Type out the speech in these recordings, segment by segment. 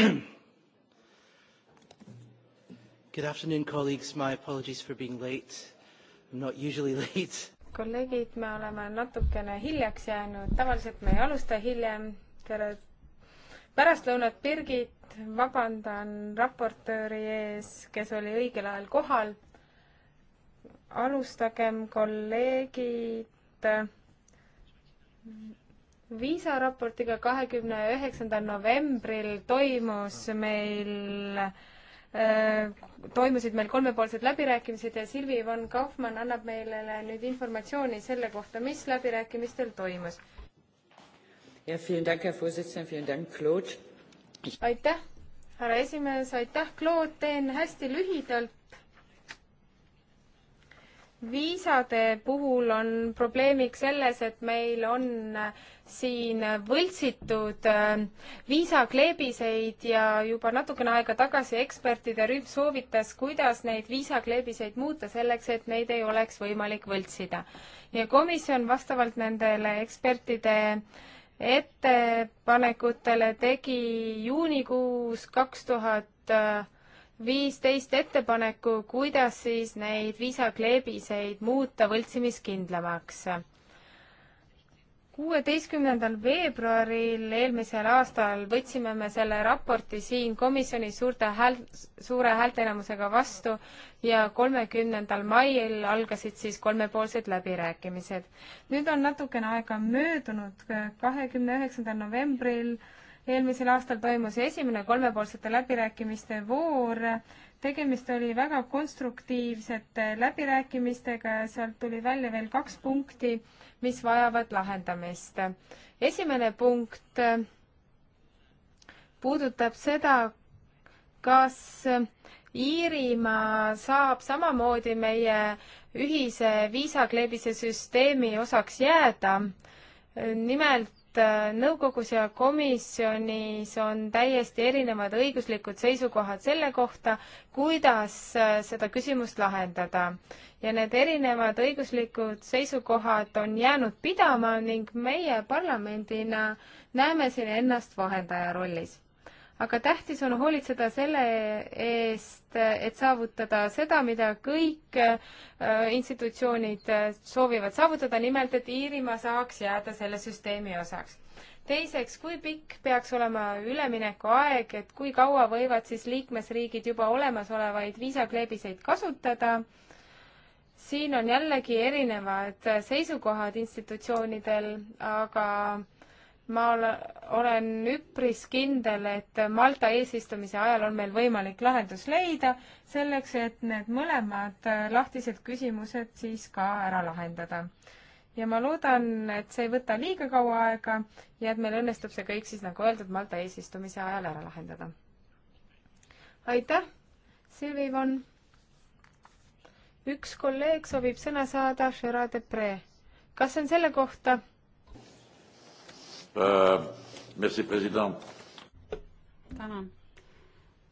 Good afternoon, colleagues. My apologies for being late. I'm not usually late. kolleegid, me oleme natukene hiljaks jäänud, tavaliselt me ei alusta hiljem. tere pärastlõunat, Birgit, vabandan raportööri ees, kes oli õigel ajal kohal. alustagem, kolleegid viisaraportiga kahekümne üheksandal novembril toimus meil äh, toimusid meil kolmepoolsed läbirääkimised ja Silvi Ivan Kaufmann annab meile nüüd informatsiooni selle kohta, mis läbirääkimistel toimus. aitäh, härra esimees, aitäh, Claude, teen hästi lühidalt viisade puhul on probleemiks selles, et meil on äh, siin võltsitud äh, viisakleebiseid ja juba natukene aega tagasi ekspertide rühm soovitas, kuidas neid viisakleebiseid muuta selleks, et neid ei oleks võimalik võltsida. ja komisjon vastavalt nendele ekspertide ettepanekutele tegi juunikuus kaks tuhat äh, viisteist ettepaneku, kuidas siis neid viisakleebiseid muuta võltsimiskindlamaks. kuueteistkümnendal veebruaril eelmisel aastal võtsime me selle raporti siin komisjonis suurte hääl-, suure häälteenamusega vastu ja kolmekümnendal mail algasid siis kolmepoolsed läbirääkimised. nüüd on natukene aega möödunud, kahekümne üheksandal novembril äh, eelmisel aastal toimus esimene kolmepoolsete läbirääkimiste voor. tegemist oli väga konstruktiivsete läbirääkimistega ja sealt tuli välja veel kaks punkti, mis vajavad lahendamist. esimene punkt äh, puudutab seda, kas Iirimaa saab samamoodi meie ühise viisakleebise süsteemi osaks jääda. nimelt Äh, nõukogus ja komisjonis on täiesti erinevad õiguslikud seisukohad selle kohta, kuidas äh, seda küsimust lahendada. ja need erinevad õiguslikud seisukohad on jäänud pidama ning meie parlamendina näeme siin ennast vahendaja rollis aga tähtis on hoolitseda selle eest, et saavutada seda, mida kõik äh, institutsioonid äh, soovivad saavutada, nimelt et Iirimaa saaks jääda selle süsteemi osaks. teiseks, kui pikk peaks olema üleminekuaeg, et kui kaua võivad siis liikmesriigid juba olemasolevaid viisakleebiseid kasutada? siin on jällegi erinevad äh, seisukohad institutsioonidel, aga ma olen üpris kindel, et Malta eesistumise ajal on meil võimalik lahendus leida selleks, et need mõlemad lahtised küsimused siis ka ära lahendada. ja ma loodan, et see ei võta liiga kaua aega ja et meil õnnestub see kõik siis, nagu öeldud, Malta eesistumise ajal ära lahendada. aitäh, Silvi Von. üks kolleeg soovib sõna saada, kas see on selle kohta? Euh, tänan.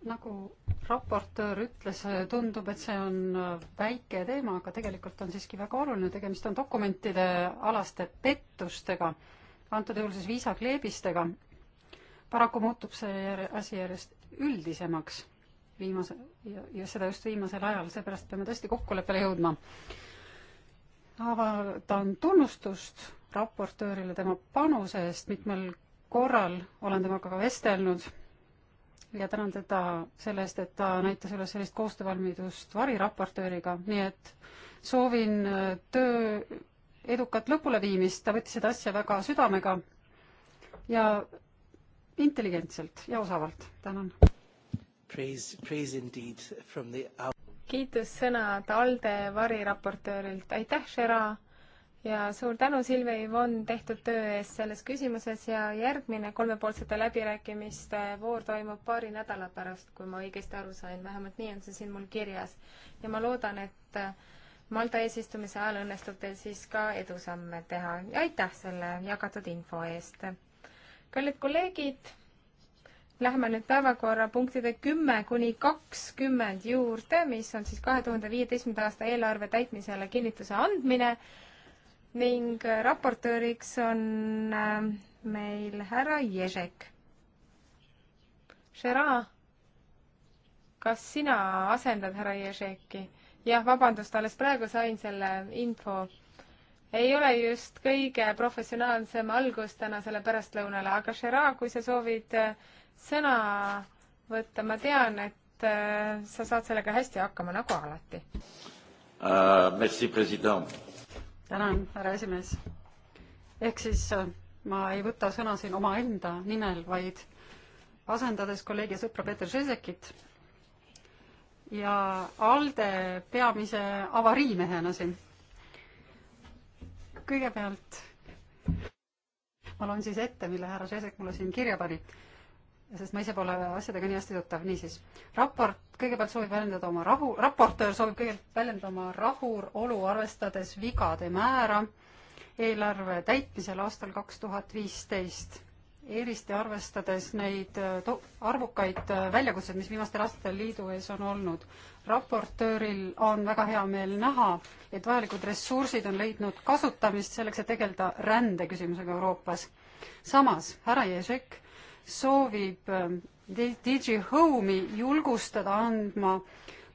nagu raportöör ütles, tundub, et see on väike teema, aga tegelikult on siiski väga oluline, tegemist on dokumentide alaste pettustega, antud juhul siis viisakleebistega. paraku muutub see asi järjest üldisemaks viimase ja, ja seda just viimasel ajal, seepärast peame tõesti kokkuleppele jõudma. avaldan tunnustust raportöörile tema panuse eest, mitmel korral olen temaga ka vestelnud ja tänan teda selle eest, et ta näitas üles sellist koostöövalmidust variraportööriga, nii et soovin äh, töö edukat lõpuleviimist, ta võttis seda asja väga südamega ja intelligentselt ja osavalt, tänan. kiitussõnad ALDE variraportöörilt, aitäh, Shera ja suur tänu, Silvia Ivon, tehtud töö eest selles küsimuses ja järgmine kolmepoolsete läbirääkimiste voor toimub paari nädala pärast, kui ma õigesti aru sain, vähemalt nii on see siin mul kirjas. ja ma loodan, et äh, Malta eesistumise ajal õnnestub teil siis ka edusamme teha ja aitäh selle jagatud info eest. kallid kolleegid, lähme nüüd päevakorrapunktide kümme kuni kakskümmend juurde, mis on siis kahe tuhande viieteistkümnenda aasta eelarve täitmisele kinnituse andmine ning raportööriks on äh, meil härra Ježek. Gerard, kas sina asendad härra Ježeki? jah, vabandust, alles praegu sain selle info. ei ole just kõige professionaalsem algus tänasele pärastlõunale, aga Gerard, kui sa soovid äh, sõna võtta, ma tean, et äh, sa saad sellega hästi hakkama, nagu alati uh,. Merci, president tänan, härra esimees. ehk siis äh, ma ei võta sõna siin omaenda nimel, vaid asendades kolleegi ja sõpra Peeter Žesekit ja ALDE peamise avariimehena siin. kõigepealt ma loen siis ette, mille härra Žesek mulle siin kirja pani sest ma ise pole asjadega nii hästi tuttav, niisiis. raport kõigepealt soovib väljendada oma rahu, raportöör soovib kõigepealt väljendada oma rahulolu, arvestades vigade määra eelarve täitmisel aastal kaks tuhat viisteist. eriti arvestades neid äh, arvukaid äh, väljakutseid, mis viimastel aastatel liidu ees on olnud. raportööril on väga hea meel näha, et vajalikud ressursid on leidnud kasutamist selleks, et tegeleda rändeküsimusega Euroopas. samas härra Ježek soovib ähm, DG Home'i julgustada andma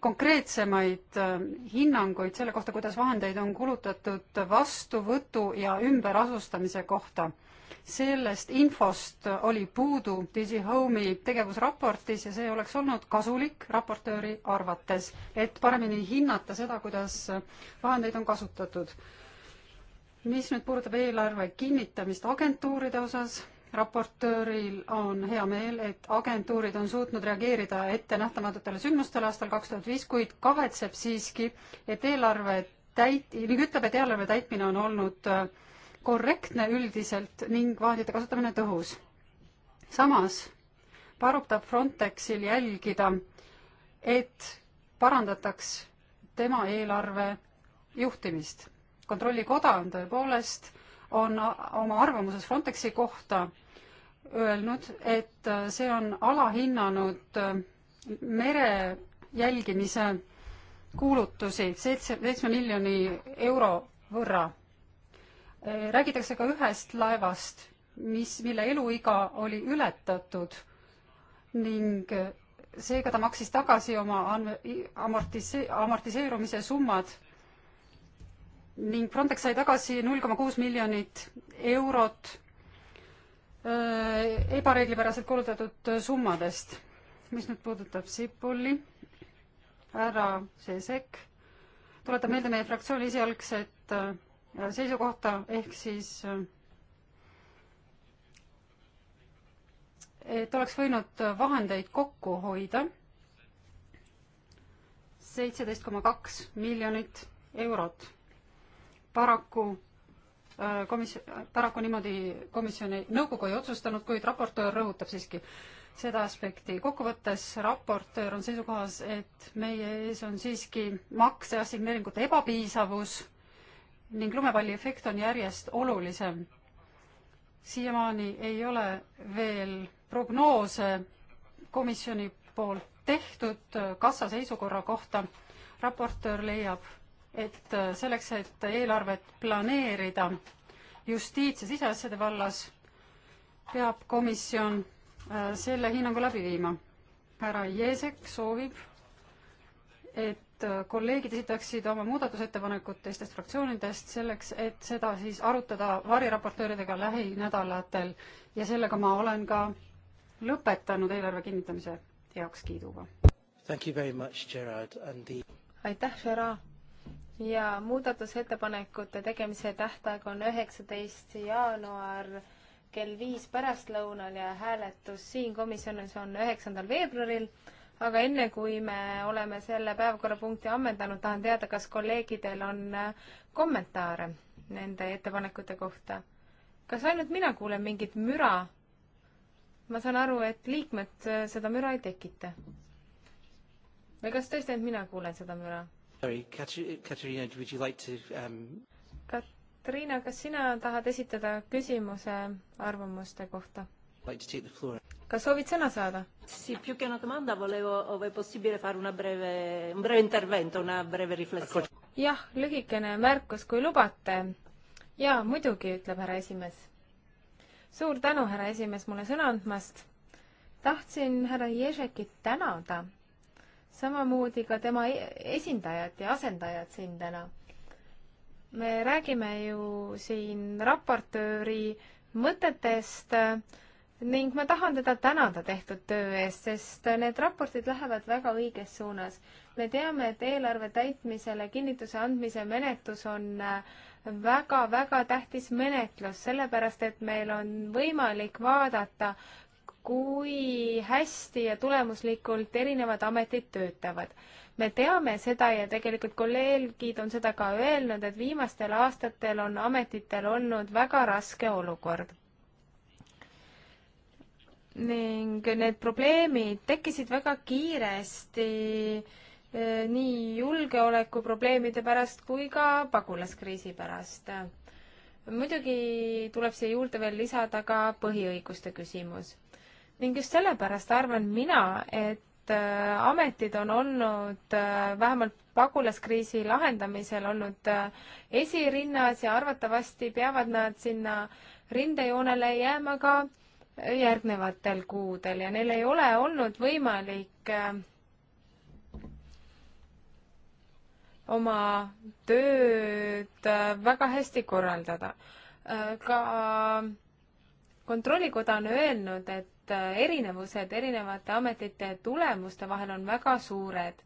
konkreetsemaid ähm, hinnanguid selle kohta, kuidas vahendeid on kulutatud vastuvõtu ja ümberasustamise kohta. sellest infost oli puudu DG Home'i tegevusraportis ja see oleks olnud kasulik raportööri arvates, et paremini hinnata seda, kuidas vahendeid on kasutatud mis nüüd puudutab eelarve kinnitamist agentuuride osas, raportööril on hea meel, et agentuurid on suutnud reageerida ettenähtamatutele sündmustele aastal kaks tuhat viis, kuid kavatseb siiski, et eelarve täit-, ning ütleb, et eelarve täitmine on olnud äh, korrektne üldiselt ning vahendite kasutamine tõhus. samas palutab Frontexil jälgida, et parandataks tema eelarve juhtimist. kontrollikoda on tõepoolest, on oma arvamuses Frontexi kohta öelnud, et äh, see on alahinnanud äh, mere jälgimise kuulutusi seitse, seitsme miljoni euro võrra. Äh, räägitakse ka ühest laevast, mis, mille eluiga oli ületatud ning seega ta maksis tagasi oma amortise-, amortiseerumise summad ning Frontex sai tagasi null koma kuus miljonit eurot Äh, ebareeglipäraselt kulutatud summadest. mis nüüd puudutab Sipuli, härra Seesek tuletab meelde meie fraktsiooni esialgset äh, seisukohta, ehk siis äh, et oleks võinud vahendeid kokku hoida seitseteist koma kaks miljonit eurot. paraku Äh, komis-, äh, paraku niimoodi komisjoni, nõukogu ei otsustanud, kuid raportöör rõhutab siiski seda aspekti. kokkuvõttes raportöör on seisukohas, et meie ees on siiski makse assigneeringute ebapiisavus ning lumepalli efekt on järjest olulisem. siiamaani ei ole veel prognoose komisjoni poolt tehtud äh, kassa seisukorra kohta. raportöör leiab et äh, selleks, et eelarvet planeerida justiits- ja siseasjade vallas, peab komisjon äh, selle hinnangu läbi viima. härra Jeesek soovib, et äh, kolleegid esitaksid oma muudatusettepanekud teistest fraktsioonidest selleks, et seda siis arutada variraportööridega lähinädalatel ja sellega ma olen ka lõpetanud eelarve kinnitamise heakskiiduga. The... aitäh, Gerard! ja muudatusettepanekute tegemise tähtaeg on üheksateist jaanuar kell viis pärastlõunal ja hääletus siin komisjonis on üheksandal veebruaril. aga enne, kui me oleme selle päevakorrapunkti ammendanud, tahan teada, kas kolleegidel on kommentaare nende ettepanekute kohta. kas ainult mina kuulen mingit müra? ma saan aru, et liikmed seda müra ei tekita. või kas tõesti ainult mina kuulen seda müra? Sorry, Katariina, would you like to um... Katariina, kas sina tahad esitada küsimuse arvamuste kohta? Like to take the floor. kas soovid sõna saada? Sì, più che una domanda volevo, ove possibile, fare una breve, un breve intervento, una breve riflessione. jah, lühikene märkus, kui lubate. jaa, muidugi, ütleb härra esimees. suur tänu, härra esimees, mulle sõna andmast. tahtsin härra Ježekit tänada samamoodi ka tema e-, esindajad ja asendajad siin täna. me räägime ju siin raportööri mõtetest ning ma tahan teda tänada tehtud töö eest, sest need raportid lähevad väga õiges suunas. me teame, et eelarve täitmisele kinnituse andmise menetlus on väga-väga äh, tähtis menetlus, sellepärast et meil on võimalik vaadata äh, kui hästi ja tulemuslikult erinevad ametid töötavad. me teame seda ja tegelikult kolleegid on seda ka öelnud, et viimastel aastatel on ametitel olnud väga raske olukord. ning need probleemid tekkisid väga kiiresti eh, nii julgeolekuprobleemide pärast kui ka pagulaskriisi pärast muidugi tuleb siia juurde veel lisada ka põhiõiguste küsimus ning just sellepärast arvan mina, et äh, ametid on olnud äh, vähemalt pagulaskriisi lahendamisel olnud äh, esirinnas ja arvatavasti peavad nad sinna rindejoonele jääma ka järgnevatel kuudel ja neil ei ole olnud võimalik oma tööd väga hästi korraldada. ka kontrollikoda on öelnud, et et äh, erinevused erinevate ametite tulemuste vahel on väga suured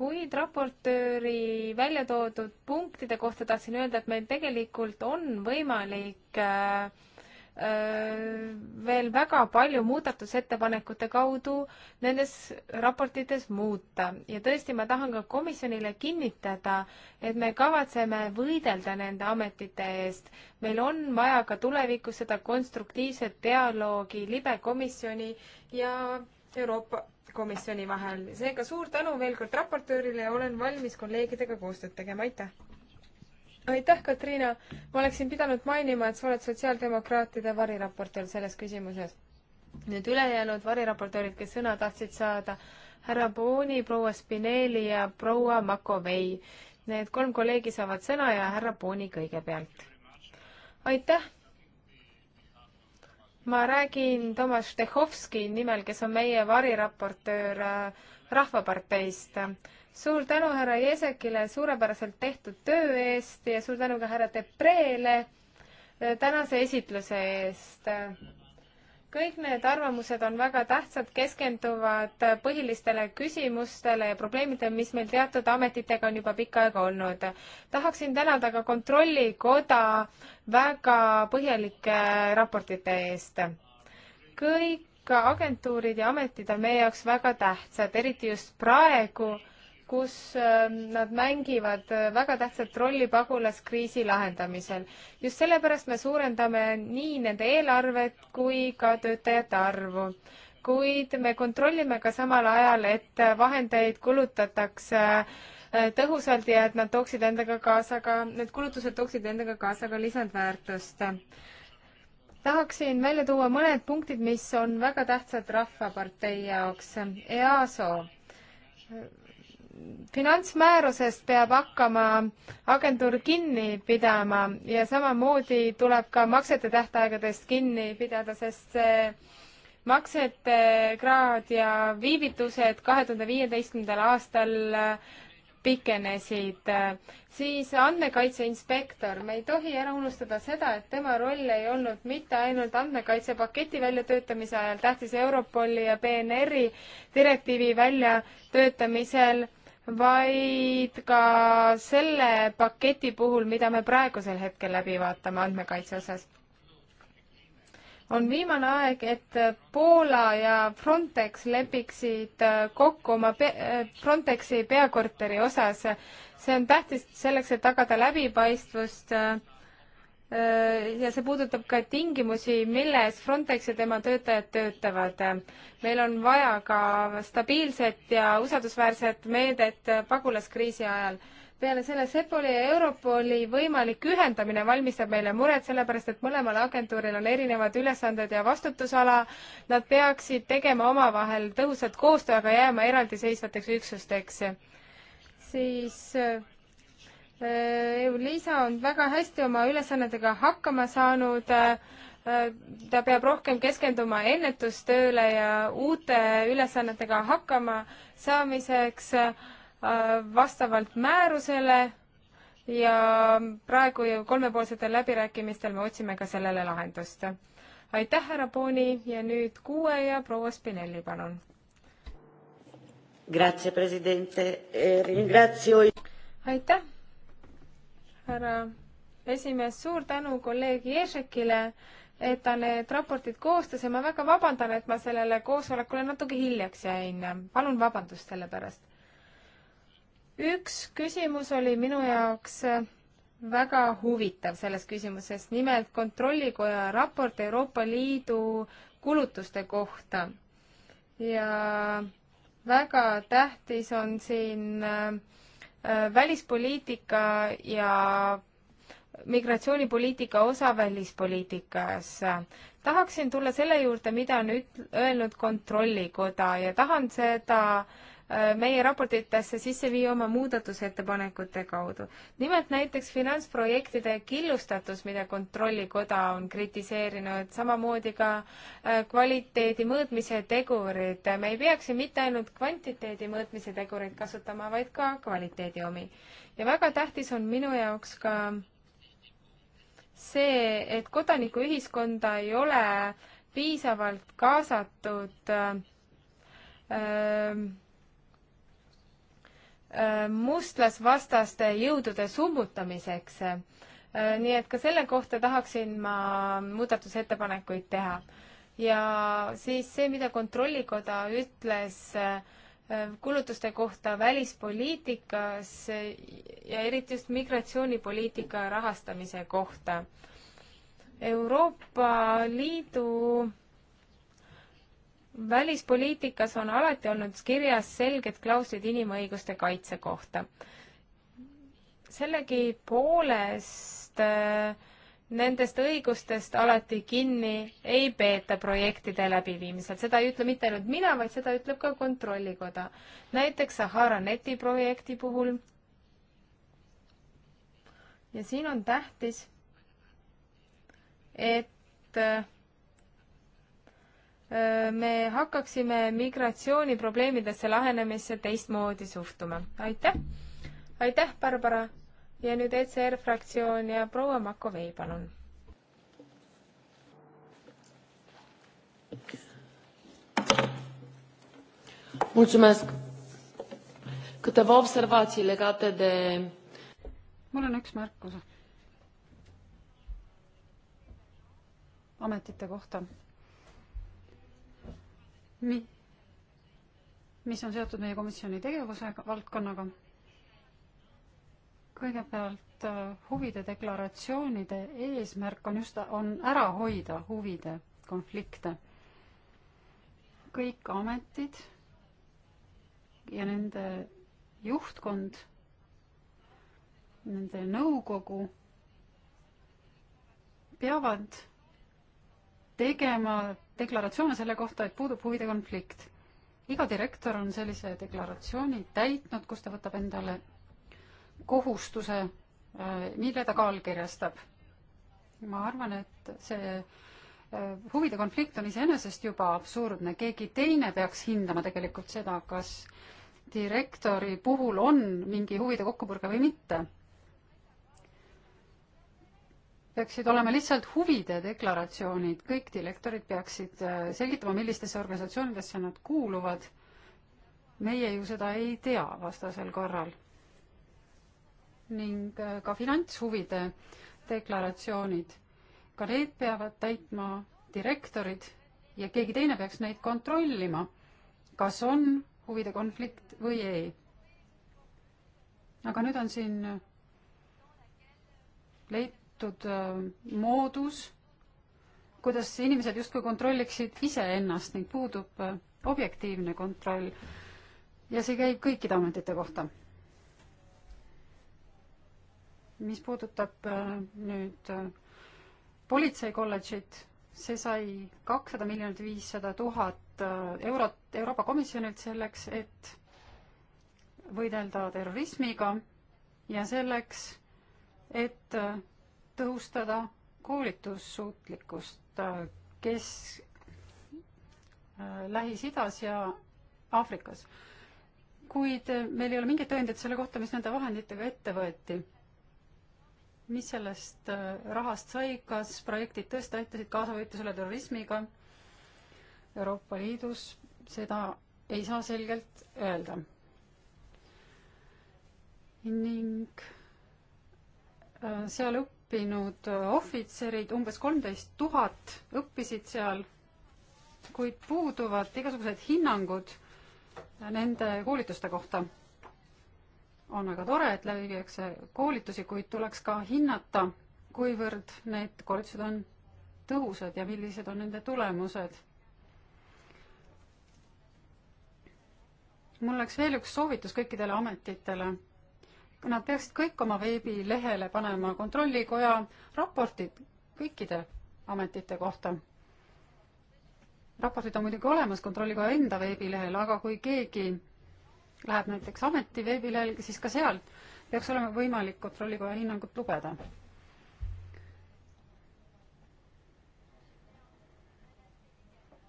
kuid raportööri välja toodud punktide kohta tahtsin öelda, et meil tegelikult on võimalik äh, veel väga palju muudatusettepanekute kaudu nendes raportites muuta ja tõesti, ma tahan ka komisjonile kinnitada, et me kavatseme võidelda nende ametite eest. meil on vaja ka tulevikus seda konstruktiivset dialoogi libe komisjoni ja Euroopa Komisjoni vahel. seega suur tänu veel kord raportöörile ja olen valmis kolleegidega koostööd tegema, aitäh! aitäh, Katriina. ma oleksin pidanud mainima, et sa oled sotsiaaldemokraatide variraportöör selles küsimuses. nüüd ülejäänud variraportöörid, kes sõna tahtsid saada, härra Booni, proua Spinelli ja proua Makovei. Need kolm kolleegi saavad sõna ja härra Booni kõigepealt. aitäh. ma räägin Tomas Štehovski nimel, kes on meie variraportöör äh, Rahvaparteist suur tänu härra Jesekile suurepäraselt tehtud töö eest ja suur tänu ka härra Depreele äh, tänase esitluse eest. kõik need arvamused on väga tähtsad, keskenduvad põhilistele küsimustele ja probleemidele, mis meil teatud ametitega on juba pikka aega olnud. tahaksin tänada ka Kontrollikoda väga põhjalike raportite eest. kõik agentuurid ja ametid on meie jaoks väga tähtsad, eriti just praegu kus ähm, nad mängivad äh, väga tähtsat rolli pagulaskriisi lahendamisel. just sellepärast me suurendame nii nende eelarvet kui ka töötajate arvu. kuid me kontrollime ka samal ajal, et vahendeid kulutatakse äh, tõhusalt ja et nad tooksid endaga kaasa ka, need kulutused tooksid endaga kaasa ka lisandväärtust. tahaksin välja tuua mõned punktid, mis on väga tähtsad Rahvapartei jaoks. EASO finantsmäärusest peab hakkama agentuur kinni pidama ja samamoodi tuleb ka maksete tähtaegadest kinni pidada, sest see maksete kraad ja viivitused kahe tuhande viieteistkümnendal aastal pikenesid, siis andmekaitse inspektor, me ei tohi ära unustada seda, et tema roll ei olnud mitte ainult andmekaitsepaketi väljatöötamise ajal tähtis Europoli ja PNR-i direktiivi väljatöötamisel vaid ka selle paketi puhul, mida me praegusel hetkel läbi vaatame andmekaitse osas. on viimane aeg, et Poola ja Frontex lepiksid kokku oma pe Frontexi peakorteri osas. see on tähtis selleks, et tagada läbipaistvust äh, Äh, ja see puudutab ka tingimusi, milles Frontex ja tema töötajad töötavad. meil on vaja ka stabiilset ja usaldusväärset meedet pagulaskriisi ajal. peale selle Sepoli ja Europoli võimalik ühendamine valmistab meile muret, sellepärast et mõlemal agentuuril on erinevad ülesanded ja vastutusala. Nad peaksid tegema omavahel tõhusat koostöö, aga jääma eraldiseisvateks üksusteks. siis äh, Äh, Liisa on väga hästi oma ülesannetega hakkama saanud, äh, ta peab rohkem keskenduma ennetustööle ja uute ülesannetega hakkama saamiseks äh, vastavalt määrusele ja praegu ju kolmepoolsetel läbirääkimistel me otsime ka sellele lahendust. aitäh, härra Booni ja nüüd kuue ja proua Spinelli, palun. Eh, aitäh härra esimees, suur tänu kolleeg Ježekile, et ta need raportid koostas ja ma väga vabandan, et ma sellele koosolekule natuke hiljaks jäin. palun vabandust selle pärast. üks küsimus oli minu jaoks väga huvitav selles küsimuses, nimelt Kontrollikoja raport Euroopa Liidu kulutuste kohta. ja väga tähtis on siin äh, Äh, välispoliitika ja migratsioonipoliitika osa välispoliitikas. tahaksin tulla selle juurde, mida on üt-, öelnud Kontrollikoda ja tahan seda äh, Äh, meie raportitesse sisse viia oma muudatusettepanekute kaudu. nimelt näiteks finantsprojektide killustatus, mida Kontrollikoda on kritiseerinud, samamoodi ka äh, kvaliteedi mõõtmise tegurid. me ei peaks ju mitte ainult kvantiteedi mõõtmise tegureid kasutama, vaid ka kvaliteedi omi. ja väga tähtis on minu jaoks ka see, et kodanikuühiskonda ei ole piisavalt kaasatud äh, äh, Äh, mustlasvastaste jõudude summutamiseks. Äh, nii et ka selle kohta tahaksin ma muudatusettepanekuid teha. ja siis see, mida Kontrollikoda ütles äh, kulutuste kohta välispoliitikas ja eriti just migratsioonipoliitika rahastamise kohta. Euroopa Liidu välispoliitikas on alati olnud kirjas selged klauslid inimõiguste kaitse kohta. sellegipoolest äh, nendest õigustest alati kinni ei peeta projektide läbiviimisel, seda ei ütle mitte ainult mina, vaid seda ütleb ka Kontrollikoda. näiteks Sahara neti projekti puhul. ja siin on tähtis, et äh, me hakkaksime migratsiooniprobleemidesse lahenemisse teistmoodi suhtuma. aitäh! aitäh, Barbara! ja nüüd ECR fraktsioon ja proua Makovei, palun! Mulțumesc! Câteva observații legate de... Mul on üks märkus ametite kohta mis on seotud meie komisjoni tegevuse valdkonnaga. kõigepealt äh, huvide deklaratsioonide eesmärk on just, on ära hoida huvide konflikte. kõik ametid ja nende juhtkond, nende nõukogu peavad tegema deklaratsioone selle kohta, et puudub huvide konflikt. iga direktor on sellise deklaratsiooni täitnud, kus ta võtab endale kohustuse, äh, mille ta ka allkirjastab. ma arvan, et see äh, huvide konflikt on iseenesest juba absurdne, keegi teine peaks hindama tegelikult seda, kas direktori puhul on mingi huvide kokkupõrge või mitte peaksid olema lihtsalt huvide deklaratsioonid, kõik direktorid peaksid äh, selgitama, millistesse organisatsioonidesse nad kuuluvad. meie ju seda ei tea vastasel korral. ning äh, ka finantshuvide deklaratsioonid, ka need peavad täitma direktorid ja keegi teine peaks neid kontrollima, kas on huvide konflikt või ei. aga nüüd on siin leid-, teatud äh, moodus, kuidas inimesed justkui kontrolliksid iseennast ning puudub äh, objektiivne kontroll. ja see käib kõikide ametite kohta. mis puudutab äh, nüüd politseikolledžit, see sai kakssada miljonit viissada tuhat eurot Euroopa Komisjonilt selleks, et võidelda terrorismiga ja selleks, et tõhustada koolitussuutlikkust, äh, kes äh, Lähis-Idas ja Aafrikas. kuid äh, meil ei ole mingeid tõendeid selle kohta, mis nende vahenditega ette võeti. mis sellest rahast sai, kas projektid tõesti aitasid kaasa võitlusele terrorismiga Euroopa Liidus, seda ei saa selgelt öelda. ning seal õpp-, õppinud äh, ohvitserid, umbes kolmteist tuhat õppisid seal, kuid puuduvad igasugused hinnangud nende koolituste kohta. on väga tore, et läbi viiakse koolitusi, kuid tuleks ka hinnata, kuivõrd need koolitused on tõhusad ja millised on nende tulemused. mul oleks veel üks soovitus kõikidele ametitele nad peaksid kõik oma veebilehele panema Kontrollikoja raportid kõikide ametite kohta. raportid on muidugi olemas Kontrollikoja enda veebilehel, aga kui keegi läheb näiteks ameti veebilehel, siis ka sealt peaks olema võimalik Kontrollikoja hinnangut lugeda.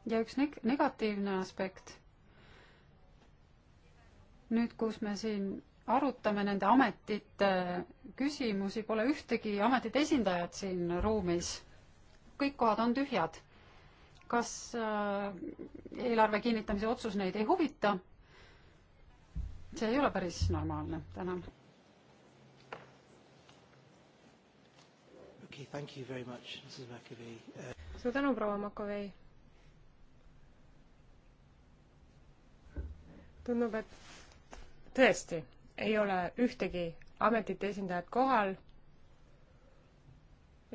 ja üks neg-, negatiivne aspekt, nüüd kus me siin arutame nende ametite küsimusi, pole ühtegi ametite esindajat siin ruumis. kõik kohad on tühjad. kas äh, eelarve kinnitamise otsus neid ei huvita? see ei ole päris normaalne, tänan. Uh, suur tänu, proua Makovei. tundub, et tõesti ei ole ühtegi ametite esindajat kohal.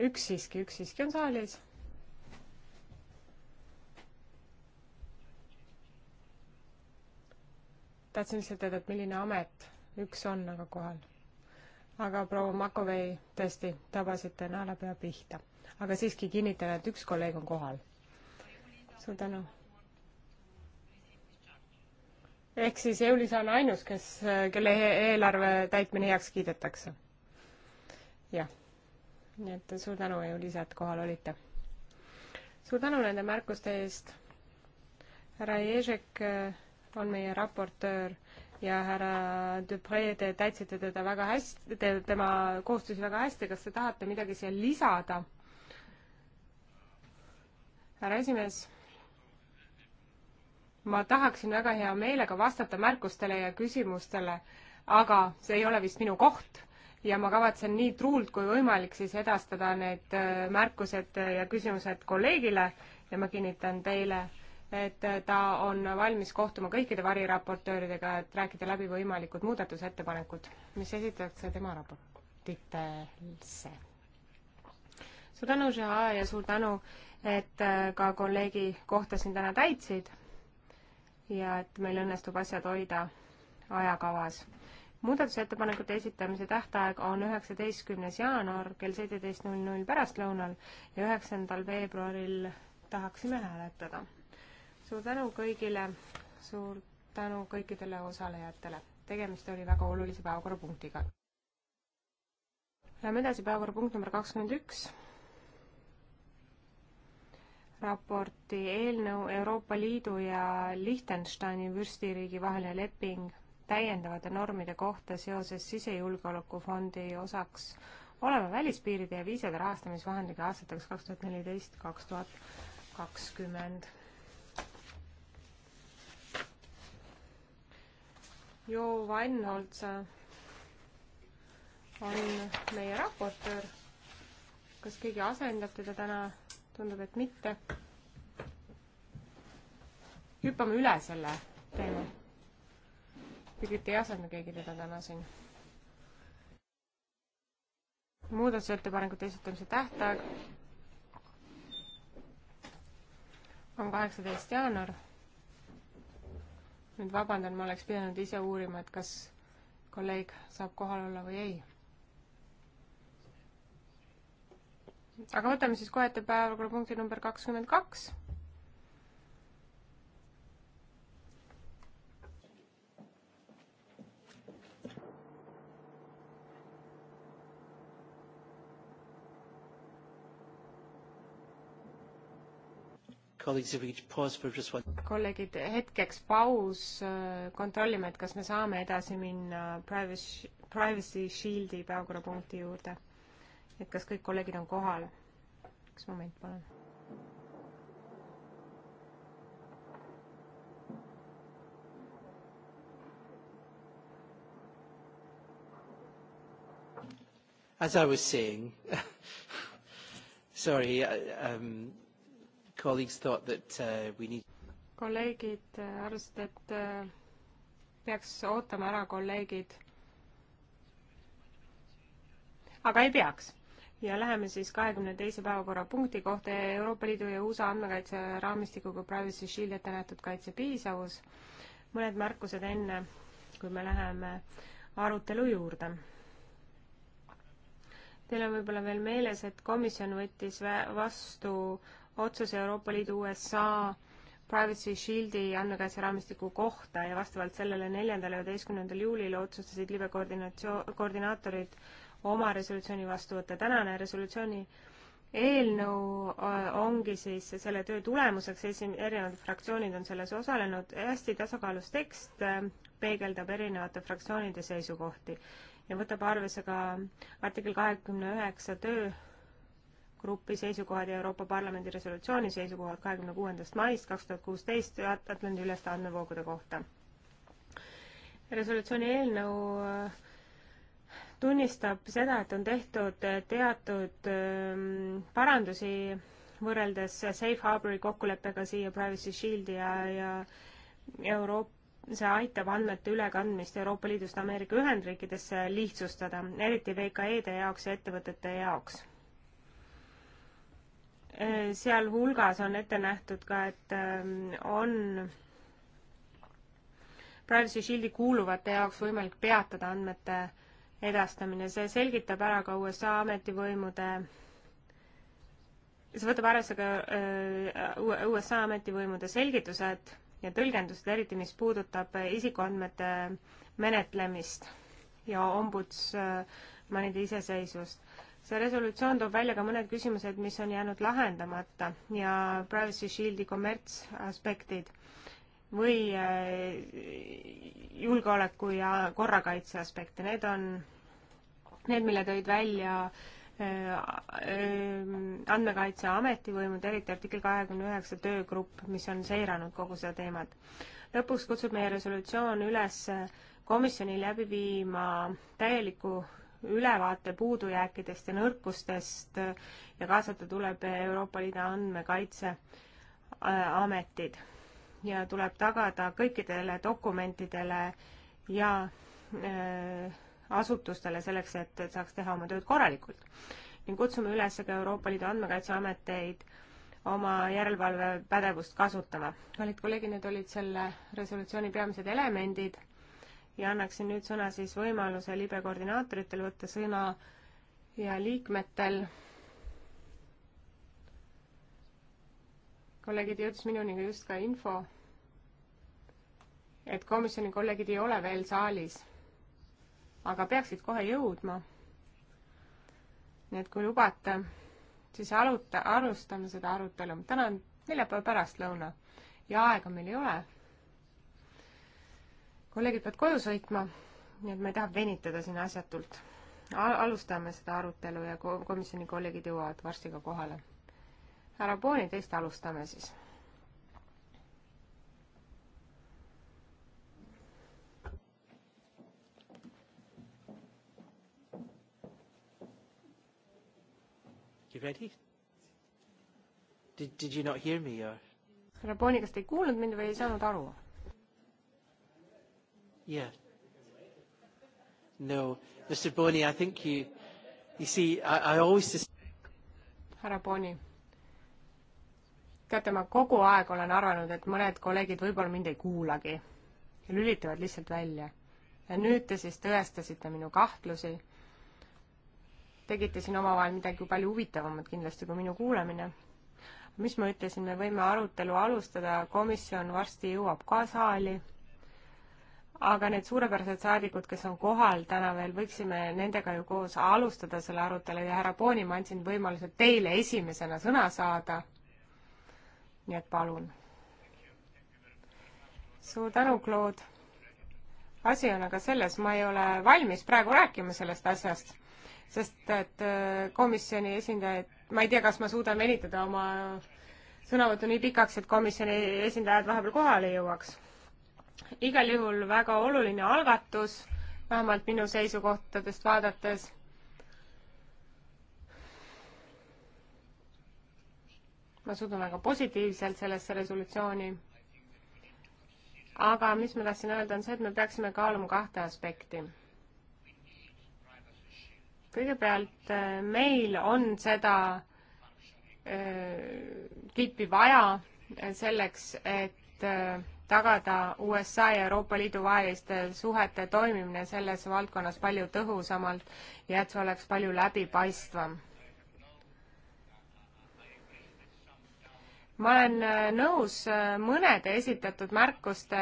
üks siiski, üks siiski on saalis. tahtsin lihtsalt teada, et milline amet üks on aga kohal. aga proua Makovei, tõesti, tabasite naelapea pihta. aga siiski kinnitan, et üks kolleeg on kohal. suur tänu ehk siis EULIS on ainus, kes, kelle e-, eelarve täitmine heaks kiidetakse. jah, nii et suur tänu, EULIS, et kohal olite. suur tänu nende märkuste eest. härra Ježek eh, on meie raportöör ja härra Dupre, te täitsite teda väga hästi, te tema koostöös väga hästi, kas te tahate midagi siia lisada? härra esimees ma tahaksin väga hea meelega vastata märkustele ja küsimustele, aga see ei ole vist minu koht ja ma kavatsen nii truult kui võimalik siis edastada need äh, märkused ja küsimused kolleegile ja ma kinnitan teile, et äh, ta on valmis kohtuma kõikide variraportööridega, et rääkida läbi võimalikud muudatusettepanekud, mis esitatakse tema raportitesse. suur tänu, Žeha, ja suur tänu, et äh, ka kolleegi kohta siin täna täitsid ja et meil õnnestub asjad hoida ajakavas. muudatusettepanekute esitamise tähtaeg on üheksateistkümnes jaanuar kell seitseteist null null pärastlõunal ja üheksandal veebruaril tahaksime hääletada. suur tänu kõigile, suur tänu kõikidele osalejatele. tegemist oli väga olulise päevakorrapunktiga. Läheme edasi, päevakorrapunkt number kakskümmend üks raporti eelnõu Euroopa Liidu ja Liechtensteini vürstiriigi vaheline leping täiendavate normide kohta seoses sisejulgeolekufondi osaks olema välispiiride ja viisade rahastamisvahendiga aastateks kaks tuhat neliteist, kaks tuhat kakskümmend. Jo Vainholtsa on meie raportöör. kas keegi asendab teda täna? tundub, et mitte. hüppame üle selle teema. Birgit ei asenda keegi teda täna siin. muudatusettepanekute esitamise tähtaeg on kaheksateist jaanuar. nüüd vabandan, ma oleks pidanud ise uurima, et kas kolleeg saab kohal olla või ei aga võtame siis kohe ette päevakorrapunkti number kakskümmend kaks. kolleegid, hetkeks paus, kontrollime, et kas me saame edasi minna privacy, privacy shield'i päevakorrapunkti juurde et kas kõik kolleegid on kohal. üks moment, palun. As I was saying sorry uh, um,, colleagues thought that uh, we need kolleegid uh, arvasid, et uh, peaks ootama ära kolleegid. aga ei peaks ja läheme siis kahekümne teise päevakorrapunkti kohta Euroopa Liidu ja USA andmekaitse raamistikuga Privacy Shield ette nähtud kaitse piisavus. mõned märkused enne, kui me läheme arutelu juurde. Teil on võib-olla veel meeles, et komisjon võttis vastu otsuse Euroopa Liidu USA Privacy Shieldi andmekaitse raamistiku kohta ja vastavalt sellele neljandal ja üheteistkümnendal juulil otsustasid libe koordinatsioon, koordinaatorid oma resolutsiooni vastu võtta. tänane resolutsiooni eelnõu äh, ongi siis selle töö tulemuseks, esim-, erinevad fraktsioonid on selles osalenud, hästi tasakaalus tekst äh, peegeldab erinevate fraktsioonide seisukohti ja võtab arvesse ka artikkel kahekümne üheksa töögrupi seisukohad ja Euroopa Parlamendi resolutsiooni seisukohad kahekümne kuuendast maist kaks tuhat kuusteist Atlandi üleste andmevoogude kohta. resolutsiooni eelnõu tunnistab seda, et on tehtud äh, teatud ähm, parandusi võrreldes Safe Harbori kokkuleppega siia Privacy Shieldi ja, ja Euroopa see aitab andmete ülekandmist Euroopa Liidust Ameerika Ühendriikidesse lihtsustada, eriti VKE-de jaoks ja ettevõtete jaoks. Äh, sealhulgas on ette nähtud ka, et ähm, on Privacy Shieldi kuuluvate jaoks võimalik peatada andmete edastamine, see selgitab ära ka USA ametivõimude, see võtab arvesse ka äh, USA ametivõimude selgitused ja tõlgendused, eriti mis puudutab isikuandmete menetlemist ja ombudsmanide iseseisvust. see resolutsioon toob välja ka mõned küsimused, mis on jäänud lahendamata ja Privacy Shieldi kommertsaspektid või äh, julgeoleku ja korrakaitse aspekte, need on need, mille tõid välja äh, äh, Andmekaitse Ametivõimud, eriti artikkel kahekümne üheksa töögrupp, mis on seiranud kogu seda teemat. lõpuks kutsub meie resolutsioon üles komisjoni läbi viima täieliku ülevaate puudujääkidest ja nõrkustest ja kaasata tuleb Euroopa Liidu andmekaitseametid ja tuleb tagada kõikidele dokumentidele ja öö, äh, asutustele selleks, et saaks teha oma tööd korralikult. ning kutsume üles ka Euroopa Liidu andmekaitseameteid oma järelevalvepädevust kasutama. kallid kolleegid, need olid selle resolutsiooni peamised elemendid ja annaksin nüüd sõna siis võimaluse libe koordinaatoritel võtta sõna ja liikmetel kolleegid, jõudis minuni just ka info, et komisjoni kolleegid ei ole veel saalis, aga peaksid kohe jõudma. nii et kui lubate, siis aluta, alustame seda arutelu. täna on neljapäeva pärastlõuna ja aega meil ei ole. kolleegid peavad koju sõitma, nii et ma ei taha venitada siin asjatult Al. alustame seda arutelu ja komisjoni kolleegid jõuavad varsti ka kohale härra Booni teist alustame siis. You ready? Did, did you not hear me or? härra Booni, kas te ei kuulnud mind või ei saanud aru? Yeah. No, Mr Booni, I think you, you see, I, I always just. härra Booni teate, ma kogu aeg olen arvanud, et mõned kolleegid võib-olla mind ei kuulagi. lülitavad lihtsalt välja. ja nüüd te siis tõestasite minu kahtlusi. tegite siin omavahel midagi palju huvitavamat kindlasti kui minu kuulamine. mis ma ütlesin, me võime arutelu alustada, komisjon varsti jõuab ka saali. aga need suurepärased saadikud, kes on kohal täna veel, võiksime nendega ju koos alustada selle arutelu ja härra Pooni, ma andsin võimaluse teile esimesena sõna saada nii et palun. suur tänu, Claude. asi on aga selles, ma ei ole valmis praegu rääkima sellest asjast, sest et äh, komisjoni esindajaid, ma ei tea, kas ma suudan venitada oma sõnavõttu nii pikaks, et komisjoni esindajad vahepeal kohale jõuaks. igal juhul väga oluline algatus, vähemalt minu seisukohtadest vaadates ma suhtun väga positiivselt sellesse resolutsiooni. aga mis ma tahtsin öelda, on see, et me peaksime kaaluma kahte aspekti. kõigepealt äh, meil on seda kippi äh, vaja äh, selleks, et tagada USA ja Euroopa Liidu vaheliste suhete toimimine selles valdkonnas palju tõhusamalt ja et see oleks palju läbipaistvam ma olen äh, nõus äh, mõnede esitatud märkuste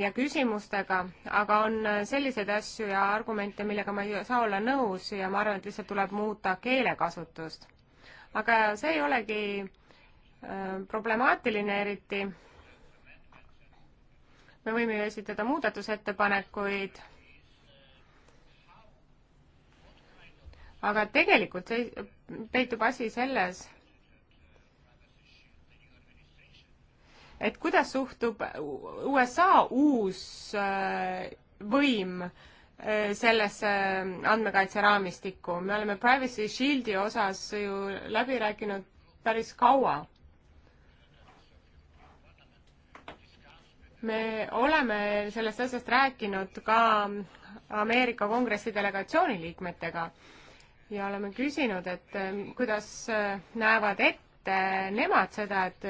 ja küsimustega, aga on äh, selliseid asju ja argumente, millega ma ei saa olla nõus ja ma arvan, et lihtsalt tuleb muuta keelekasutust. aga see ei olegi problemaatiline eriti. me võime ju esitada muudatusettepanekuid, aga tegelikult see peitub asi selles, et kuidas suhtub USA uus äh, võim äh, sellesse äh, andmekaitseraamistikku, me oleme Privacy Shieldi osas ju läbi rääkinud päris kaua. me oleme sellest asjast rääkinud ka Ameerika Kongressi delegatsiooni liikmetega ja oleme küsinud, et kuidas näevad ette nemad seda, et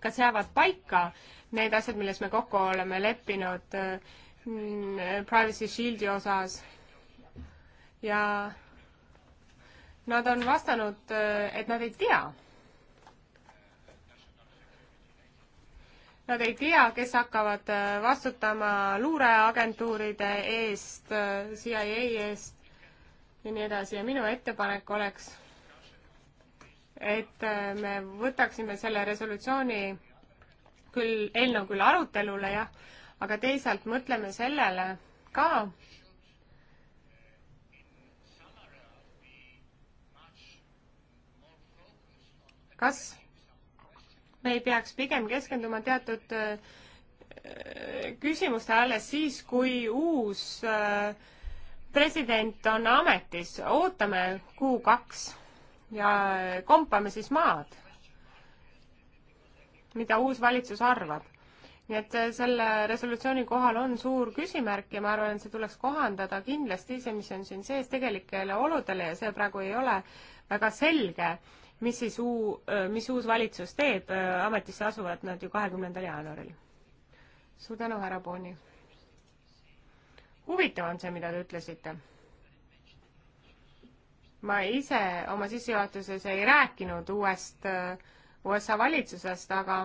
kas jäävad paika need asjad, milles me kokku oleme leppinud mm, Privacy Shieldi osas ja nad on vastanud, et nad ei tea. Nad ei tea, kes hakkavad vastutama luureagentuuride eest, CIA eest ja nii edasi ja minu ettepanek oleks et äh, me võtaksime selle resolutsiooni küll, eelnõu küll arutelule, jah, aga teisalt mõtleme sellele ka, kas me ei peaks pigem keskenduma teatud äh, küsimuste alles siis, kui uus äh, president on ametis, ootame kuu-kaks ja kompame siis maad, mida uus valitsus arvab. nii et äh, selle resolutsiooni kohal on suur küsimärk ja ma arvan, et see tuleks kohandada kindlasti, see, mis on siin sees, tegelikele oludele ja see praegu ei ole väga selge, mis siis uu-, äh, mis uus valitsus teeb, äh, ametisse asuvad nad ju kahekümnendal jaanuaril. suur tänu, härra Booni! huvitav on see, mida te ütlesite ma ise oma sissejuhatuses ei rääkinud uuest äh, USA valitsusest, aga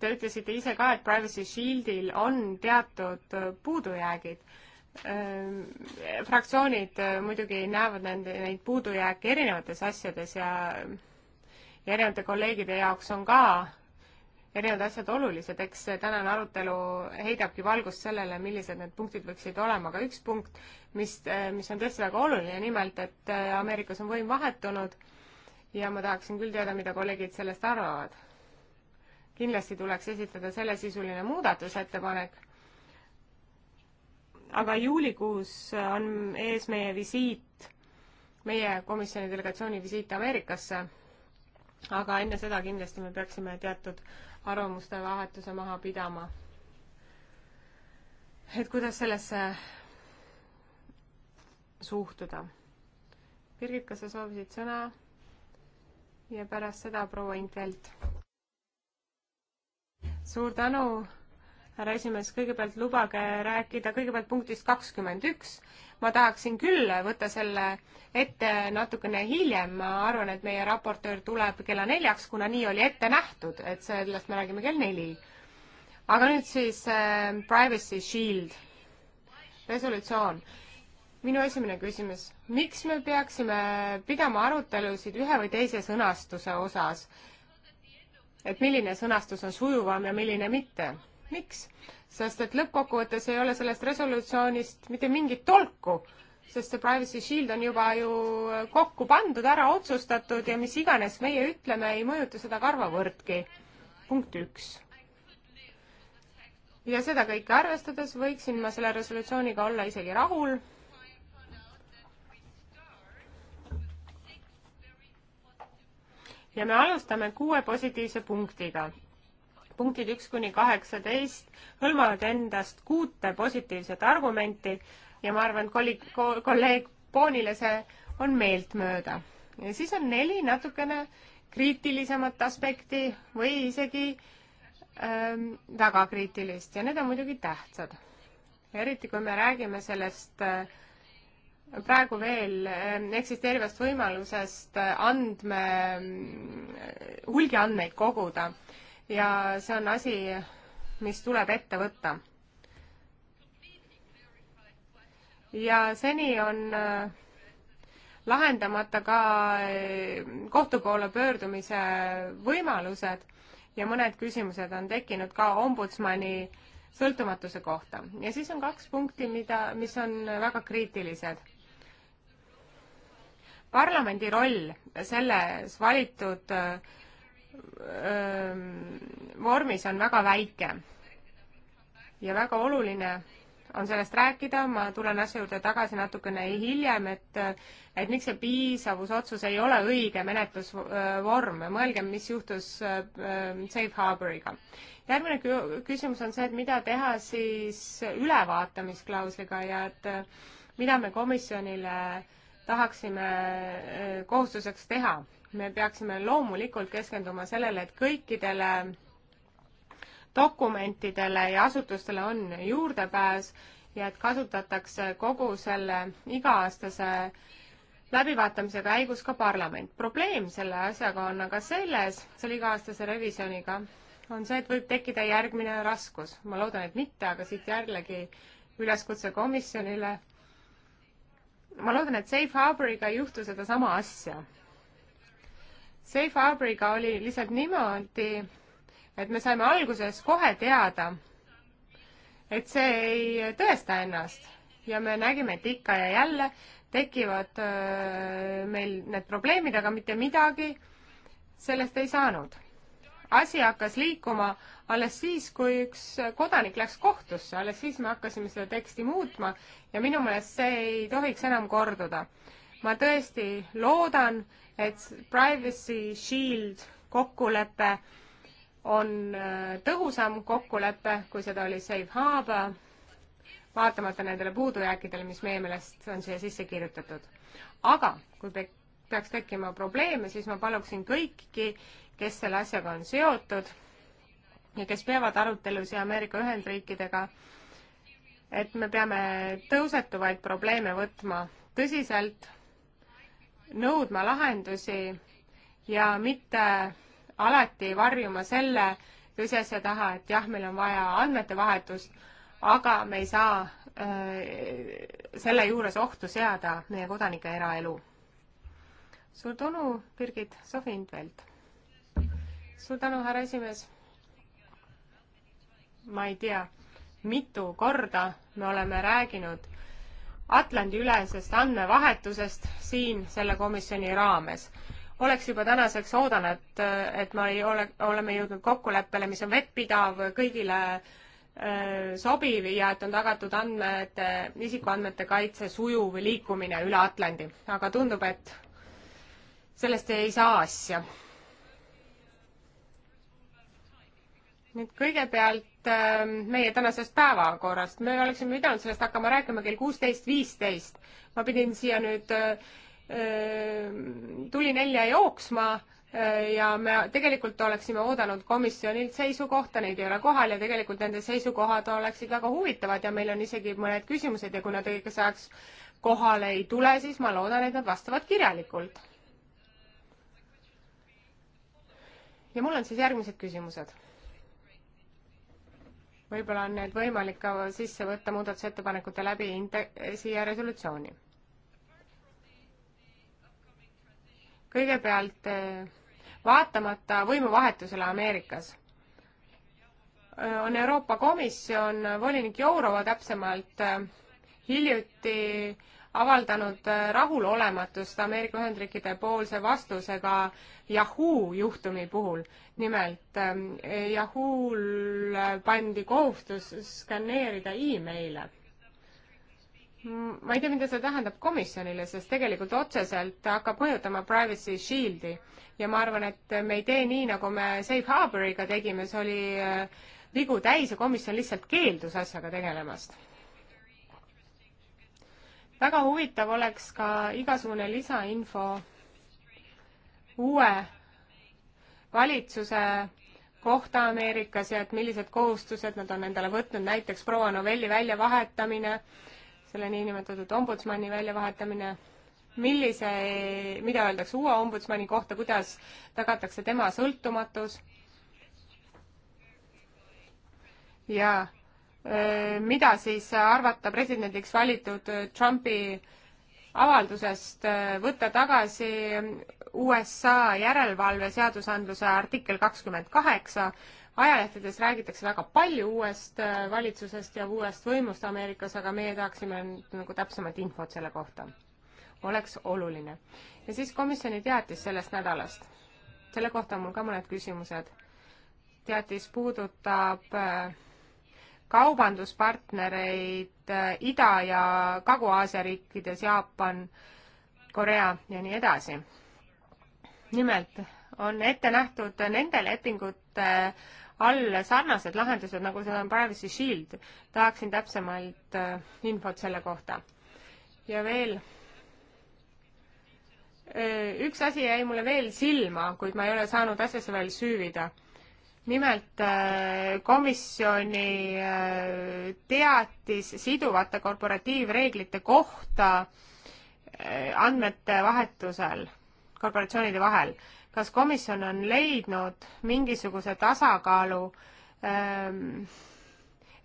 te ütlesite ise ka, et Privacy Shieldil on teatud äh, puudujäägid. Ähm, fraktsioonid äh, muidugi näevad nende, neid puudujääke erinevates asjades ja ja erinevate kolleegide jaoks on ka erinevad asjad olulised, eks tänane arutelu heidabki valgust sellele, millised need punktid võiksid olema, aga üks punkt, mis, mis on tõesti väga oluline, nimelt et Ameerikas on võim vahetunud ja ma tahaksin küll teada, mida kolleegid sellest arvavad. kindlasti tuleks esitada sellesisuline muudatusettepanek, aga juulikuus on ees meie visiit, meie komisjoni delegatsiooni visiit Ameerikasse, aga enne seda kindlasti me peaksime teatud äh, arvamuste vahetuse maha pidama. et kuidas sellesse suhtuda. Birgit, kas sa soovisid sõna? ja pärast seda proua Intelt. suur tänu härra esimees, kõigepealt lubage rääkida kõigepealt punktist kakskümmend üks. ma tahaksin küll võtta selle ette natukene hiljem, ma arvan, et meie raportöör tuleb kella neljaks, kuna nii oli ette nähtud, et sellest me räägime kell neli. aga nüüd siis äh, Privacy Shield resolutsioon minu esimene küsimus, miks me peaksime pidama arutelusid ühe või teise sõnastuse osas? et milline sõnastus on sujuvam ja milline mitte? miks? sest et lõppkokkuvõttes ei ole sellest resolutsioonist mitte mingit tolku, sest see Privacy Shield on juba ju kokku pandud, ära otsustatud ja mis iganes meie ütleme, ei mõjuta seda karvavõrdki. punkt üks. ja seda kõike arvestades võiksin ma selle resolutsiooniga olla isegi rahul ja me alustame kuue positiivse punktiga punktid üks kuni kaheksateist hõlmavad endast kuute positiivset argumenti ja ma arvan, et kolleeg, kolleeg Poonile see on meeltmööda. ja siis on neli natukene kriitilisemat aspekti või isegi ähm, väga kriitilist ja need on muidugi tähtsad. eriti, kui me räägime sellest äh, praegu veel ähm, eksisteerivast võimalusest äh, andme, äh, hulgiandmeid koguda ja see on asi, mis tuleb ette võtta. ja seni on äh, lahendamata ka äh, kohtu poole pöördumise võimalused ja mõned küsimused on tekkinud ka ombudsmani sõltumatuse kohta. ja siis on kaks punkti, mida, mis on väga kriitilised. parlamendi roll selles valitud äh, vormis on väga väike. ja väga oluline on sellest rääkida, ma tulen asja juurde tagasi natukene hiljem, et et miks see piisavusotsus ei ole õige menetlusvorm, mõelgem, mis juhtus Safe Harboriga. järgmine küsimus on see, et mida teha siis ülevaatamisklausliga ja et mida me komisjonile äh, tahaksime eh, kohustuseks teha. me peaksime loomulikult keskenduma sellele, et kõikidele dokumentidele ja asutustele on juurdepääs ja et kasutatakse kogu selle iga-aastase läbivaatamise käigus ka parlament. probleem selle asjaga on aga selles, selle iga-aastase revisjoniga, on see, et võib tekkida järgmine raskus. ma loodan, et mitte, aga siit jällegi üleskutse komisjonile ma loodan, et Safe Harboriga ei juhtu sedasama asja. Safe Harboriga oli lihtsalt niimoodi, et me saime alguses kohe teada, et see ei tõesta ennast ja me nägime, et ikka ja jälle tekivad äh, meil need probleemid, aga mitte midagi sellest ei saanud. asi hakkas liikuma alles siis, kui üks kodanik läks kohtusse, alles siis me hakkasime seda teksti muutma ja minu meelest see ei tohiks enam korduda. ma tõesti loodan, et Privacy Shield kokkulepe on äh, tõhusam kokkulepe, kui seda oli Safe Harbor, vaatamata nendele puudujääkidele, mis meie meelest on siia sisse kirjutatud. aga kui peaks tekkima probleeme, siis ma paluksin kõiki, kes selle asjaga on seotud ja kes peavad arutelusid Ameerika Ühendriikidega, et me peame tõusetuvaid probleeme võtma tõsiselt, nõudma lahendusi ja mitte alati varjuma selle tõsiasja taha, et jah, meil on vaja andmetevahetust, aga me ei saa äh, selle juures ohtu seada meie kodanike eraelu. suur tänu, Birgit Sofind-Veld. suur tänu, härra esimees ma ei tea, mitu korda me oleme rääkinud Atlandi-ülesest andmevahetusest siin selle komisjoni raames. oleks juba tänaseks oodanud, et me ole, oleme jõudnud kokkuleppele, mis on vettpidav, kõigile öö, äh, sobiv ja et on tagatud andmete, isikuandmete kaitse sujuv liikumine üle Atlandi. aga tundub, et sellest ei saa asja nüüd kõigepealt äh, meie tänasest päevakorrast, me oleksime pidanud sellest hakkama rääkima kell kuusteist viisteist. ma pidin siia nüüd äh,, ähm, tuli nelja jooksma äh, ja me tegelikult oleksime oodanud komisjonilt seisukohta, neid ei ole kohal ja tegelikult nende seisukohad oleksid väga huvitavad ja meil on isegi mõned küsimused ja kui nad õigeks ajaks kohale ei tule, siis ma loodan, et nad vastavad kirjalikult. ja mul on siis järgmised küsimused võib-olla on need võimalik ka sisse võtta muudatusettepanekute läbi siia resolutsiooni. kõigepealt eh, vaatamata võimuvahetusele Ameerikas eh, on Euroopa Komisjon, volinik Jourova täpsemalt, eh, hiljuti avaldanud äh, rahulolematust Ameerika Ühendriikide poolse vastusega Yahoo juhtumi puhul. nimelt ähm, Yahoo'l äh, pandi kohustus skaneerida emaile ma ei tea, mida see tähendab komisjonile, sest tegelikult otseselt hakkab mõjutama Privacy Shieldi ja ma arvan, et me ei tee nii, nagu me Safe Harboriga tegime, see oli äh, vigu täis ja komisjon lihtsalt keeldus asjaga tegelemast väga huvitav oleks ka igasugune lisainfo uue valitsuse kohta Ameerikas ja et millised kohustused nad on endale võtnud, näiteks proua Novelli väljavahetamine, selle niinimetatud ombudsmani väljavahetamine, millise, mida öeldakse uue ombudsmani kohta, kuidas tagatakse tema sõltumatus ja Äh, mida siis arvata presidendiks valitud äh, Trumpi avaldusest äh, võtta tagasi ähm, USA järelevalve seadusandluse artikkel kakskümmend kaheksa. ajalehtedes räägitakse väga palju uuest valitsusest ja uuest võimust Ameerikas, aga meie tahaksime nagu täpsemat infot selle kohta. oleks oluline. ja siis komisjoni teatis sellest nädalast. selle kohta on mul ka mõned küsimused. teatis puudutab äh, kaubanduspartnereid äh, Ida- ja Kagu-Aasia riikides, Jaapan, Korea ja nii edasi. nimelt on ette nähtud nende lepingute all sarnased lahendused, nagu seal on Privacy Shield. tahaksin täpsemalt äh, infot selle kohta. ja veel äh, üks asi jäi mulle veel silma, kuid ma ei ole saanud asjasse veel süüvida nimelt äh, komisjoni äh, teatis siduvate korporatiivreeglite kohta äh, andmete vahetusel korporatsioonide vahel. kas komisjon on leidnud mingisuguse tasakaalu, ähm,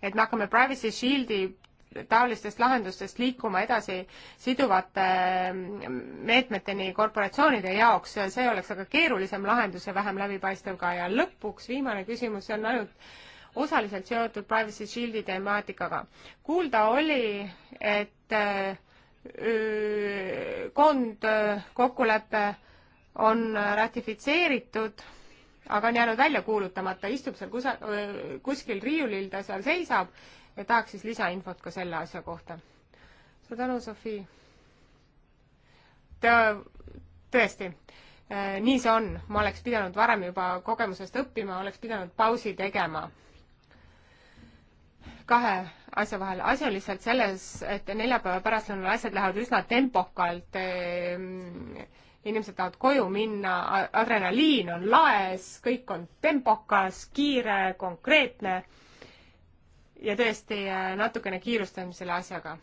et me hakkame Privacy Shieldi taolistest lahendustest liikuma edasi siduvate mm, meetmeteni korporatsioonide jaoks, see oleks aga keerulisem lahendus ja vähem läbipaistev ka ja lõpuks viimane küsimus, see on ainult osaliselt seotud Privacy Shieldi temaatikaga. kuulda oli, et äh, äh, koondkokkulepe äh, on ratifitseeritud, aga on jäänud välja kuulutamata, istub seal kusa-, kuskil riiulil, ta seal seisab ja tahaks siis lisainfot ka selle asja kohta. suur tänu, Sofi. tõesti, äh, nii see on, ma oleks pidanud varem juba kogemusest õppima, oleks pidanud pausi tegema kahe asja vahel. asi on lihtsalt selles, et neljapäeva pärastlõunal asjad lähevad üsna tempokalt. Äh, inimesed tahavad koju minna, adrenaliin on laes, kõik on tempokas, kiire, konkreetne ja tõesti äh, natukene kiirustame selle asjaga.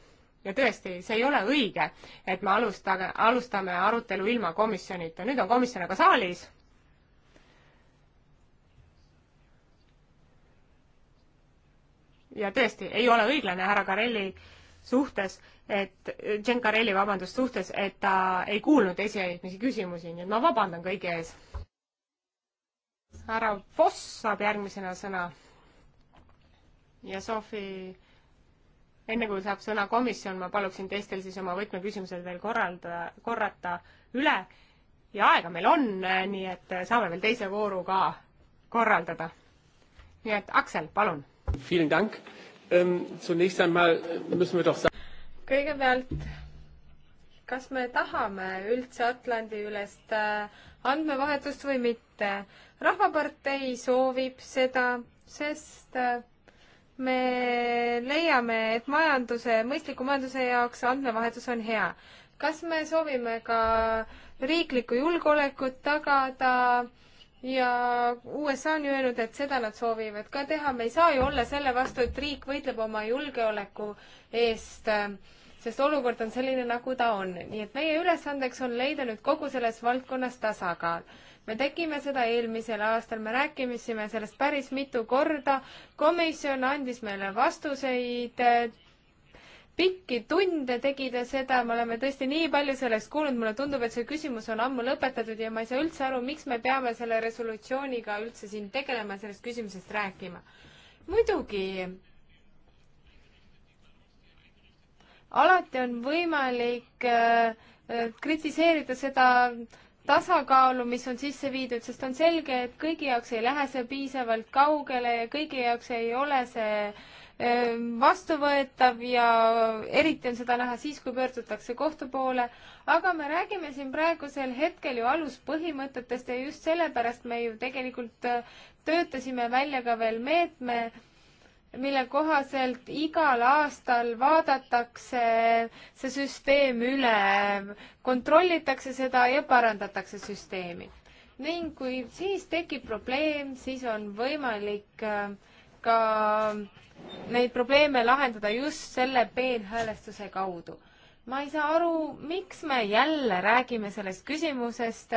ja tõesti, see ei ole õige, et me alustame, alustame arutelu ilma komisjonita, nüüd on komisjon aga saalis. ja tõesti, ei ole õiglane härra Karelli suhtes, et, Jen Karelli, vabandust, suhtes, et ta ei kuulnud esialgmisi küsimusi, nii et ma vabandan kõigi ees. härra Voss saab järgmisena sõna ja Sofi, enne kui saab sõna komisjon, ma paluksin teistel siis oma võtmeküsimused veel korralda, korrata üle ja aega meil on, eh, nii et eh, saame veel teise vooru ka korraldada. nii et Aksel, palun. Ähm, kõigepealt, kas me tahame üldse Atlandi-ülest äh, andmevahetust või mitte? rahvapartei soovib seda, sest äh, me leiame, et majanduse, mõistliku majanduse jaoks andmevahetus on hea. kas me soovime ka riiklikku julgeolekut tagada ja USA on öelnud, et seda nad soovivad ka teha, me ei saa ju olla selle vastu, et riik võitleb oma julgeoleku eest, sest olukord on selline, nagu ta on. nii et meie ülesandeks on leida nüüd kogu selles valdkonnas tasakaal me tegime seda eelmisel aastal, me rääkisime sellest päris mitu korda, komisjon andis meile vastuseid, pikki tunde tegi ta seda, me oleme tõesti nii palju sellest kuulnud, mulle tundub, et see küsimus on ammu lõpetatud ja ma ei saa üldse aru, miks me peame selle resolutsiooniga üldse siin tegelema, sellest küsimusest rääkima. muidugi, alati on võimalik äh, äh kritiseerida seda äh, tasakaalu, mis on sisse viidud, sest on selge, et kõigi jaoks ei lähe see piisavalt kaugele ja kõigi jaoks ei ole see ehm, vastuvõetav ja eriti on seda näha siis, kui pöördutakse kohtu poole. aga me räägime siin praegusel hetkel ju aluspõhimõtetest ja just sellepärast me ju tegelikult äh, töötasime välja ka veel meetme, mille kohaselt igal aastal vaadatakse see süsteem üle, kontrollitakse seda ja parandatakse süsteemi. ning kui siis tekib probleem, siis on võimalik äh, ka neid probleeme lahendada just selle peenhäälestuse kaudu ma ei saa aru, miks me jälle räägime sellest küsimusest,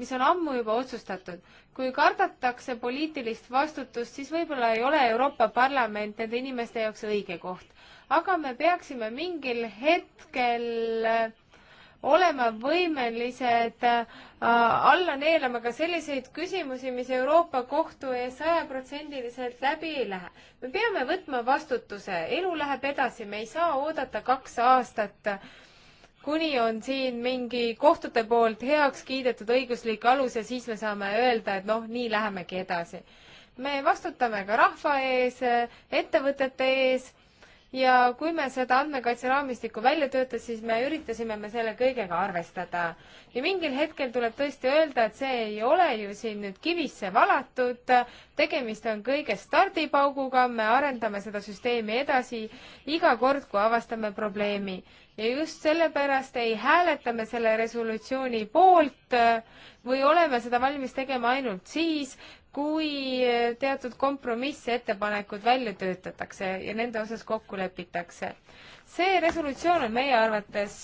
mis on ammu juba otsustatud. kui kardetakse poliitilist vastutust, siis võib-olla ei ole Euroopa Parlament nende inimeste jaoks õige koht. aga me peaksime mingil hetkel äh, olema võimelised äh, alla neelama ka selliseid küsimusi, mis Euroopa Kohtu ees sajaprotsendiliselt läbi ei lähe. me peame võtma vastutuse, elu läheb edasi, me ei saa oodata kaks aastat, kuni on siin mingi kohtute poolt heaks kiidetud õiguslik alus ja siis me saame öelda, et noh, nii lähemegi edasi. me vastutame ka rahva ees, ettevõtete ees ja kui me seda andmekaitseraamistikku välja töötas, siis me üritasime me selle kõigega arvestada. ja mingil hetkel tuleb tõesti öelda, et see ei ole ju siin nüüd kivisse valatud, tegemist on kõige stardipauguga, me arendame seda süsteemi edasi iga kord, kui avastame probleemi. ja just sellepärast ei hääleta me selle resolutsiooni poolt või oleme seda valmis tegema ainult siis, kui teatud kompromissettepanekud välja töötatakse ja nende osas kokku lepitakse. see resolutsioon on meie arvates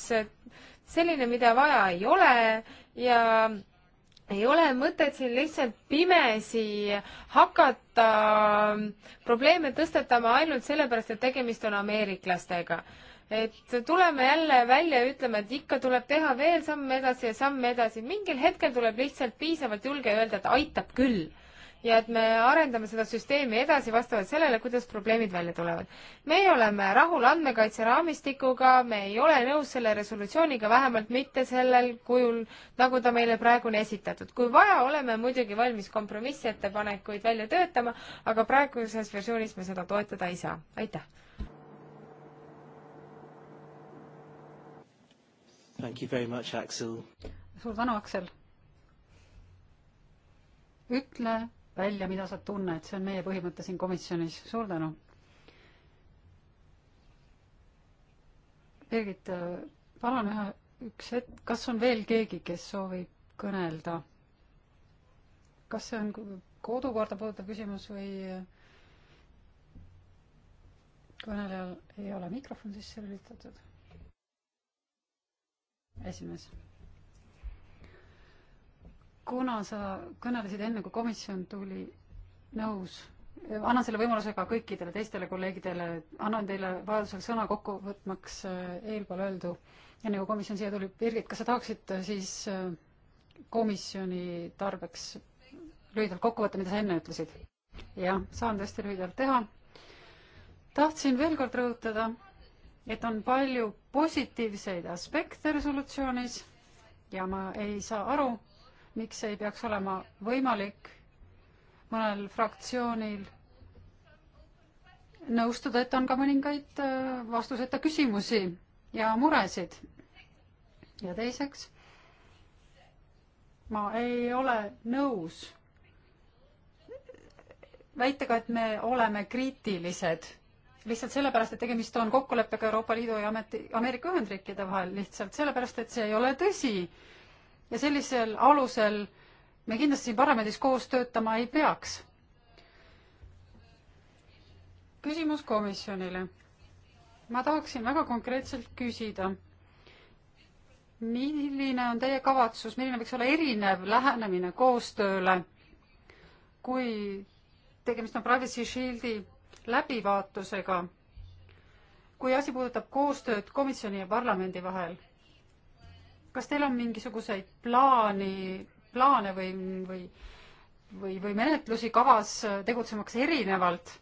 selline, mida vaja ei ole ja ei ole mõtet siin lihtsalt pimesi hakata probleeme tõstatama ainult sellepärast, et tegemist on ameeriklastega et tuleme jälle välja ja ütleme, et ikka tuleb teha veel samm edasi ja samm edasi. mingil hetkel tuleb lihtsalt piisavalt julge öelda, et aitab küll ja et me arendame seda süsteemi edasi vastavalt sellele, kuidas probleemid välja tulevad. meie oleme rahul andmekaitse raamistikuga, me ei ole nõus selle resolutsiooniga, vähemalt mitte sellel kujul, nagu ta meile praegu on esitatud. kui vaja, oleme muidugi valmis kompromissettepanekuid välja töötama, aga praeguses versioonis me seda toetada ei saa. aitäh! Thank you very much, Axel. suur tänu, Aksel. ütle välja, mida sa tunned, see on meie põhimõte siin komisjonis, suur tänu. Birgit, äh, palun ühe, üks hetk, kas on veel keegi, kes soovib kõnelda? kas see on kodukorda puudutav küsimus või äh, kõnelejal ei ole mikrofon sisse lülitatud? esimees kuna sa kõnelesid enne, kui komisjon tuli, nõus, annan selle võimaluse ka kõikidele teistele kolleegidele, annan teile vajadusel sõna kokku võtmaks äh, eelpool öeldu, enne kui komisjon siia tuli. Birgit, kas sa tahaksid äh, siis äh, komisjoni tarbeks lühidalt kokku võtta, mida sa enne ütlesid? jah, saan tõesti lühidalt teha. tahtsin veel kord rõhutada, et on palju positiivseid aspekte resolutsioonis ja ma ei saa aru, miks ei peaks olema võimalik mõnel fraktsioonil nõustuda, et on ka mõningaid äh, vastuseta küsimusi ja muresid. ja teiseks, ma ei ole nõus väitega, et me oleme kriitilised lihtsalt sellepärast, et tegemist on kokkuleppega Euroopa Liidu ja ameti, Ameerika Ühendriikide vahel, lihtsalt sellepärast, et see ei ole tõsi ja sellisel alusel me kindlasti siin parlamendis koos töötama ei peaks. küsimus komisjonile. ma tahaksin väga konkreetselt küsida, milline on teie kavatsus, milline võiks olla erinev lähenemine koostööle, kui tegemist on Privacy Shieldi läbivaatusega, kui asi puudutab koostööd komisjoni ja parlamendi vahel kas teil on mingisuguseid plaani, plaane või, või, või, või menetlusi kavas tegutsemaks erinevalt?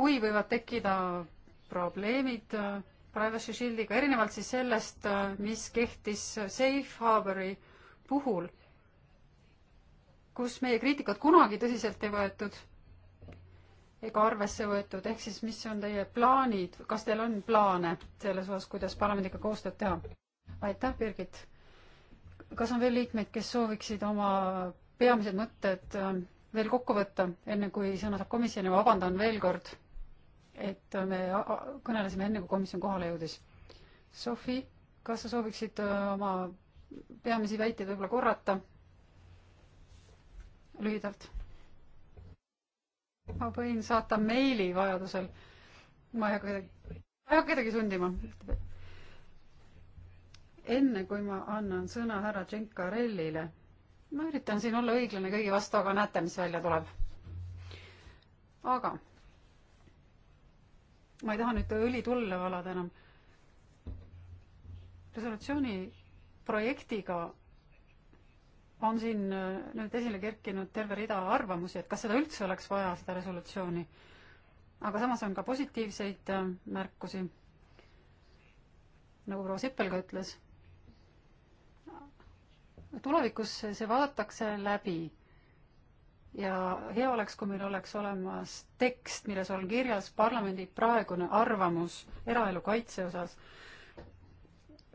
kui võivad tekkida probleemid äh, Privacy Shieldiga, erinevalt siis sellest, äh, mis kehtis Safe Harbori puhul, kus meie kriitikat kunagi tõsiselt ei võetud ega arvesse võetud, ehk siis mis on teie plaanid, kas teil on plaane selles osas, kuidas parlamendiga koostööd teha? aitäh, Birgit! kas on veel liikmeid, kes sooviksid oma peamised mõtted ähm, veel kokku võtta, enne kui sõna saab komisjoni, ma vabandan veel kord, et me kõnelesime enne, kui komisjon kohale jõudis. Sofi, kas sa sooviksid äh, oma peamisi väiteid võib-olla korrata lühidalt? ma võin saata meili vajadusel. ma ei hakka kedagi, ma ei hakka kedagi sundima. enne kui ma annan sõna härra Tšenkarellile, ma üritan siin olla õiglane kõigi vastu, aga näete, mis välja tuleb. aga ma ei taha nüüd õli tulle valada enam. resolutsiooni projektiga on siin äh, nüüd esile kerkinud terve rida arvamusi, et kas seda üldse oleks vaja, seda resolutsiooni. aga samas on ka positiivseid äh, märkusi, nagu proua Sippel ka ütles. tulevikus see vaadatakse läbi ja hea oleks, kui meil oleks olemas tekst, milles on kirjas parlamendi praegune arvamus eraelu kaitse osas,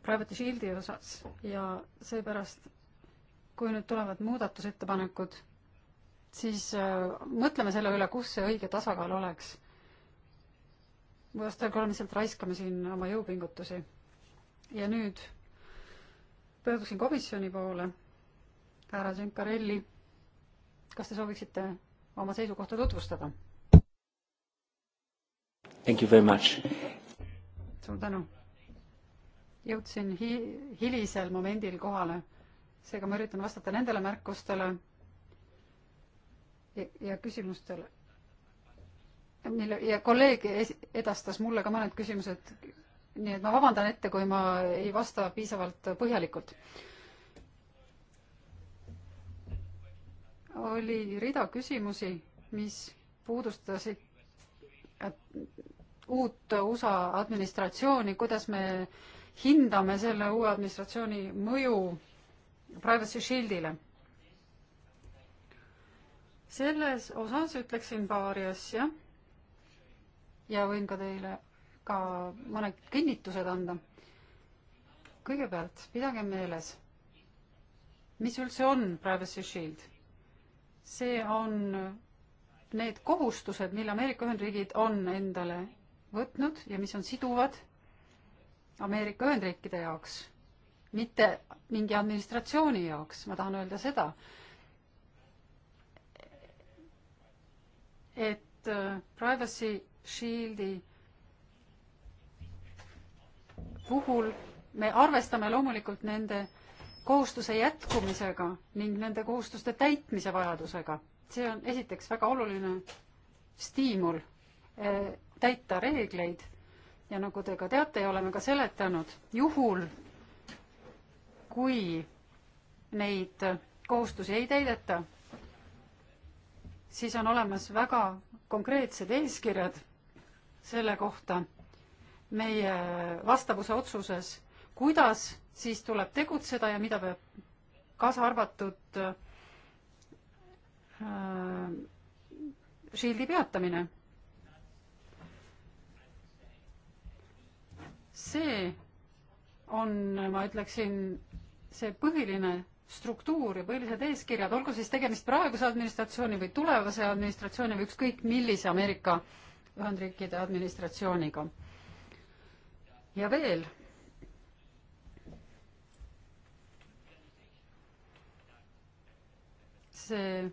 private shield'i osas ja seepärast kui nüüd tulevad muudatusettepanekud, siis äh, mõtleme selle üle, kus see õige tasakaal oleks. vastasel korral me lihtsalt raiskame siin oma jõupingutusi. ja nüüd pöörduksin komisjoni poole. härra Tšenkarelli, kas te sooviksite oma seisukohta tutvustada? Thank you very much. suur tänu. jõudsin hi-, hilisel momendil kohale seega ma üritan vastata nendele märkustele ja, ja küsimustele, mille ja kolleeg edastas mulle ka mõned küsimused, nii et ma vabandan ette, kui ma ei vasta piisavalt põhjalikult. oli rida küsimusi, mis puudustasid äh, uut USA administratsiooni, kuidas me hindame selle uue administratsiooni mõju Privacy Shieldile. selles osas ütleksin paari asja ja võin ka teile ka mõned kinnitused anda. kõigepealt pidage meeles, mis üldse on Privacy Shield. see on need kohustused, mille Ameerika Ühendriigid on endale võtnud ja mis on siduvad Ameerika Ühendriikide jaoks mitte mingi administratsiooni jaoks, ma tahan öelda seda, et äh, Privacy Shieldi puhul me arvestame loomulikult nende kohustuse jätkumisega ning nende kohustuste täitmise vajadusega. see on esiteks väga oluline stiimul äh, täita reegleid ja nagu te ka teate ja oleme ka seletanud, juhul kui neid kohustusi ei täideta, siis on olemas väga konkreetsed eeskirjad selle kohta meie vastavuse otsuses, kuidas siis tuleb tegutseda ja mida peab kaasa arvatud äh, shield'i peatamine. see on, ma ütleksin, see põhiline struktuur ja põhilised eeskirjad, olgu siis tegemist praeguse administratsiooni või tulevase administratsiooni või ükskõik millise Ameerika Ühendriikide administratsiooniga. ja veel. see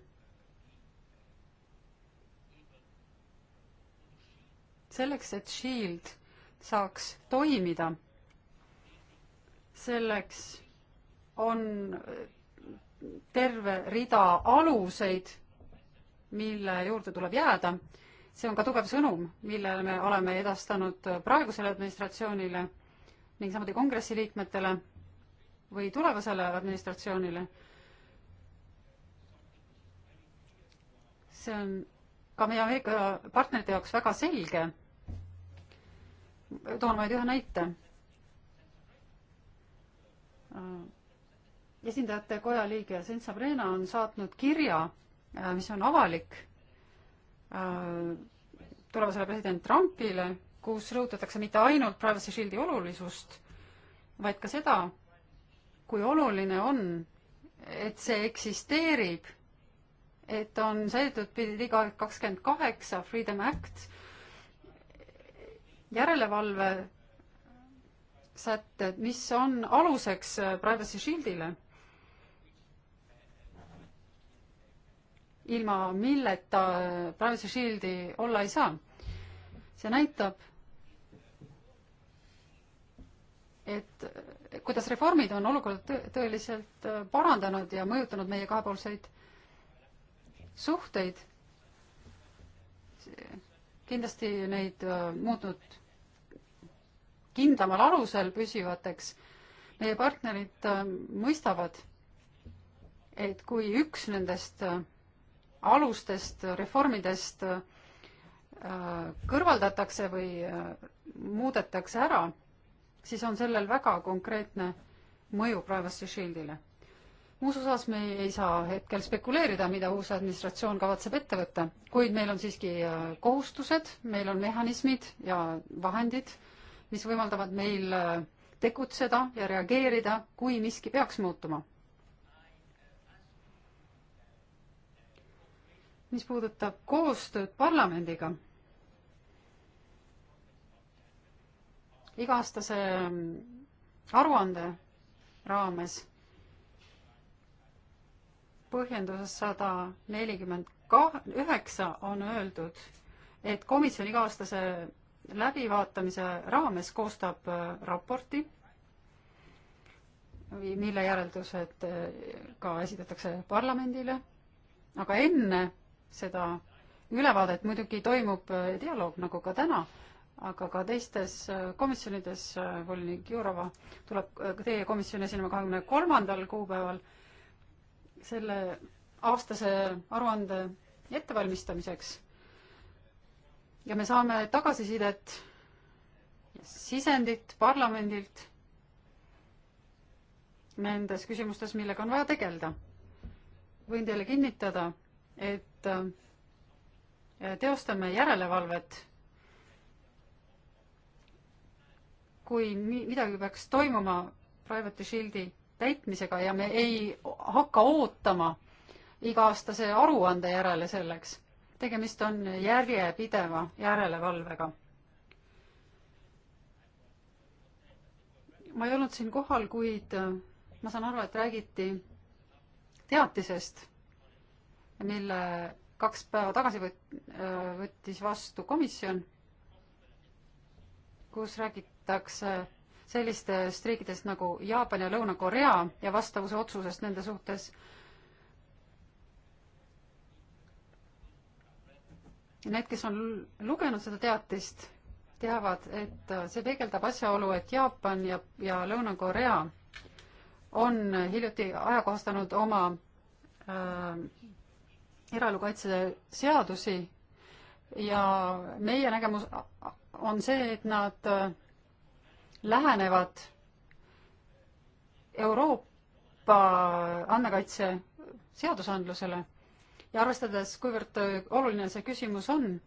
selleks, et Shield saaks toimida, selleks on terve rida aluseid, mille juurde tuleb jääda. see on ka tugev sõnum, mille me oleme edastanud praegusele administratsioonile ning samuti kongressi liikmetele või tulevasele administratsioonile. see on ka meie Ameerika partnerite jaoks väga selge. toon vaid ühe näite esindajate koja liige Saint Sabrina on saatnud kirja, äh, mis on avalik äh, tulevasele president Trumpile, kus rõhutatakse mitte ainult Privacy Shieldi olulisust, vaid ka seda, kui oluline on, et see eksisteerib, et on säilitud pidi iga kakskümmend kaheksa Freedom Act, järelevalve sätted, mis on aluseks Privacy Shieldile ilma milleta Privacy Shieldi olla ei saa. see näitab, et kuidas reformid on olukorda tõeliselt äh, parandanud ja mõjutanud meie kahepoolseid suhteid. kindlasti neid äh, muutnud kindlamal alusel püsivateks. meie partnerid äh, mõistavad, et kui üks nendest alustest, reformidest äh, kõrvaldatakse või äh, muudetakse ära, siis on sellel väga konkreetne mõju Privacy Shieldile. muus osas me ei saa hetkel spekuleerida, mida uus administratsioon kavatseb ette võtta, kuid meil on siiski äh, kohustused, meil on mehhanismid ja vahendid, mis võimaldavad meil tegutseda ja reageerida, kui miski peaks muutuma mis puudutab koostööd parlamendiga, iga-aastase mm, aruande raames põhjenduses sada nelikümmend ka-, üheksa on öeldud, et komisjon iga-aastase läbivaatamise raames koostab äh, raporti, mille järeldused äh, ka esitatakse parlamendile, aga enne seda ülevaadet, muidugi toimub äh, dialoog, nagu ka täna, aga ka teistes äh, komisjonides, äh, volinik Jurova tuleb teie komisjoni esinema kahekümne kolmandal kuupäeval, selle aastase aruande ettevalmistamiseks. ja me saame tagasisidet, sisendit parlamendilt nendes küsimustes, millega on vaja tegeleda. võin teile kinnitada, et et äh, teostame järelevalvet. kui midagi peaks toimuma Private Shieldi täitmisega ja me ei hakka ootama iga-aastase aruande järele selleks, tegemist on järjepideva järelevalvega. ma ei olnud siin kohal, kuid äh, ma saan aru, et räägiti teatisest mille kaks päeva tagasi võt-, võttis vastu komisjon, kus räägitakse sellistest riikidest nagu Jaapan ja Lõuna-Korea ja vastavuse otsusest nende suhtes. Need, kes on lugenud seda teatist, teavad, et see peegeldab asjaolu, et Jaapan ja, ja Lõuna-Korea on hiljuti ajakohastanud oma äh, eraelukaitse seadusi ja meie nägemus on see, et nad äh, lähenevad Euroopa andmekaitse seadusandlusele ja arvestades, kuivõrd äh, oluline see küsimus on,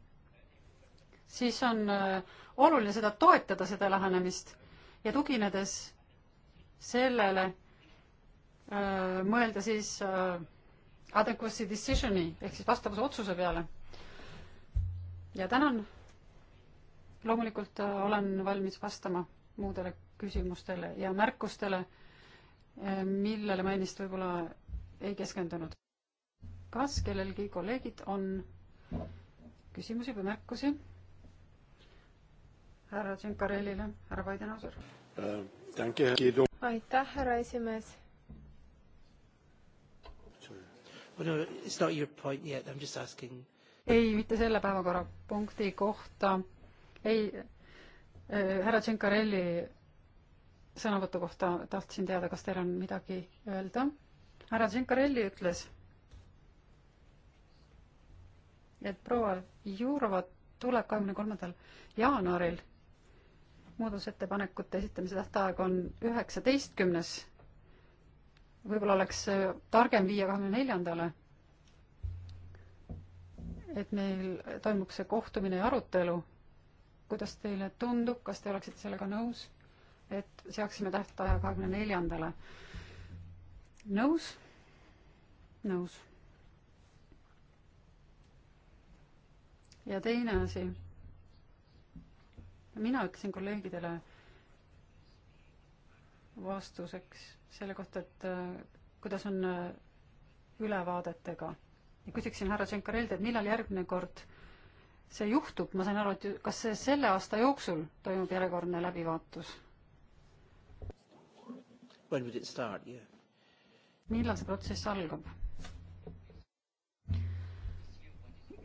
siis on äh, oluline seda toetada, seda lähenemist ja tuginedes sellele mõelda siis äh, adequacy decision'i ehk siis vastavuse otsuse peale. ja tänan. loomulikult äh, olen valmis vastama muudele küsimustele ja märkustele, äh, millele ma ennist võib-olla ei keskendunud. kas kellelgi kolleegid on küsimusi või märkusi? härra Tšenkarelile, härra Biden-Ausar. Äh, aitäh, härra esimees no it's not your point yet, I am just asking. ei, mitte selle päevakorrapunkti kohta. ei äh,, härra Tšenkarelli sõnavõtu kohta tahtsin teada, kas teil on midagi öelda. härra Tšenkarelli ütles, et proua Jurova tuleb kahekümne kolmandal jaanuaril. muudatusettepanekute esitamise tähtaeg on üheksateistkümnes võib-olla oleks targem viia kahekümne neljandale, et meil toimuks see kohtumine ja arutelu. kuidas teile tundub, kas te oleksite sellega nõus, et seaksime tähtaja kahekümne neljandale? nõus? nõus. ja teine asi. mina ütlesin kolleegidele vastuseks selle kohta, et äh, kuidas on äh, ülevaadetega. ja küsiksin härra Tšenkarellt, et millal järgmine kord see juhtub, ma sain aru, et kas see selle aasta jooksul toimub järjekordne läbivaatus? Yeah. millal see protsess algab?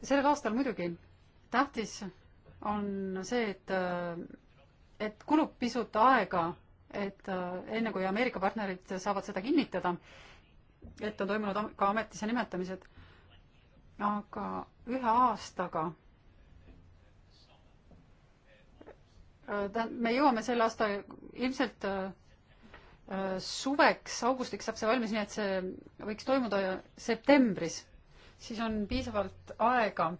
sellel aastal muidugi tähtis on see, et, äh, et kulub pisut aega et äh, enne kui Ameerika partnerid saavad seda kinnitada, et on toimunud ka ametisse nimetamised, aga ühe aastaga äh, me jõuame selle aasta ilmselt äh, suveks, augustiks saab see valmis, nii et see võiks toimuda septembris. siis on piisavalt aega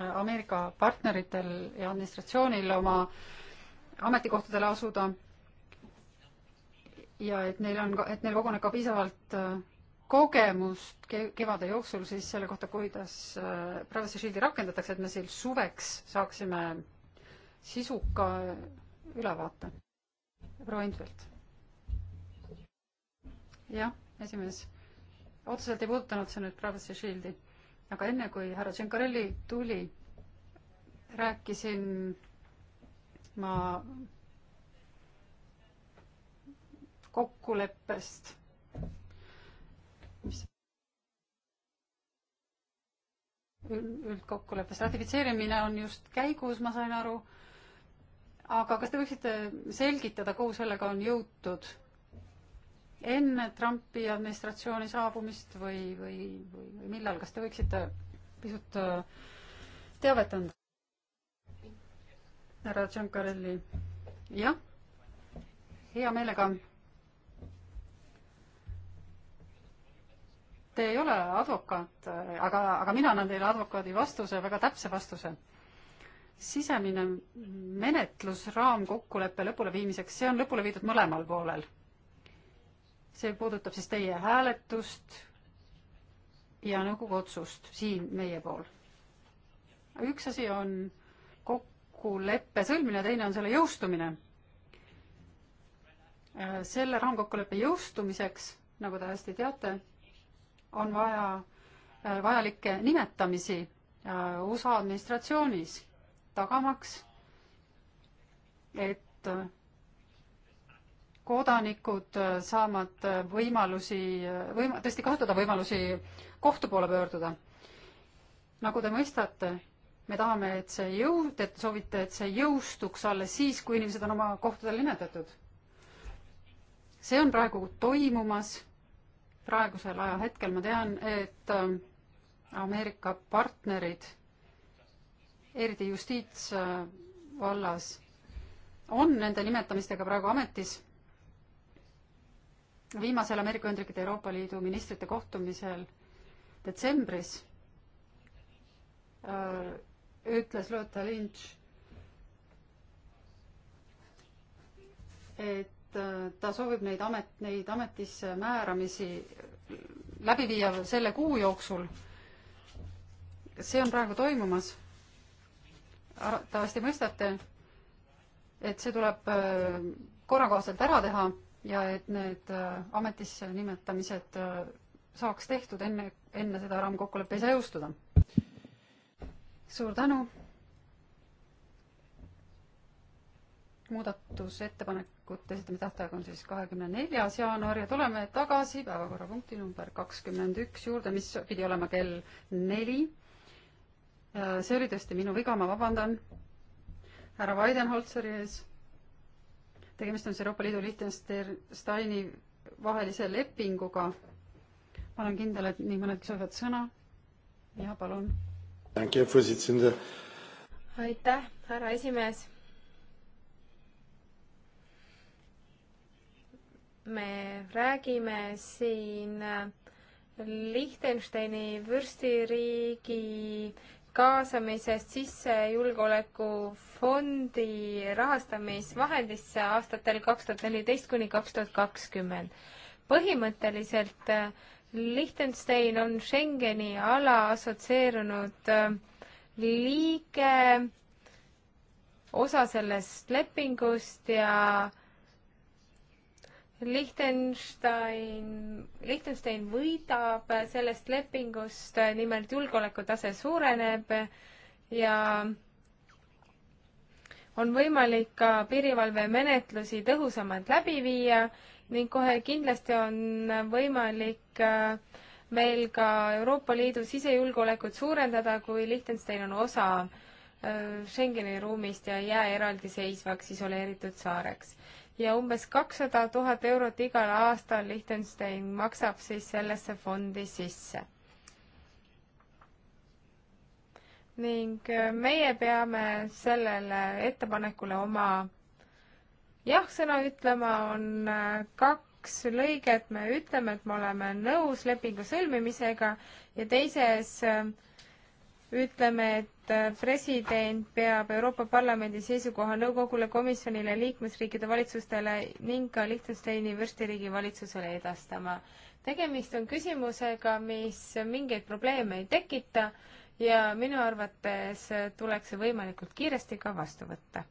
Ameerika partneritel ja administratsioonil oma ametikohtadele asuda ja et neil on, et neil koguneb ka piisavalt äh, kogemust kevade jooksul siis selle kohta, kuidas äh, Privacy Shieldi rakendatakse, et me siin suveks saaksime sisuka ülevaate. proua Intvelt. jah, esimees. otseselt ei puudutanud see nüüd Privacy Shieldi, aga enne kui härra Tšenkarelli tuli, rääkisin ma kokkuleppest, mis üldkokkuleppest, ratifitseerimine on just käigus, ma sain aru, aga kas te võiksite selgitada, kuhu sellega on jõutud? enne Trumpi administratsiooni saabumist või, või, või, või millal, kas te võiksite pisut äh, teavet anda? härra Giancarelli. jah, hea meelega Te ei ole advokaat, aga, aga mina annan teile advokaadi vastuse, väga täpse vastuse. sisemine menetlus raamkokkuleppe lõpuleviimiseks, see on lõpule viidud mõlemal poolel. see puudutab siis teie hääletust ja nõukogu otsust siin meie pool. üks asi on kokkuleppe sõlmine, teine on selle jõustumine. selle raamkokkuleppe jõustumiseks, nagu te hästi teate on vaja äh, vajalikke nimetamisi äh, USA administratsioonis, tagamaks, et äh, kodanikud saavad võimalusi, võim-, tõesti kasutada võimalusi kohtu poole pöörduda. nagu te mõistate, me tahame, et see jõu-, te soovite, et see jõustuks alles siis, kui inimesed on oma kohtadel nimetatud. see on praegu toimumas praegusel ajahetkel ma tean, et äh, Ameerika partnerid, eriti justiitsvallas, on nende nimetamistega praegu ametis. viimasel Ameerika Ühendriikide Euroopa Liidu ministrite kohtumisel detsembris öö, äh, ütles Lotta Lynch, et et äh, ta soovib neid amet, neid ametisse määramisi läbi viia selle kuu jooksul. see on praegu toimumas. arvatavasti mõistate, et see tuleb äh, korrakohaselt ära teha ja et need äh, ametisse nimetamised saaks tehtud enne, enne seda raamkokkulepe ei saa jõustuda. suur tänu. muudatusettepanek muudatusettepanekute esitamise tähtaeg on siis kahekümne neljas jaanuar ja tuleme tagasi päevakorrapunkti number kakskümmend üks juurde, mis pidi olema kell neli. Äh, see oli tõesti minu viga, ma vabandan härra Weidenholzeri ees. tegemist on siis Euroopa Liidu Liechtensteini vahelise lepinguga. ma olen kindel, et nii mõnedki soovivad sõna. ja palun. aitäh, härra esimees me räägime siin Liechtensteini vürstiriigi kaasamisest sisse julgeolekufondi rahastamisvahendisse aastatel kaks tuhat neliteist kuni kaks tuhat kakskümmend. põhimõtteliselt äh, Liechtenstein on Schengeni ala assotsieerunud äh, liige, osa sellest lepingust ja Liechtenstein, Liechtenstein võidab sellest lepingust, nimelt julgeolekutase suureneb ja on võimalik ka piirivalvemenetlusi tõhusamalt läbi viia ning kohe kindlasti on võimalik äh, meil ka Euroopa Liidu sisejulgeolekut suurendada, kui Liechtenstein on osa äh, Schengeni ruumist ja ei jää eraldiseisvaks isoleeritud saareks ja umbes kakssada tuhat eurot igal aastal Liechtenstein maksab siis sellesse fondi sisse. ning äh, meie peame sellele ettepanekule oma jah-sõna ütlema, on äh, kaks lõiget, me ütleme, et me oleme nõus lepingu sõlmimisega ja teises äh, ütleme, et Äh, president peab Euroopa Parlamendi seisukoha nõukogule, komisjonile, liikmesriikide valitsustele ning ka Liechtensteini vürstiriigi valitsusele edastama. tegemist on küsimusega, mis mingeid probleeme ei tekita ja minu arvates tuleks see võimalikult kiiresti ka vastu võtta.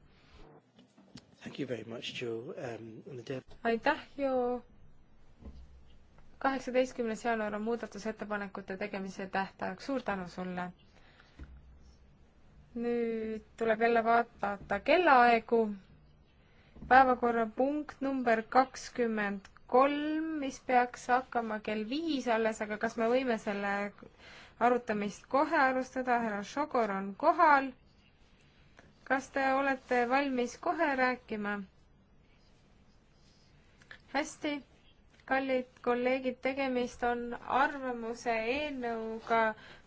Um, aitäh, Jo! kaheksateistkümnes jaanuar on muudatusettepanekute tegemise tähtaeg, suur tänu sulle! nüüd tuleb jälle vaadata kellaaegu. päevakorrapunkt number kakskümmend kolm, mis peaks hakkama kell viis alles, aga kas me võime selle arutamist kohe alustada, härra Šogor on kohal. kas te olete valmis kohe rääkima? hästi, kallid kolleegid, tegemist on arvamuse eelnõuga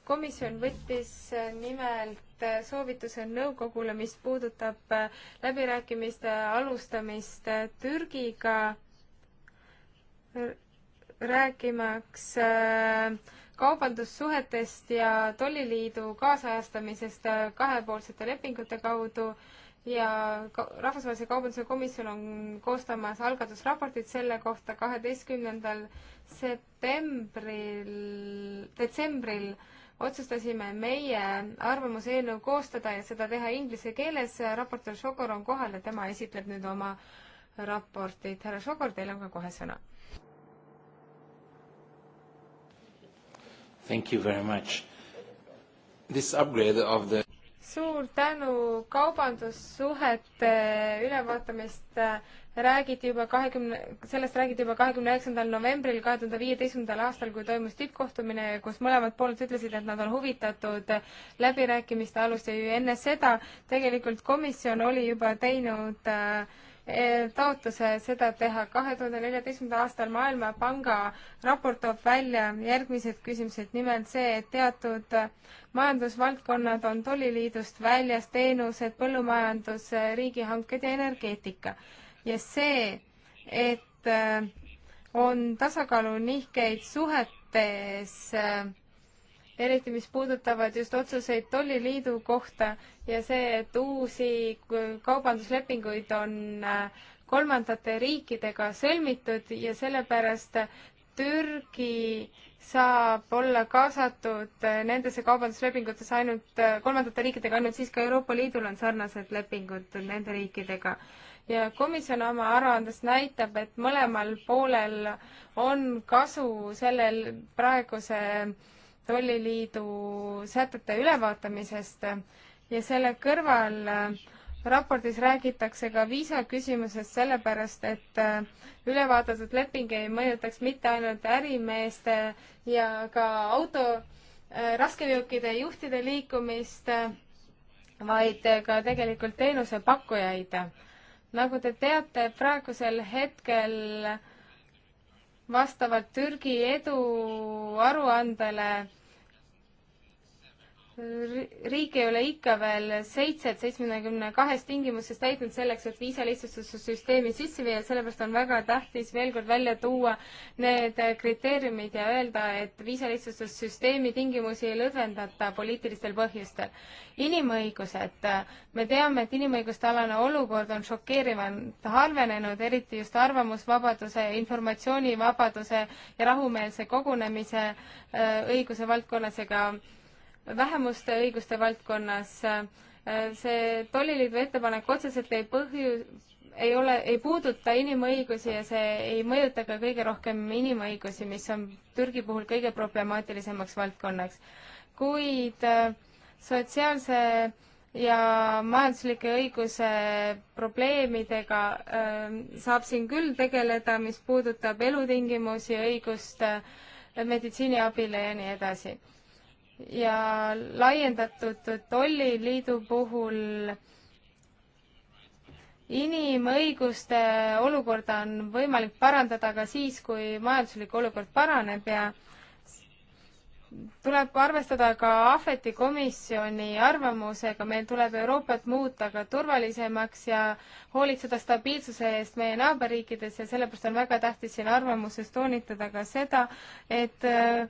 komisjon võttis äh, nimelt äh, soovituse nõukogule, mis puudutab äh, läbirääkimiste alustamist Türgiga, rääkimaks kaubandussuhetest ja tolliliidu kaasajastamisest kahepoolsete lepingute kaudu ja ka Rahvusvahelise Kaubanduse Komisjon on koostamas algatusraportit selle kohta kaheteistkümnendal septembril, detsembril otsustasime meie arvamuseelnõu koostada ja seda teha inglise keeles. raportöör Šokor on kohal ja tema esitleb nüüd oma raportit. härra Šokor, teil on ka kohe sõna. Thank you very much. This upgrade of the suur tänu, kaubandussuhete ülevaatamist äh, räägiti juba kahekümne, sellest räägiti juba kahekümne üheksandal novembril kahe tuhande viieteistkümnendal aastal, kui toimus tippkohtumine, kus mõlemad pooled ütlesid, et nad on huvitatud äh, läbirääkimiste alust ja enne seda tegelikult komisjon oli juba teinud äh, taotluse seda teha. kahe tuhande neljateistkümnendal aastal Maailmapanga raport toob välja järgmised küsimused, nimelt see, et teatud majandusvaldkonnad on tolliliidust väljas, teenused, põllumajandus, riigihanked ja energeetika. ja see, et äh, on tasakaalunihkeid suhetes äh, eriti mis puudutavad just otsuseid tolliliidu kohta ja see, et uusi kaubanduslepinguid on äh, kolmandate riikidega sõlmitud ja sellepärast Türgi saab olla kaasatud äh, nendesse kaubanduslepingutesse ainult äh, kolmandate riikidega, ainult siis ka Euroopa Liidul on sarnased lepingud nende riikidega. ja komisjon oma aruandes näitab, et mõlemal poolel on kasu sellel praeguse äh, tolliliidu sätete ülevaatamisest ja selle kõrval äh, raportis räägitakse ka viisaküsimusest sellepärast, et äh, ülevaadatud leping ei mõjutaks mitte ainult ärimeeste ja ka auto äh, raskeveokide juhtide liikumist, vaid ka tegelikult teenusepakkujaid. nagu te teate, praegusel hetkel äh, vastavalt Türgi edu aruandele riik ei ole ikka veel seitset seitsmekümne kahest tingimusest täitnud selleks, et viisalihtsustussüsteemi sisse viia, sellepärast on väga tähtis veel kord välja tuua need kriteeriumid ja öelda, et viisalihtsustussüsteemi tingimusi ei lõdvendata poliitilistel põhjustel. inimõigused, me teame, et inimõiguste alane olukord on šokeerivalt halvenenud, eriti just arvamusvabaduse, informatsioonivabaduse ja rahumeelse kogunemise äh, õiguse valdkonnas, ega vähemuste õiguste valdkonnas. see tolliliidu ettepanek otseselt ei põhju-, ei ole, ei puuduta inimõigusi ja see ei mõjuta ka kõige rohkem inimõigusi, mis on Türgi puhul kõige problemaatilisemaks valdkonnaks. kuid äh, sotsiaalse ja majanduslike õiguse probleemidega äh, saab siin küll tegeleda, mis puudutab elutingimusi, õigust äh, meditsiiniabile ja nii edasi ja laiendatud tolliliidu puhul inimõiguste olukorda on võimalik parandada ka siis, kui majanduslik olukord paraneb ja tuleb arvestada ka Ahveti komisjoni arvamusega, meil tuleb Euroopat muuta ka turvalisemaks ja hoolitseda stabiilsuse eest meie naaberriikides ja sellepärast on väga tähtis siin arvamuses toonitada ka seda, et äh,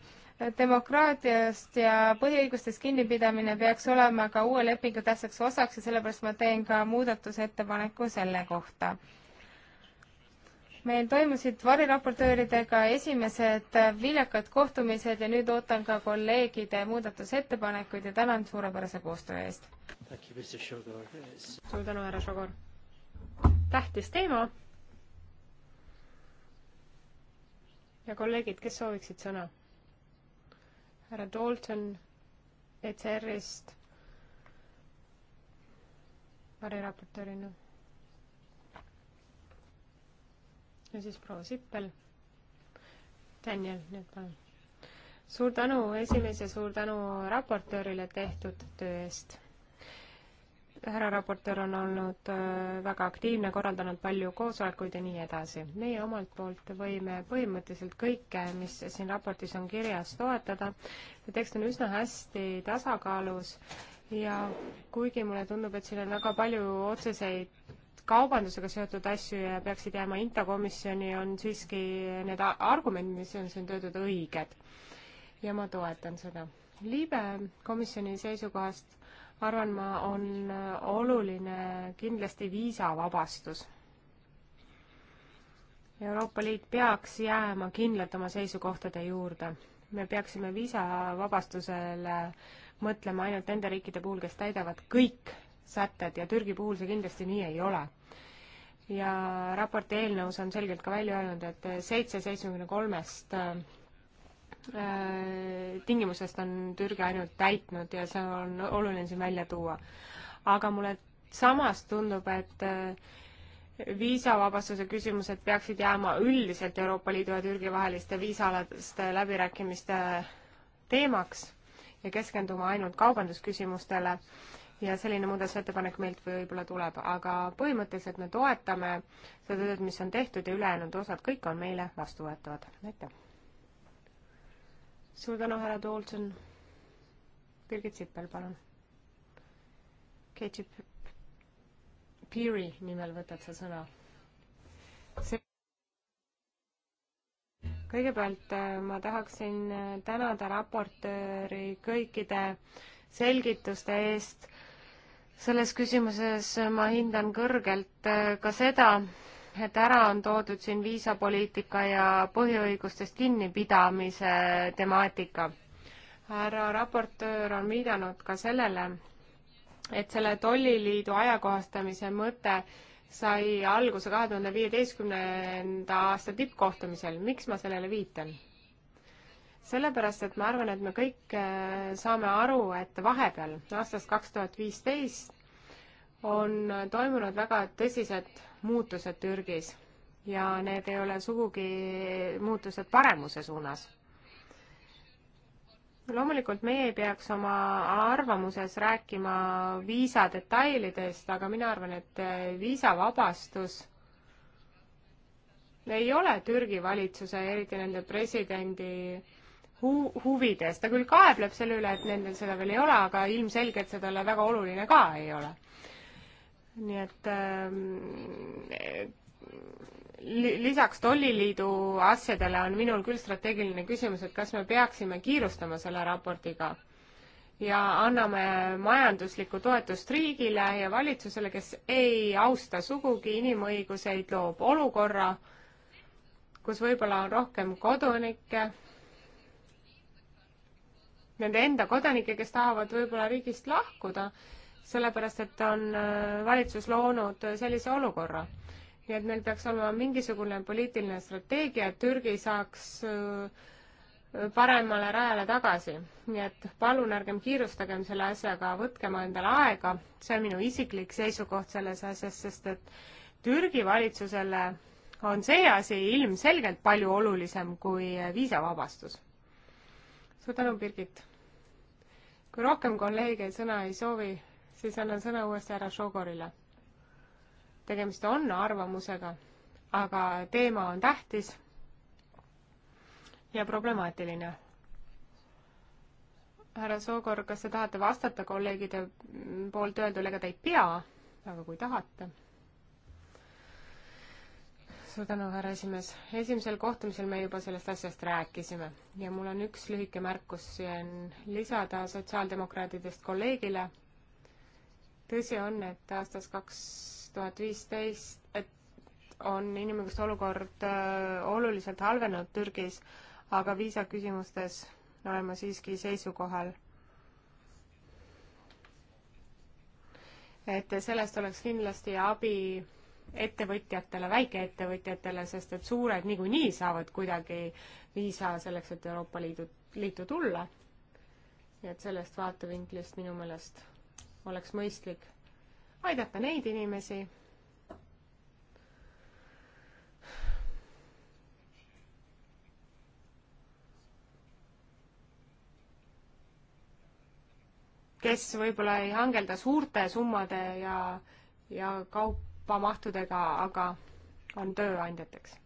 demokraatiast ja põhiõigustest kinnipidamine peaks olema ka uue lepingu tähtsaks osaks ja sellepärast ma teen ka muudatusettepaneku selle kohta. meil toimusid variraportööridega esimesed viljakad kohtumised ja nüüd ootan ka kolleegide muudatusettepanekuid ja tänan suurepärase koostöö eest. suur tänu, härra Šogor. tähtis teema. ja kolleegid, kes sooviksid sõna? härra Dalton ECR-ist variraportöörina. ja siis proua Sippel. Daniel, nüüd palun. suur tänu esimees ja suur tänu raportöörile tehtud töö eest härra raportöör on olnud äh, väga aktiivne, korraldanud palju koosolekuid ja nii edasi. meie omalt poolt võime põhimõtteliselt kõike, mis siin raportis on kirjas, toetada. tekst on üsna hästi tasakaalus ja kuigi mulle tundub, et siin on väga palju otseseid kaubandusega seotud asju ja peaksid jääma INTA komisjoni, on siiski need argumendid, mis on siin töötud, õiged. ja ma toetan seda. liibe komisjoni seisukohast arvan ma, on oluline kindlasti viisavabastus. Euroopa Liit peaks jääma kindlalt oma seisukohtade juurde. me peaksime viisavabastusele mõtlema ainult nende riikide puhul, kes täidavad kõik sätted ja Türgi puhul see kindlasti nii ei ole ja raporti eelnõus on selgelt ka välja öelnud, et seitse seitsmekümne kolmest Äh, tingimusest on Türgi ainult täitnud ja see on oluline siin välja tuua. aga mulle samas tundub, et äh, viisavabastuse küsimused peaksid jääma üldiselt Euroopa Liidu ja Türgi vaheliste viisaalaste läbirääkimiste teemaks ja keskenduma ainult kaubandusküsimustele ja selline muudatusettepanek meilt võib-olla tuleb, aga põhimõtteliselt me toetame seda tööd, mis on tehtud ja ülejäänud osad kõik on meile vastuvõetavad. aitäh! suur tänu, härra Toolson. Birgit Sippel, palun. Keiti Piiri nimel võtad sa sõna. see kõigepealt äh, ma tahaksin äh, tänada raportööri kõikide selgituste eest. selles küsimuses ma hindan kõrgelt äh, ka seda, et ära on toodud siin viisapoliitika ja põhiõigustest kinnipidamise temaatika. härra raportöör on viidanud ka sellele, et selle tolliliidu ajakohastamise mõte sai alguse kahe tuhande viieteistkümnenda aasta tippkohtumisel. miks ma sellele viitan? sellepärast, et ma arvan, et me kõik äh, saame aru, et vahepeal aastast kaks tuhat viisteist on toimunud väga tõsised muutused Türgis ja need ei ole sugugi muutused paremuse suunas. loomulikult meie ei peaks oma arvamuses rääkima viisa detailidest, aga mina arvan, et eh, viisavabastus ei ole Türgi valitsuse, eriti nende presidendi hu-, huvides, ta küll kaebleb selle üle, et nendel seda veel ei ole, aga ilmselgelt seda väga oluline ka ei ole nii et äh, lisaks tolliliidu asjadele on minul küll strateegiline küsimus, et kas me peaksime kiirustama selle raportiga ja anname majanduslikku toetust riigile ja valitsusele, kes ei austa sugugi inimõiguseid, loob olukorra, kus võib-olla on rohkem kodanikke, nende enda kodanikke, kes tahavad võib-olla riigist lahkuda sellepärast et on äh, valitsus loonud äh, sellise olukorra. nii et meil peaks olema mingisugune poliitiline strateegia, et Türgi saaks äh, paremale rajale tagasi. nii et palun ärgem kiirustagem selle asjaga, võtkem endale aega, see on minu isiklik seisukoht selles asjas, sest et Türgi valitsusele on see asi ilmselgelt palju olulisem kui viisavabastus. suur tänu, Birgit! kui rohkem kolleege sõna ei soovi, siis annan sõna uuesti härra Šogorile. tegemist on arvamusega, aga teema on tähtis ja problemaatiline. härra Soogor, kas te tahate vastata kolleegide poolt öeldule, ega te ei pea, aga kui tahate suur tänu, härra esimees. esimesel kohtumisel me juba sellest asjast rääkisime ja mul on üks lühike märkus siin lisada sotsiaaldemokraadidest kolleegile, tõsi on, et aastast kaks tuhat viisteist, et on inimõiguste olukord öö, äh, oluliselt halvenenud Türgis, aga viisaküsimustes olen ma siiski seisukohal, et sellest oleks kindlasti abi ettevõtjatele, väikeettevõtjatele, sest et suured niikuinii saavad kuidagi viisa selleks, et Euroopa Liidu, liitu tulla. nii et sellest vaatevinklist minu meelest oleks mõistlik aidata neid inimesi, kes võib-olla ei hangelda suurte summade ja, ja kaupamahtudega, aga on tööandjateks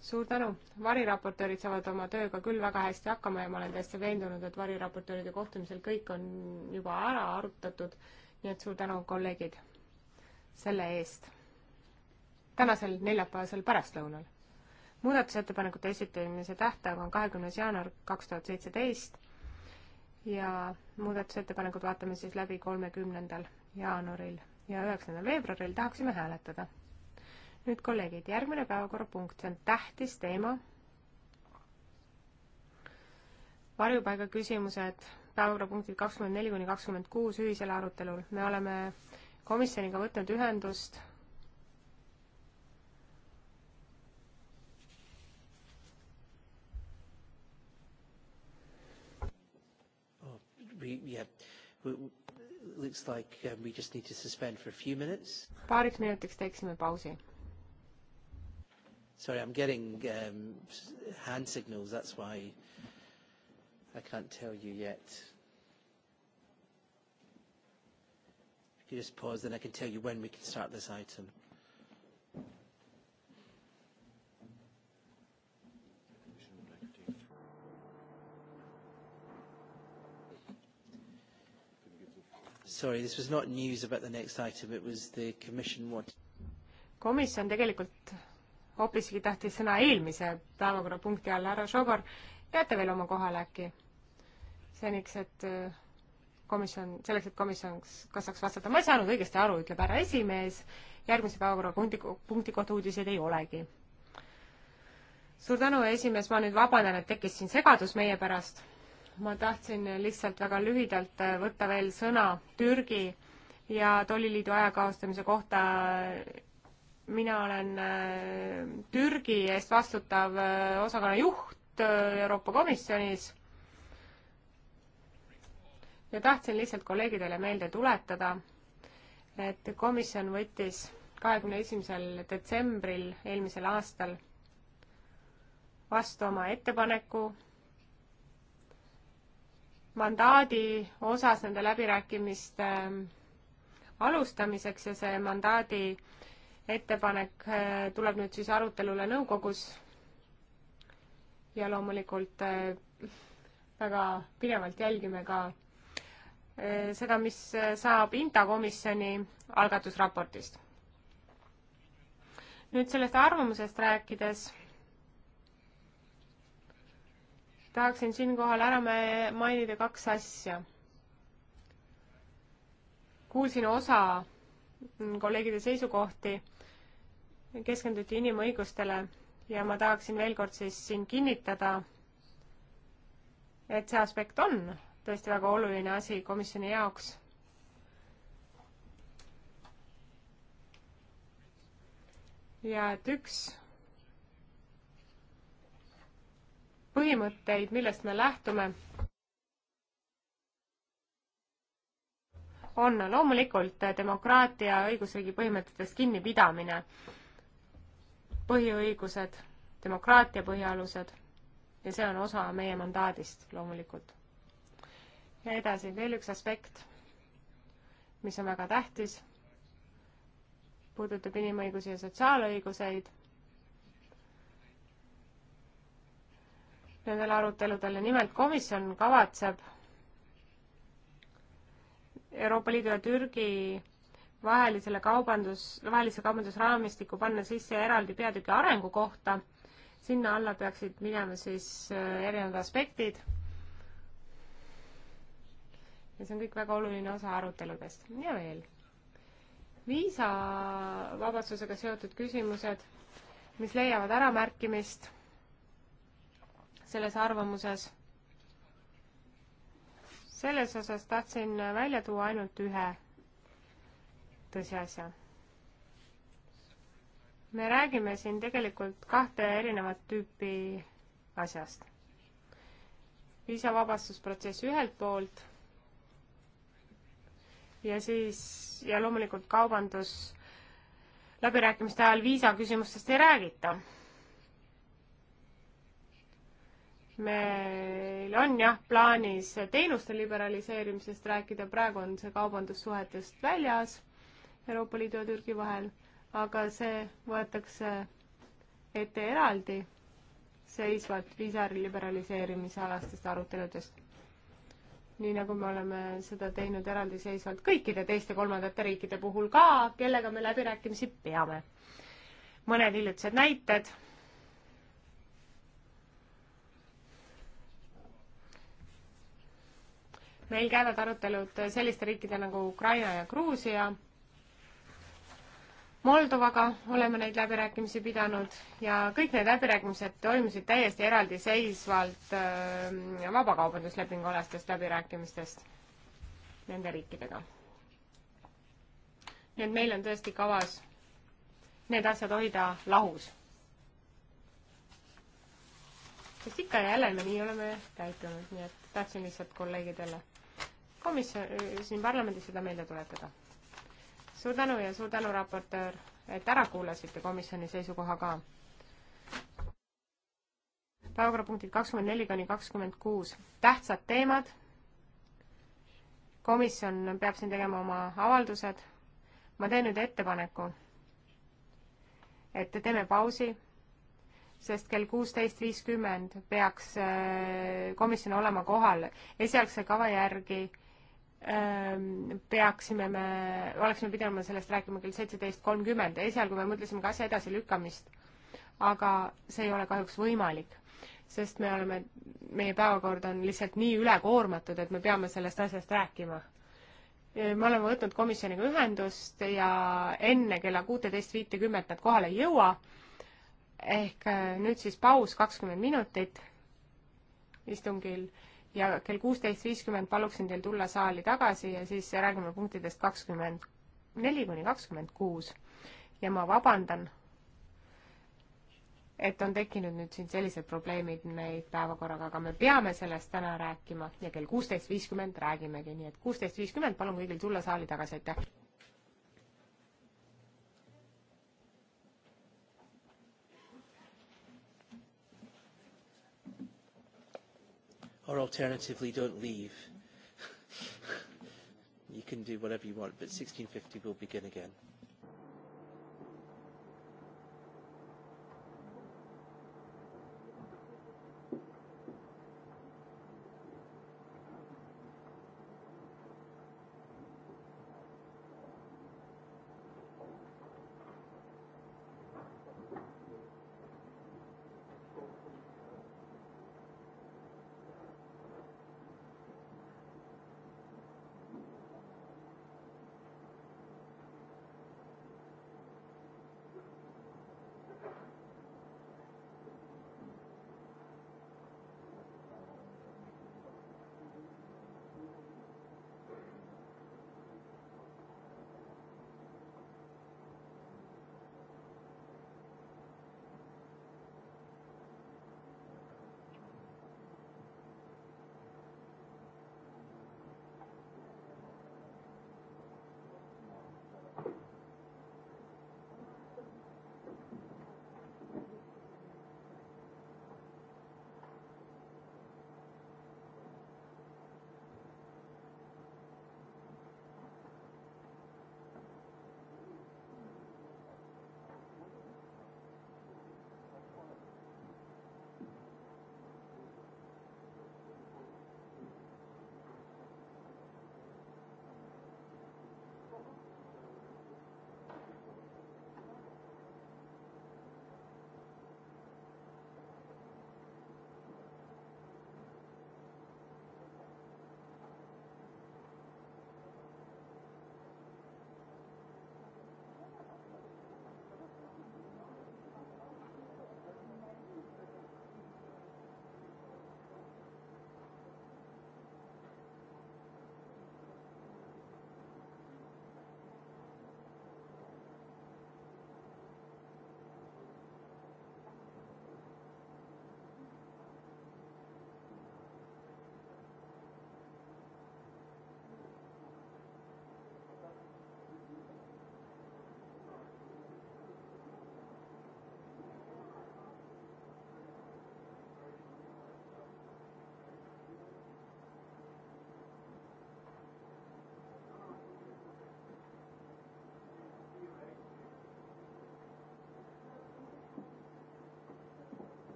suur tänu, variraportöörid saavad oma tööga küll väga hästi hakkama ja ma olen täiesti veendunud, et variraportööride kohtumisel kõik on juba ära arutatud, nii et suur tänu, kolleegid, selle eest. tänasel neljapäevasel pärastlõunal. muudatusettepanekute esitamise tähtaeg on kahekümnes jaanuar kaks tuhat seitseteist ja muudatusettepanekud vaatame siis läbi kolmekümnendal jaanuaril ja üheksandal veebruaril tahaksime hääletada nüüd kolleegid, järgmine päevakorrapunkt, see on tähtis teema. varjupaiga küsimused, päevakorrapunktid kakskümmend neli kuni kakskümmend kuus ühisel arutelul. me oleme komisjoniga võtnud ühendust yeah, looks like um, we just need to suspend for a few minutes. paariks minutiks teeksime pausi. Sorry, I'm getting um, hand signals. That's why I can't tell you yet. If you just pause, then I can tell you when we can start this item. Sorry, this was not news about the next item. It was the commission what... Komisjon tegelikult hoopiski tahtis sõna eelmise päevakorrapunkti all, härra Šogor, jääte veel oma kohale äkki? seniks, et äh, komisjon, selleks, et komisjon kas saaks vastata, ma ei saanud õigesti aru, ütleb härra esimees, järgmise päevakorrapunkti, punkti kohta uudiseid ei olegi. suur tänu, esimees, ma nüüd vabandan, et tekkis siin segadus meie pärast. ma tahtsin lihtsalt väga lühidalt äh, võtta veel sõna Türgi ja tolliliidu ajakohastamise kohta mina olen äh, Türgi eest vastutav äh, osakonna juht äh, Euroopa Komisjonis. ja tahtsin lihtsalt kolleegidele meelde tuletada, et komisjon võttis kahekümne esimesel detsembril eelmisel aastal vastu oma ettepaneku mandaadi osas nende läbirääkimiste alustamiseks ja see mandaadi äh, ettepanek äh, tuleb nüüd siis arutelule nõukogus ja loomulikult äh, väga pidevalt jälgime ka äh, seda, mis saab INTA komisjoni algatusraportist. nüüd sellest arvamusest rääkides tahaksin siinkohal ära mainida kaks asja. kuulsin osa kolleegide seisukohti keskenduti inimõigustele ja ma tahaksin veel kord siis siin kinnitada, et see aspekt on tõesti väga oluline asi komisjoni jaoks. ja et üks põhimõtteid, millest me lähtume, on loomulikult demokraatia õigusriigi põhimõtetest kinnipidamine põhiõigused, demokraatia põhialused ja see on osa meie mandaadist loomulikult. ja edasi veel üks aspekt, mis on väga tähtis, puudutab inimõigusi ja sotsiaalõiguseid. Nendel aruteludel ja nimelt komisjon kavatseb Euroopa Liidu ja Türgi vahelisele kaubandus, vahelise kaubandusraamistiku panna sisse eraldi peatüki arengu kohta. sinna alla peaksid minema siis äh, erinevad aspektid. ja see on kõik väga oluline osa aruteludest ja veel viisavabastusega seotud küsimused, mis leiavad äramärkimist selles arvamuses. selles osas tahtsin välja tuua ainult ühe tõsiasja. me räägime siin tegelikult kahte erinevat tüüpi asjast. viisavabastusprotsess ühelt poolt ja siis, ja loomulikult kaubandus läbirääkimiste ajal viisaküsimustest ei räägita. meil on jah plaanis teenuste liberaliseerimisest rääkida, praegu on see kaubandussuhetest väljas. Euroopa Liidu ja Türgi vahel, aga see võetakse ette eraldi seisvalt viisari liberaliseerimise alastest aruteludest. nii nagu me oleme seda teinud eraldiseisvalt kõikide teiste kolmandate riikide puhul ka, kellega me läbirääkimisi peame. mõned hiljutised näited meil käivad arutelud selliste riikide nagu Ukraina ja Gruusia Moldovaga oleme neid läbirääkimisi pidanud ja kõik need läbirääkimised toimusid täiesti eraldiseisvalt ähm, vabakaubanduslepingu alastest läbirääkimistest nende riikidega. nii et meil on tõesti kavas need asjad hoida lahus. sest ikka ja jälle me nii oleme käitunud, nii et tahtsin lihtsalt kolleegidele komisjon, äh, siin parlamendis seda meelde tuletada suur tänu ja suur tänu, raportöör, et ära kuulasite komisjoni seisukoha ka. päevakorrapunktid kakskümmend neli kuni kakskümmend kuus, tähtsad teemad. komisjon peab siin tegema oma avaldused. ma teen nüüd ettepaneku, et teeme pausi sest kell kuusteist viiskümmend peaks äh, komisjon olema kohal esialgse kava järgi Ehm, peaksime me, oleksime pidanud sellest rääkima kell seitseteist kolmkümmend, esialgu me mõtlesime ka asja edasilükkamist, aga see ei ole kahjuks võimalik, sest me oleme, meie päevakord on lihtsalt nii ülekoormatud, et me peame sellest asjast rääkima. Ehm, me oleme võtnud komisjoniga ühendust ja enne kella kuuteist viitekümmet nad kohale ei jõua, ehk eh, nüüd siis paus kakskümmend minutit istungil ja kell kuusteist viiskümmend paluksin teil tulla saali tagasi ja siis räägime punktidest kakskümmend neli kuni kakskümmend kuus. ja ma vabandan, et on tekkinud nüüd siin sellised probleemid neid päevakorraga, aga me peame sellest täna rääkima ja kell kuusteist viiskümmend räägimegi, nii et kuusteist viiskümmend palun kõigil tulla saali tagasi, aitäh! or alternatively don't leave. you can do whatever you want, but 1650 will begin again.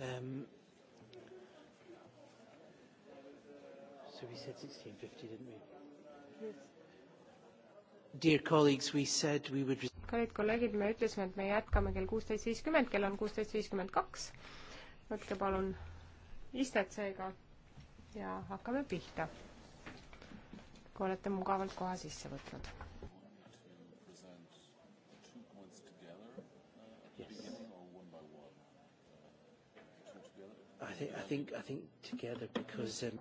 Um, so we said 1650, didn't we? Yes. Dear colleagues, we said we would... kallid kolleegid, me ütlesime, et me jätkame kell kuusteist viiskümmend, kell on kuusteist viiskümmend kaks. võtke palun istet seega ja hakkame pihta, kui olete mugavalt koha sisse võtnud think I think together because. Um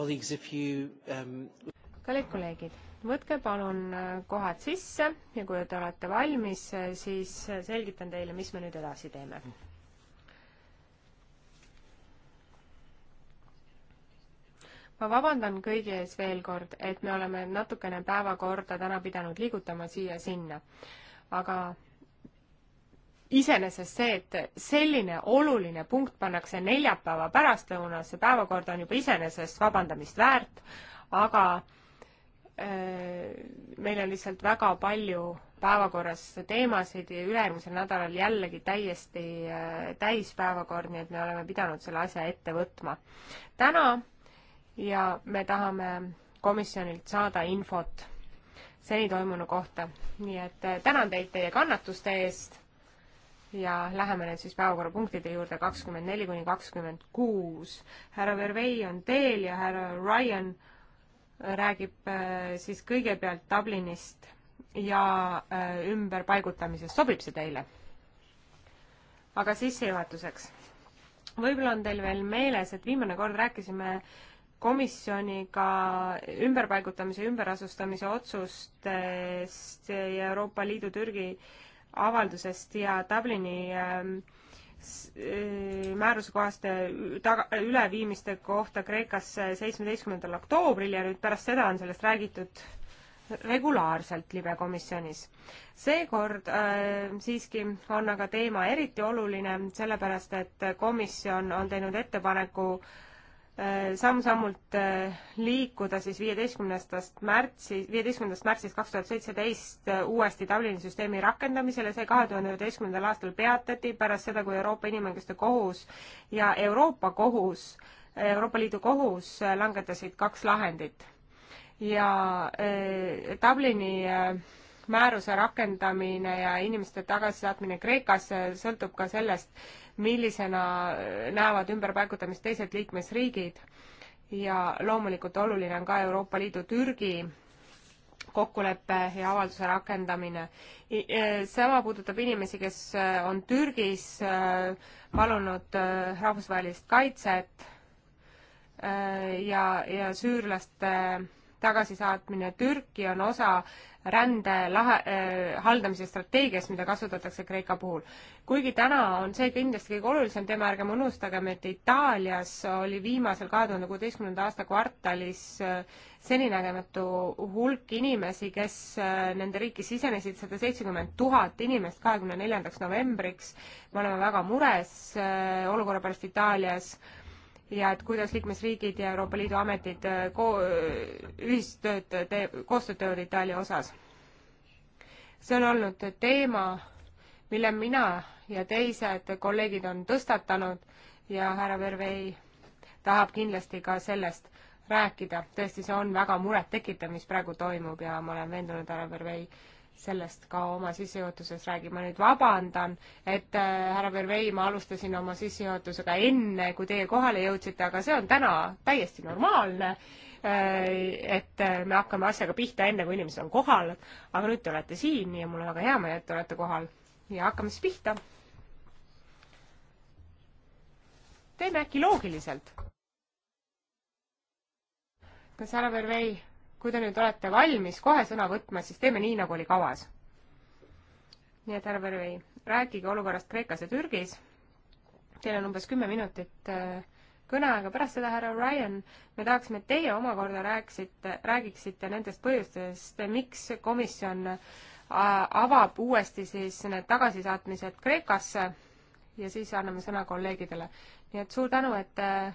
Um, kallid kolleegid, võtke palun äh, kohad sisse ja kui te olete valmis, äh, siis äh, selgitan teile, mis me nüüd edasi teeme. ma vabandan kõigi ees veel kord, et me oleme natukene päevakorda täna pidanud liigutama siia-sinna, aga iseenesest see, et selline oluline punkt pannakse neljapäeva pärastlõunasse päevakorda, on juba iseenesest vabandamist väärt, aga äh, meil on lihtsalt väga palju päevakorras teemasid ja ülejärgmisel nädalal jällegi täiesti äh, täispäevakord, nii et me oleme pidanud selle asja ette võtma täna ja me tahame komisjonilt saada infot seni toimunu kohta. nii et äh, tänan teid teie kannatuste eest ja läheme nüüd siis päevakorrapunktide juurde kakskümmend neli kuni kakskümmend kuus. härra Vervei on teel ja härra Ryan räägib äh, siis kõigepealt Dublinist ja äh, ümberpaigutamisest, sobib see teile? aga sissejuhatuseks, võib-olla on teil veel meeles, et viimane kord rääkisime komisjoniga ümberpaigutamise, ümberasustamise otsustest ja Euroopa Liidu Türgi äh, avaldusest ja Dublini ähm, äh, määruse kohaste üleviimiste kohta Kreekasse seitsmeteistkümnendal oktoobril ja nüüd pärast seda on sellest räägitud regulaarselt libekomisjonis. seekord äh, siiski on aga teema eriti oluline, sellepärast et komisjon on teinud ettepaneku äh, samm-sammult äh, liikuda siis viieteistkümnestast märtsi, viieteistkümnendast märtsist kaks tuhat seitseteist äh, uuesti Dublini süsteemi rakendamisele, see kahe tuhande üheteistkümnendal aastal peatati pärast seda, kui Euroopa Inimõiguste Kohus ja Euroopa Kohus, Euroopa Liidu Kohus äh, langetasid kaks lahendit. ja Dublini määruse rakendamine ja inimeste tagasisaatmine Kreekasse sõltub ka sellest, millisena näevad ümberpaigutamist teised liikmesriigid ja loomulikult oluline on ka Euroopa Liidu Türgi kokkuleppe ja avalduse rakendamine. E, sama puudutab inimesi, kes e, on Türgis e, palunud rahvusvahelist kaitset ja, ja süürlaste tagasisaatmine Türki on osa rände lahe, äh, haldamise strateegiast, mida kasutatakse Kreeka puhul. kuigi täna on see kindlasti kõige olulisem teema, ärgem unustagem, et Itaalias oli viimasel kahe tuhande kuueteistkümnenda aasta kvartalis äh, seninägematu hulk inimesi, kes äh, nende riiki sisenesid, sada seitsekümmend tuhat inimest kahekümne neljandaks novembriks. me oleme väga mures äh, olukorra pärast Itaalias äh, ja et kuidas liikmesriigid ja Euroopa Liidu ametid äh, ko-, ühistööd tee-, koostööd teevad Itaalia osas. see on olnud teema, mille mina ja teised kolleegid on tõstatanud ja härra Vervei tahab kindlasti ka sellest rääkida. tõesti, see on väga murettekitav, mis praegu toimub ja ma olen veendunud, härra Vervei sellest ka oma sissejuhatuses räägin. ma nüüd vabandan, et äh, härra Vervei, ma alustasin oma sissejuhatusega enne, kui teie kohale jõudsite, aga see on täna täiesti normaalne, äh, et äh, me hakkame asjaga pihta enne, kui inimesed on kohal. aga nüüd te olete siin ja mul on väga hea meel, et te olete kohal ja hakkame siis pihta. teeme äkki loogiliselt. kas härra Vervei kui te nüüd olete valmis kohe sõna võtma, siis teeme nii, nagu oli kavas. nii et härra Pervei, rääkige olukorrast Kreekas ja Türgis. Teil on umbes kümme minutit äh, kõneaega, pärast seda, härra Ryan, me tahaksime, et teie omakorda rääkisite, räägiksite nendest põhjustest, miks komisjon äh, avab uuesti siis need tagasisaatmised Kreekasse ja siis anname sõna kolleegidele. nii et suur tänu, et äh,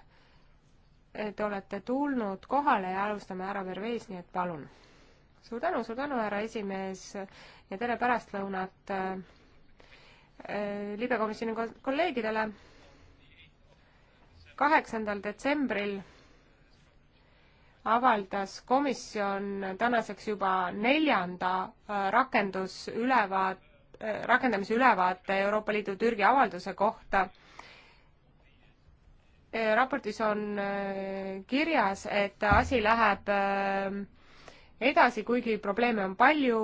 te olete tulnud kohale ja alustame härra Pervees, nii et palun. suur tänu, suur tänu, härra esimees ja tere pärastlõunat äh, libekomisjoni kolleegidele. kaheksandal detsembril avaldas komisjon tänaseks juba neljanda äh, rakendusülevaate äh,, rakendamise ülevaate Euroopa Liidu Türgi avalduse kohta Äh, raportis on äh, kirjas, et asi läheb äh, edasi, kuigi probleeme on palju,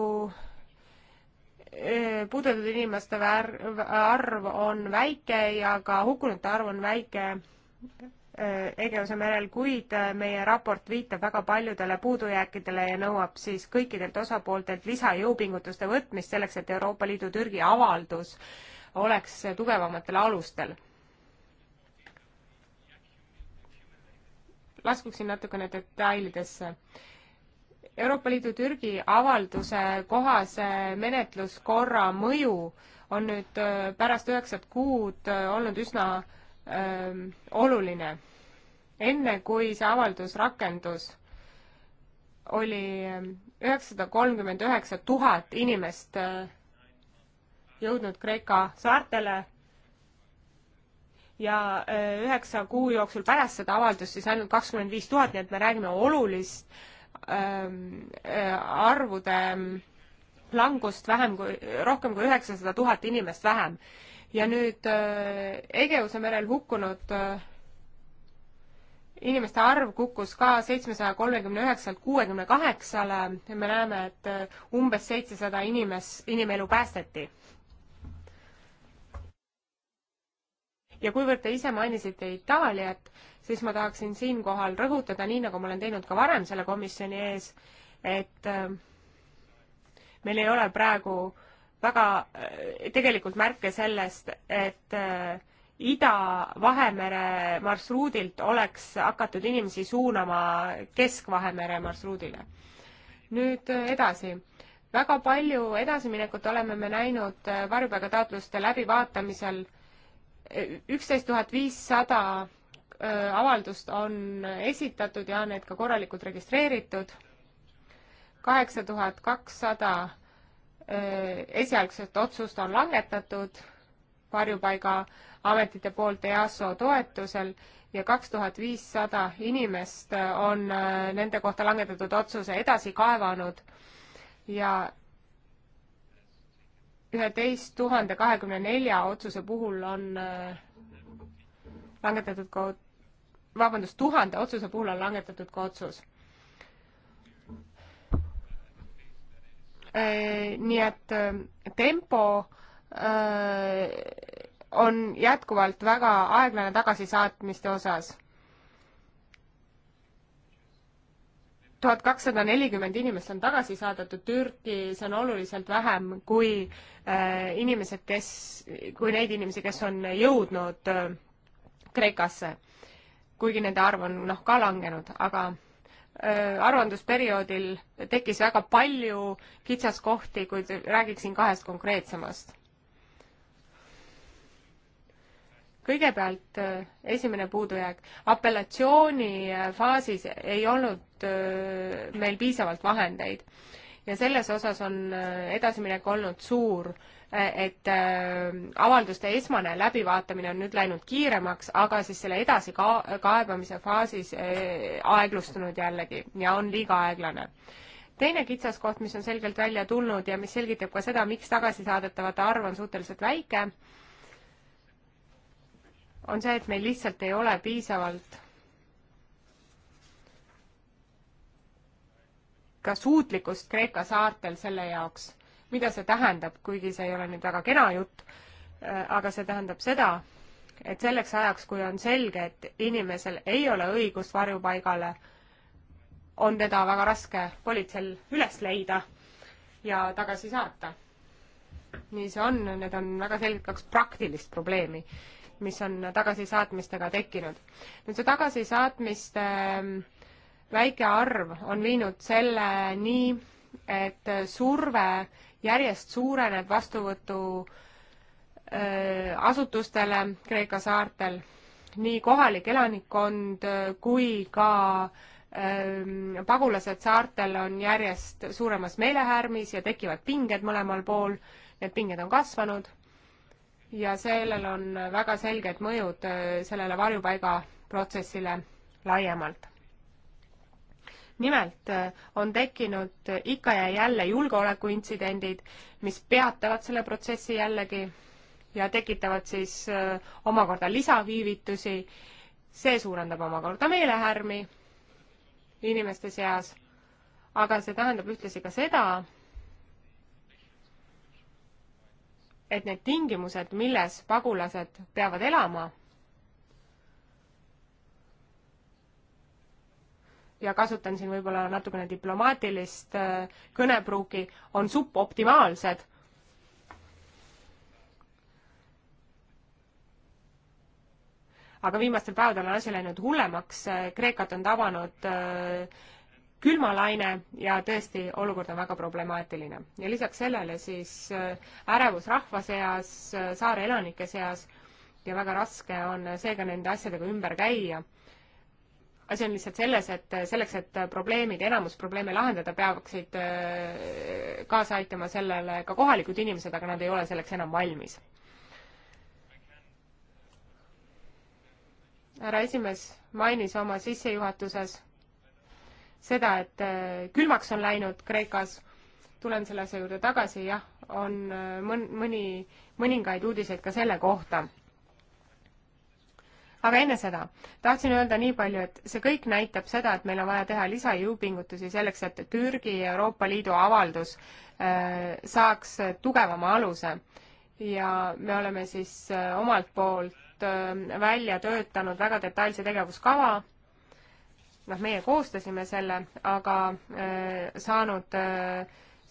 puudutud inimeste värv, arv on väike ja ka hukkunute arv on väike Egeuse merel, kuid meie raport viitab väga paljudele puudujääkidele ja nõuab siis kõikidelt osapooltelt lisajõupingutuste võtmist selleks, et Euroopa Liidu Türgi avaldus oleks tugevamatele alustel laskuksin natukene detailidesse. Euroopa Liidu Türgi avalduse kohase menetluskorra mõju on nüüd äh, pärast üheksat kuud äh, olnud üsna öö, ähm, oluline. enne, kui see avaldus rakendus, oli ähm, üheksasada kolmkümmend üheksa tuhat inimest äh, jõudnud Kreeka saartele ja äh, üheksa kuu jooksul pärast seda avaldust siis ainult kakskümmend viis tuhat, nii et me räägime olulist ähm, äh, arvude mm, langust vähem kui, rohkem kui üheksasada tuhat inimest vähem. ja nüüd äh, Egeuse merel hukkunud äh, inimeste arv kukkus ka seitsmesaja kolmekümne üheksalt kuuekümne kaheksale ja me näeme, et äh, umbes seitsesada inimes-, inimelu päästeti ja kuivõrd te ise mainisite Itaaliat, siis ma tahaksin siinkohal rõhutada, nii nagu ma olen teinud ka varem selle komisjoni ees, et äh, meil ei ole praegu väga äh, tegelikult märke sellest, et äh, Ida-Vahemere marsruudilt oleks hakatud inimesi suunama Kesk-Vahemere marsruudile. nüüd edasi väga palju edasiminekut oleme me näinud varjupaigataotluste läbivaatamisel üksteist tuhat viissada äh, avaldust on esitatud ja need ka korralikult registreeritud. kaheksa tuhat kakssada äh, esialgset otsust on langetatud varjupaigaametite poolt EASO toetusel ja kaks tuhat viissada inimest on äh, nende kohta langetatud otsuse edasi kaevanud ja üheteist tuhande kahekümne nelja otsuse puhul on äh, langetatud ka, vabandust, tuhande otsuse puhul on langetatud ka otsus. Äh, nii et äh, tempo on jätkuvalt väga aeglane tagasisaatmiste osas tuhat kakssada nelikümmend inimest on tagasi saadetud Türki, see on oluliselt vähem kui äh, inimesed, kes, kui neid inimesi, kes on jõudnud äh, Kreekasse. kuigi nende arv on noh, ka langenud, aga äh, aruandlusperioodil tekkis väga palju kitsaskohti, kuid räägiksin kahest konkreetsemast. kõigepealt äh, esimene puudujääk. apellatsiooni äh, faasis ei olnud olnud äh, meil piisavalt vahendeid. ja selles osas on äh, edasiminek olnud suur, äh, et avalduste esmane läbivaatamine on nüüd läinud kiiremaks, aga siis selle edasi ka-, kaebamise faasis aeglustunud jällegi ja on liiga aeglane teine kitsaskoht, mis on selgelt välja tulnud ja mis selgitab ka seda, miks tagasisaadetavate arv on suhteliselt väike, on see, et meil lihtsalt ei ole piisavalt ka suutlikkust Kreeka saartel selle jaoks, mida see tähendab, kuigi see ei ole nüüd väga kena jutt, äh, aga see tähendab seda, et selleks ajaks, kui on selge, et inimesel ei ole õigust varjupaigale, on teda väga raske politseil üles leida ja tagasi saata. nii see on, need on väga selgelt kaks praktilist probleemi, mis on tagasisaatmistega tekkinud. nüüd see tagasisaatmiste äh, väike arv on viinud selleni, et surve järjest suureneb vastuvõtu äh, asutustele Kreeka saartel, nii kohalik elanikkond äh, kui ka ähm, pagulased saartel on järjest suuremas meelehärmis ja tekivad pinged mõlemal pool, need pinged on kasvanud ja sellel on väga selged mõjud äh, sellele varjupaigaprotsessile laiemalt nimelt äh, on tekkinud äh, ikka ja jälle julgeolekuintsidendid, mis peatavad selle protsessi jällegi ja tekitavad siis äh, omakorda lisaviivitusi. see suurendab omakorda meelehärmi inimeste seas. aga see tähendab ühtlasi ka seda, et need tingimused, milles pagulased peavad elama ja kasutan siin võib-olla natukene diplomaatilist äh, kõnepruuki, on suboptimaalsed. aga viimastel päevadel on asi läinud hullemaks, äh, Kreekat on tabanud äh, külmalaine ja tõesti, olukord on väga problemaatiline. ja lisaks sellele siis ärevus rahva seas, saare elanike seas ja väga raske on seega nende asjadega ümber käia asi on lihtsalt selles, et selleks, et probleemid, enamus probleeme lahendada, peaksid äh, kaasa aitama sellele ka kohalikud inimesed, aga nad ei ole selleks enam valmis. härra esimees mainis oma sissejuhatuses seda, et äh, külmaks on läinud Kreekas, tulen selle asja juurde tagasi, jah, on äh, mõn-, mõni, mõningaid uudiseid ka selle kohta aga enne seda tahtsin öelda nii palju, et see kõik näitab seda, et meil on vaja teha lisajõupingutusi selleks, et Türgi Euroopa Liidu avaldus äh, saaks tugevama aluse. ja me oleme siis äh, omalt poolt äh, välja töötanud väga detailse tegevuskava, noh, meie koostasime selle, aga äh, saanud äh,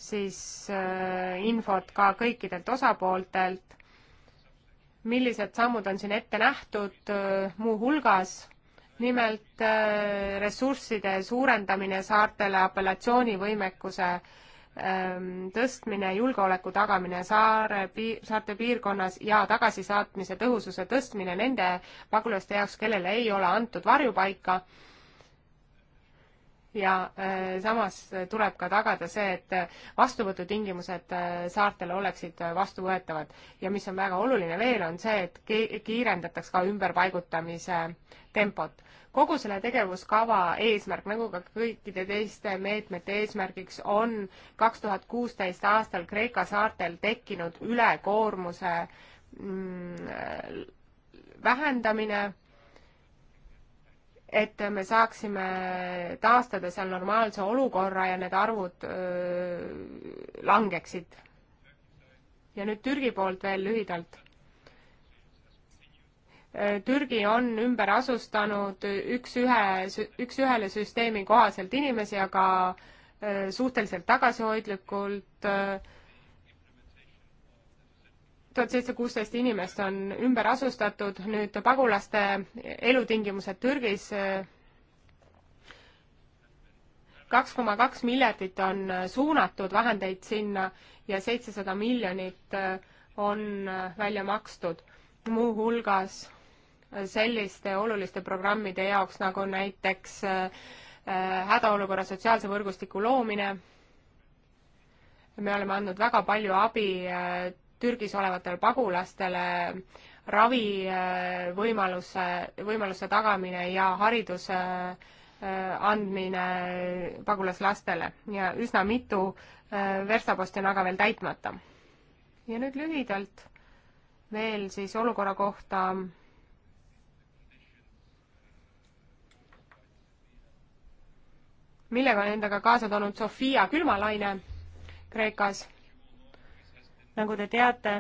siis äh, infot ka kõikidelt osapooltelt millised sammud on siin ette nähtud äh, muuhulgas, nimelt äh, ressursside suurendamine saartele, apellatsioonivõimekuse ähm, tõstmine, julgeoleku tagamine saare, saarte piirkonnas ja tagasisaatmise tõhususe tõstmine nende pagulaste jaoks, kellele ei ole antud varjupaika ja äh, samas äh, tuleb ka tagada see, et äh, vastuvõtutingimused saartele oleksid vastuvõetavad. ja mis on väga oluline veel, on see, et kiirendataks ka ümberpaigutamise tempot. kogu selle tegevuskava eesmärk, nagu ka kõikide teiste meetmete eesmärgiks, on kaks tuhat kuusteist aastal Kreeka saartel tekkinud ülekoormuse mm, vähendamine et me saaksime taastada seal normaalse olukorra ja need arvud öö, langeksid. ja nüüd Türgi poolt veel lühidalt. Türgi on ümber asustanud üks-ühe, üks-ühele süsteemi kohaselt inimesi, aga suhteliselt tagasihoidlikult öö, tuhat seitse kuusteist inimest on ümber asustatud, nüüd pagulaste elutingimused Türgis kaks koma kaks miljardit on suunatud vahendeid sinna ja seitsesada miljonit on välja makstud, muuhulgas selliste oluliste programmide jaoks, nagu näiteks äh, hädaolukorra sotsiaalse võrgustiku loomine, me oleme andnud väga palju abi äh, Türgis olevatele pagulastele ravivõimaluse, äh, võimaluse tagamine ja hariduse äh, andmine pagulaslastele ja üsna mitu äh, verstaposti on aga veel täitmata. ja nüüd lühidalt veel siis olukorra kohta millega on endaga kaasa toonud Sofia külmalaine Kreekas nagu te teate,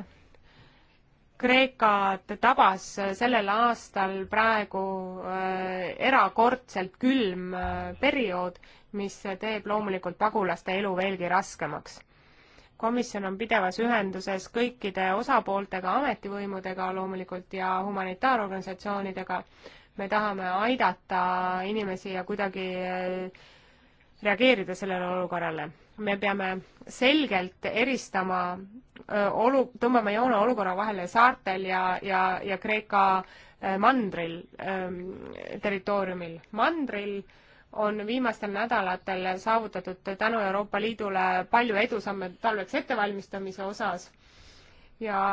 Kreekat tabas sellel aastal praegu äh, erakordselt külm äh, periood, mis teeb loomulikult pagulaste elu veelgi raskemaks. komisjon on pidevas ühenduses kõikide osapooltega, ametivõimudega loomulikult ja humanitaarorganisatsioonidega. me tahame aidata inimesi ja kuidagi äh, reageerida sellele olukorrale. me peame selgelt eristama Äh, olu, tõmbame joone olukorra vahele saartel ja, ja, ja Kreeka äh, mandril ähm,, territooriumil. mandril on viimastel nädalatel saavutatud tänu Euroopa Liidule palju edusamme talveks ettevalmistamise osas ja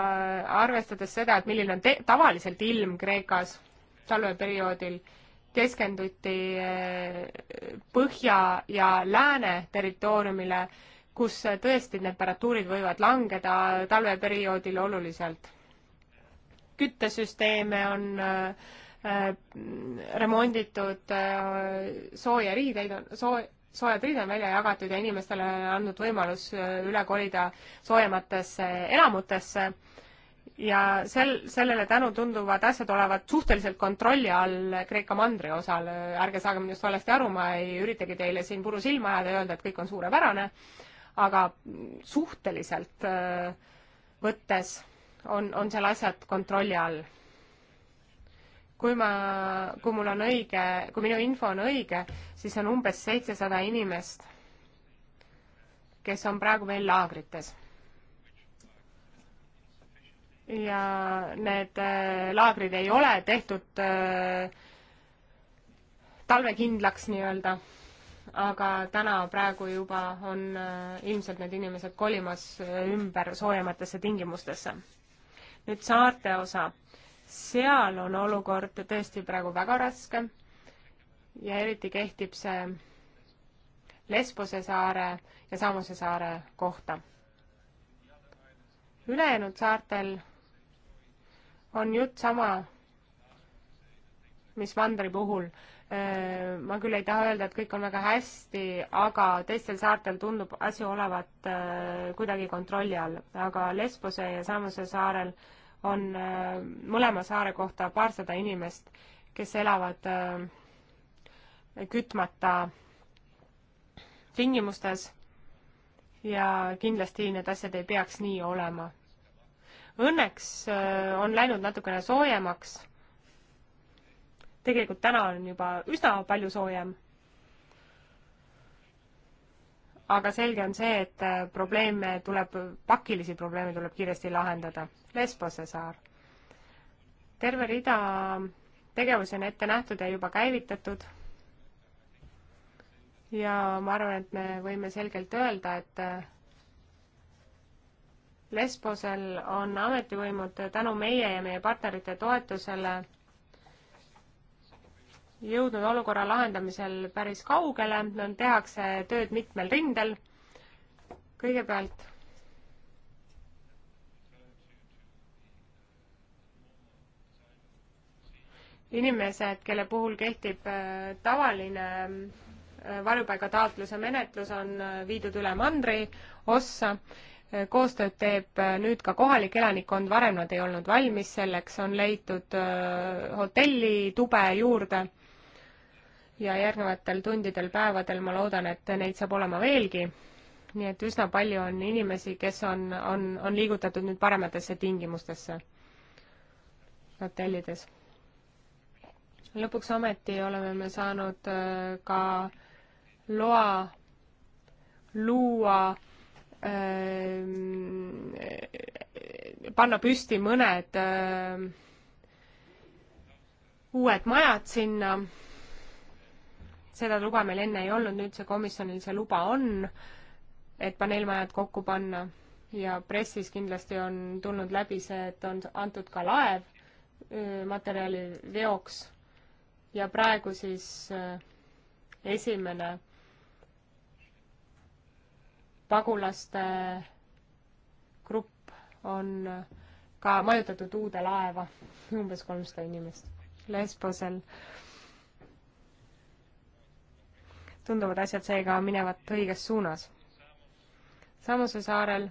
arvestades seda, et milline on te-, tavaliselt ilm Kreekas talveperioodil, keskenduti äh, põhja ja lääne territooriumile äh, kus tõesti temperatuurid võivad langeda talveperioodil oluliselt. küttesüsteeme on äh, äh, remonditud, äh, sooja riideid on, soo-, soojad riided on välja jagatud ja inimestele on andnud võimalus üle kolida soojematesse elamutesse ja sel, sellele tänu tunduvad asjad olevat suhteliselt kontrolli all Kreeka mandri osal, ärge saage minust valesti aru, ma ei üritagi teile siin puru silma ajada ja öelda, et kõik on suurepärane äh,, aga suhteliselt äh, võttes on, on seal asjad kontrolli all. kui ma, kui mul on õige, kui minu info on õige, siis on umbes seitsesada inimest, kes on praegu veel laagrites. ja need äh, laagrid ei ole tehtud äh, talvekindlaks nii-öelda aga täna praegu juba on äh, ilmselt need inimesed kolimas äh, ümber soojematesse tingimustesse. nüüd saarte osa. seal on olukord tõesti praegu väga raske ja eriti kehtib see Lesbose saare ja Samose saare kohta. ülejäänud saartel on jutt sama, mis mandri puhul Äh, ma küll ei taha öelda, et kõik on väga hästi, aga teistel saartel tundub asi olevat äh, kuidagi kontrolli all, aga Lesbose ja Samose saarel on äh, mõlema saare kohta paarsada inimest, kes elavad kütmata tingimustes ja kindlasti need asjad ei peaks nii olema. Õnneks on läinud natukene soojemaks tegelikult täna on juba üsna palju soojem. aga selge on see, et äh, probleeme tuleb, pakilisi probleeme tuleb kiiresti lahendada. Lesbose saar. terve rida tegevusi on ette nähtud ja juba käivitatud. ja ma arvan, et me võime selgelt öelda, et äh, Lesbosel on ametivõimud tänu meie ja meie partnerite toetusele jõudnud olukorra lahendamisel päris kaugele, tehakse tööd mitmel rindel. kõigepealt inimesed, kelle puhul kehtib äh, tavaline äh, varjupaigataotluse menetlus, on äh, viidud üle mandri ossa koostööd teeb nüüd ka kohalik elanikkond, varem nad ei olnud valmis selleks, on leitud hotellitube juurde ja järgnevatel tundidel, päevadel ma loodan, et neid saab olema veelgi. nii et üsna palju on inimesi, kes on, on, on liigutatud nüüd parematesse tingimustesse hotellides. lõpuks ometi oleme me saanud äh, ka loa luua ähm, panna püsti mõned öö, ähm, uued majad sinna seda luba meil enne ei olnud, nüüd see komisjonil see luba on, et paneelmajad kokku panna ja pressis kindlasti on tulnud läbi see, et on antud ka laev materjali veoks ja praegu siis esimene pagulaste grupp on ka majutatud uude laeva, umbes kolmsada inimest Lesbosel tunduvad asjad seega minevat õiges suunas. Samuse saarel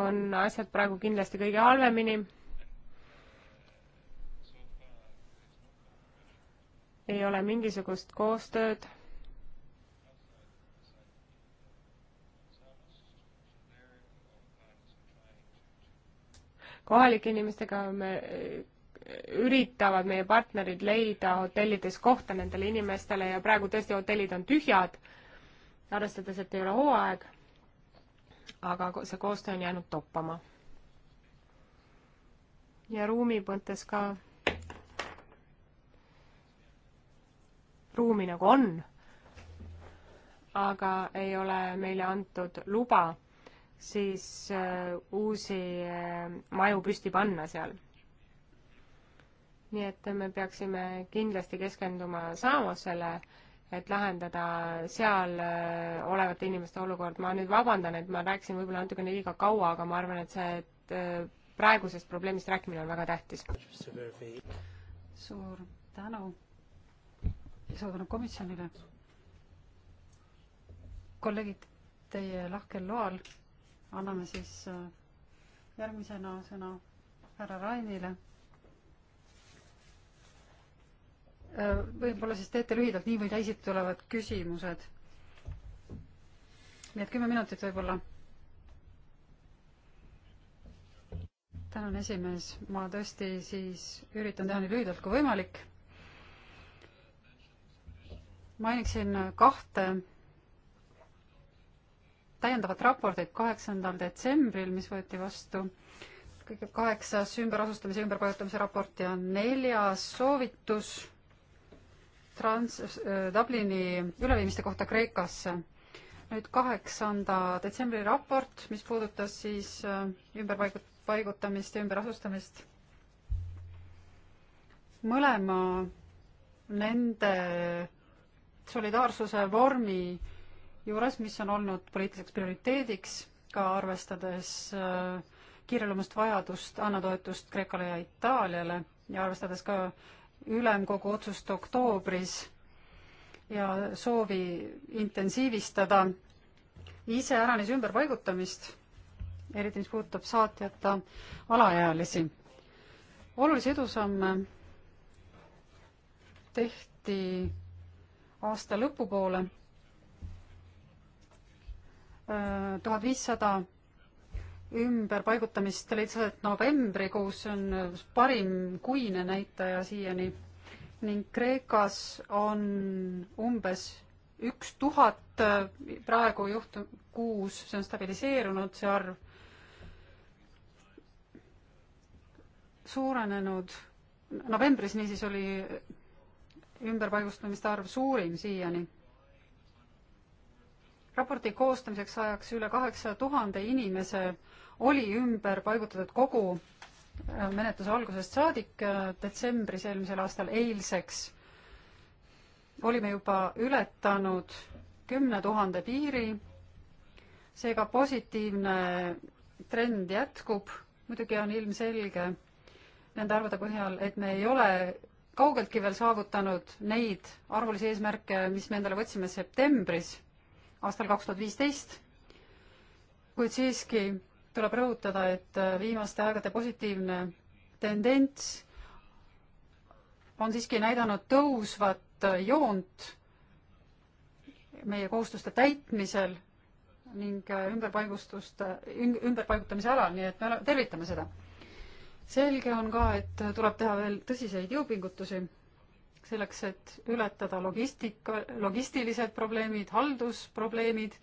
on asjad praegu kindlasti kõige halvemini. ei ole mingisugust koostööd. kohalike inimestega me üritavad meie partnerid leida hotellides kohta nendele inimestele ja praegu tõesti hotellid on tühjad, arvestades, et ei ole hooaeg, aga see koostöö on jäänud toppama. ja ruumi mõttes ka, ruumi nagu on, aga ei ole meile antud luba siis äh, uusi äh, maju püsti panna seal nii et me peaksime kindlasti keskenduma Saamosele, et lahendada seal äh, olevate inimeste olukord. ma nüüd vabandan, et ma rääkisin võib-olla natukene liiga kaua, aga ma arvan, et see et äh, praegusest probleemist rääkimine on väga tähtis. suur tänu ja suur tänu komisjonile. kolleegid, teie lahkel loal anname siis äh, järgmisena sõna härra Rainile Äh, võib-olla siis teete lühidalt, nii või teisiti tulevad küsimused. nii et kümme minutit võib-olla. tänan, esimees, ma tõesti siis üritan teha nii lühidalt kui võimalik. mainiksin kahte täiendavat raportit kaheksandal detsembril, mis võeti vastu kõige kaheksas ümberasustamise ja ümberkojutamise raport ja neljas soovitus trans-, äh, Dublini üleviimiste kohta Kreekasse. nüüd kaheksanda detsembri raport, mis puudutas siis äh, ümberpaigut-, paigutamist ja ümberasustamist. mõlema nende solidaarsuse vormi juures, mis on olnud poliitiliseks prioriteediks, ka arvestades äh, kiireloomust vajadust, annatoetust Kreekale ja Itaaliale ja arvestades ka ülemkogu otsust oktoobris ja soovi intensiivistada iseäranis ümberpaigutamist, eriti mis puudutab saatjata alaealisi. olulisi edusamme tehti aasta lõpupoole äh, tuhat viissada ümberpaigutamist leidis aset novembrikuus, see on parim kuine näitaja siiani ning Kreekas on umbes üks tuhat praegu juhtu-, kuus, see on stabiliseerunud, see arv, suurenenud, novembris niisiis oli ümberpaigustamiste arv suurim siiani raporti koostamiseks ajaks üle kaheksa tuhande inimese oli ümber paigutatud kogu äh, menetluse algusest saadik äh, detsembris eelmisel aastal eilseks olime juba ületanud kümne tuhande piiri, seega positiivne trend jätkub, muidugi on ilmselge nende arvude põhjal, et me ei ole kaugeltki veel saavutanud neid arvulisi eesmärke, mis me endale võtsime septembris aastal kaks tuhat viisteist, kuid siiski tuleb rõhutada, et äh, viimaste aegade positiivne tendents on siiski näidanud tõusvat äh, joont meie kohustuste täitmisel ning äh, ümberpaigustuste, ümberpaigutamise alal, nii et me tervitame seda. selge on ka, et tuleb teha veel tõsiseid jõupingutusi selleks, et ületada logistika, logistilised probleemid, haldusprobleemid,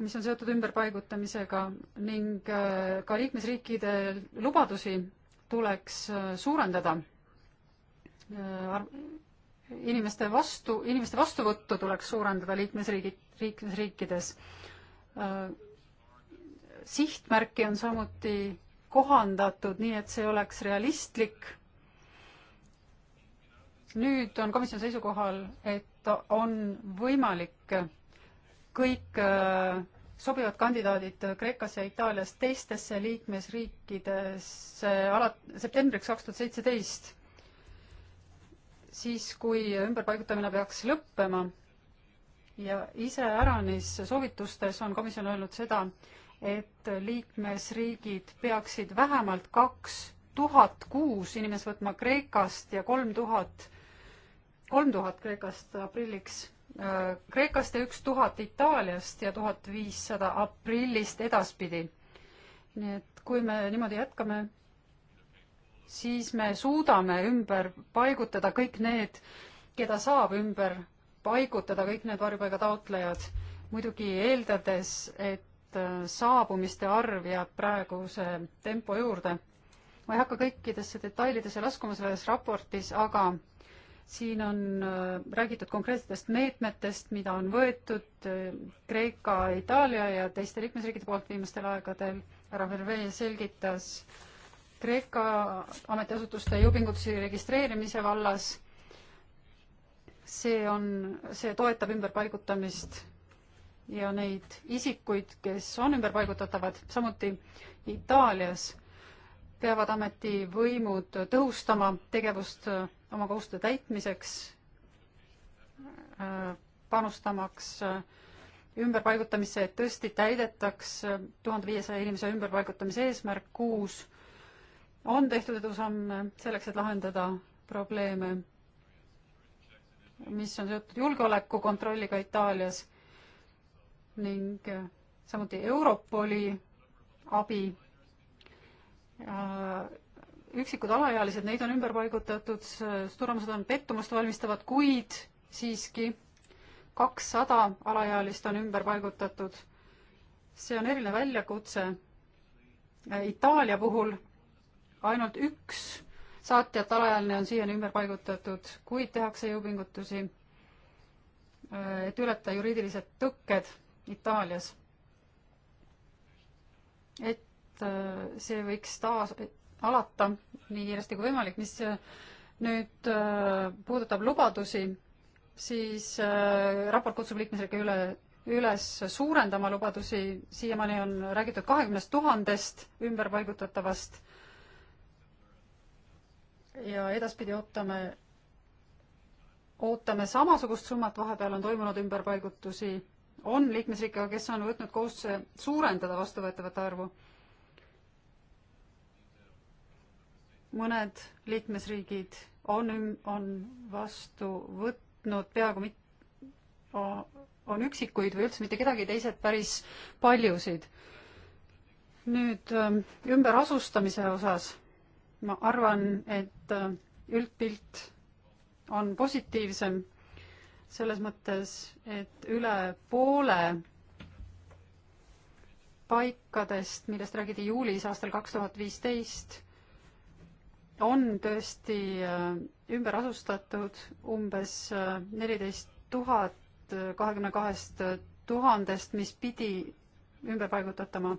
mis on seotud ümberpaigutamisega ning äh, ka liikmesriikide lubadusi tuleks äh, suurendada. Äh, inimeste vastu, inimeste vastuvõttu tuleks suurendada liikmesriigid, liikmesriikides. sihtmärki on samuti kohandatud nii, et see oleks realistlik nüüd on komisjon seisukohal, et on võimalik kõik äh, sobivad kandidaadid Kreekasse ja Itaaliast teistesse liikmesriikidesse ala-, septembriks kaks tuhat seitseteist, siis kui ümberpaigutamine peaks lõppema ja iseäranis soovitustes on komisjon öelnud seda, et liikmesriigid peaksid vähemalt kaks tuhat kuus inimest võtma Kreekast ja kolm tuhat kolm tuhat Kreekast aprilliks äh, Kreekast ja üks tuhat Itaaliast ja tuhat viissada aprillist edaspidi. nii et kui me niimoodi jätkame, siis me suudame ümber paigutada kõik need, keda saab ümber paigutada, kõik need varjupaiga taotlejad, muidugi eeldades, et äh, saabumiste arv jääb praeguse tempo juurde. ma ei hakka kõikidesse detailidesse laskuma selles raportis, aga siin on äh, räägitud konkreetsetest meetmetest, mida on võetud äh, Kreeka, Itaalia ja teiste liikmesriikide poolt viimastel aegadel. härra Vervee selgitas Kreeka ametiasutuste jõupingutusi registreerimise vallas. see on, see toetab ümberpaigutamist ja neid isikuid, kes on ümberpaigutatavad, samuti Itaalias peavad ametivõimud tõhustama tegevust oma kohustuste täitmiseks, panustamaks ümberpaigutamisse, et tõesti täidetaks tuhande viiesaja inimese ümberpaigutamise eesmärk kuus. on tehtud edusamme selleks, et lahendada probleeme, mis on seotud julgeolekukontrolliga Itaalias ning samuti Europoli abi Äh, üksikud alaealised, neid on ümber paigutatud, tulemused on pettumust valmistavad, kuid siiski kakssada alaealist on ümber paigutatud. see on eriline väljakutse. Äh, Itaalia puhul ainult üks saatjat alaealine on siiani ümber paigutatud, kuid tehakse jõupingutusi, äh, et ületada juriidilised tõkked Itaalias. et et äh, see võiks taas alata nii kiiresti kui võimalik, mis äh, nüüd äh, puudutab lubadusi, siis raport kutsub liikmesriike üle, üles suurendama lubadusi, siiamaani on räägitud kahekümnest tuhandest ümberpaigutatavast ja edaspidi ootame ootame samasugust summat, vahepeal on toimunud ümberpaigutusi, on liikmesriike, kes on võtnud kohustuse suurendada vastuvõetavate arvu. mõned liikmesriigid on, on vastu võtnud peaaegu mit-, on üksikuid või üldse mitte kedagi, teised päris paljusid. nüüd ähm, ümberasustamise osas ma arvan, et äh, üldpilt on positiivsem selles mõttes, et üle poole paikadest, millest räägiti juulis aastal kaks tuhat viisteist, on tõesti äh, ümber asustatud umbes äh, neliteist tuhat äh, kahekümne kahest tuhandest, mis pidi ümber paigutatama.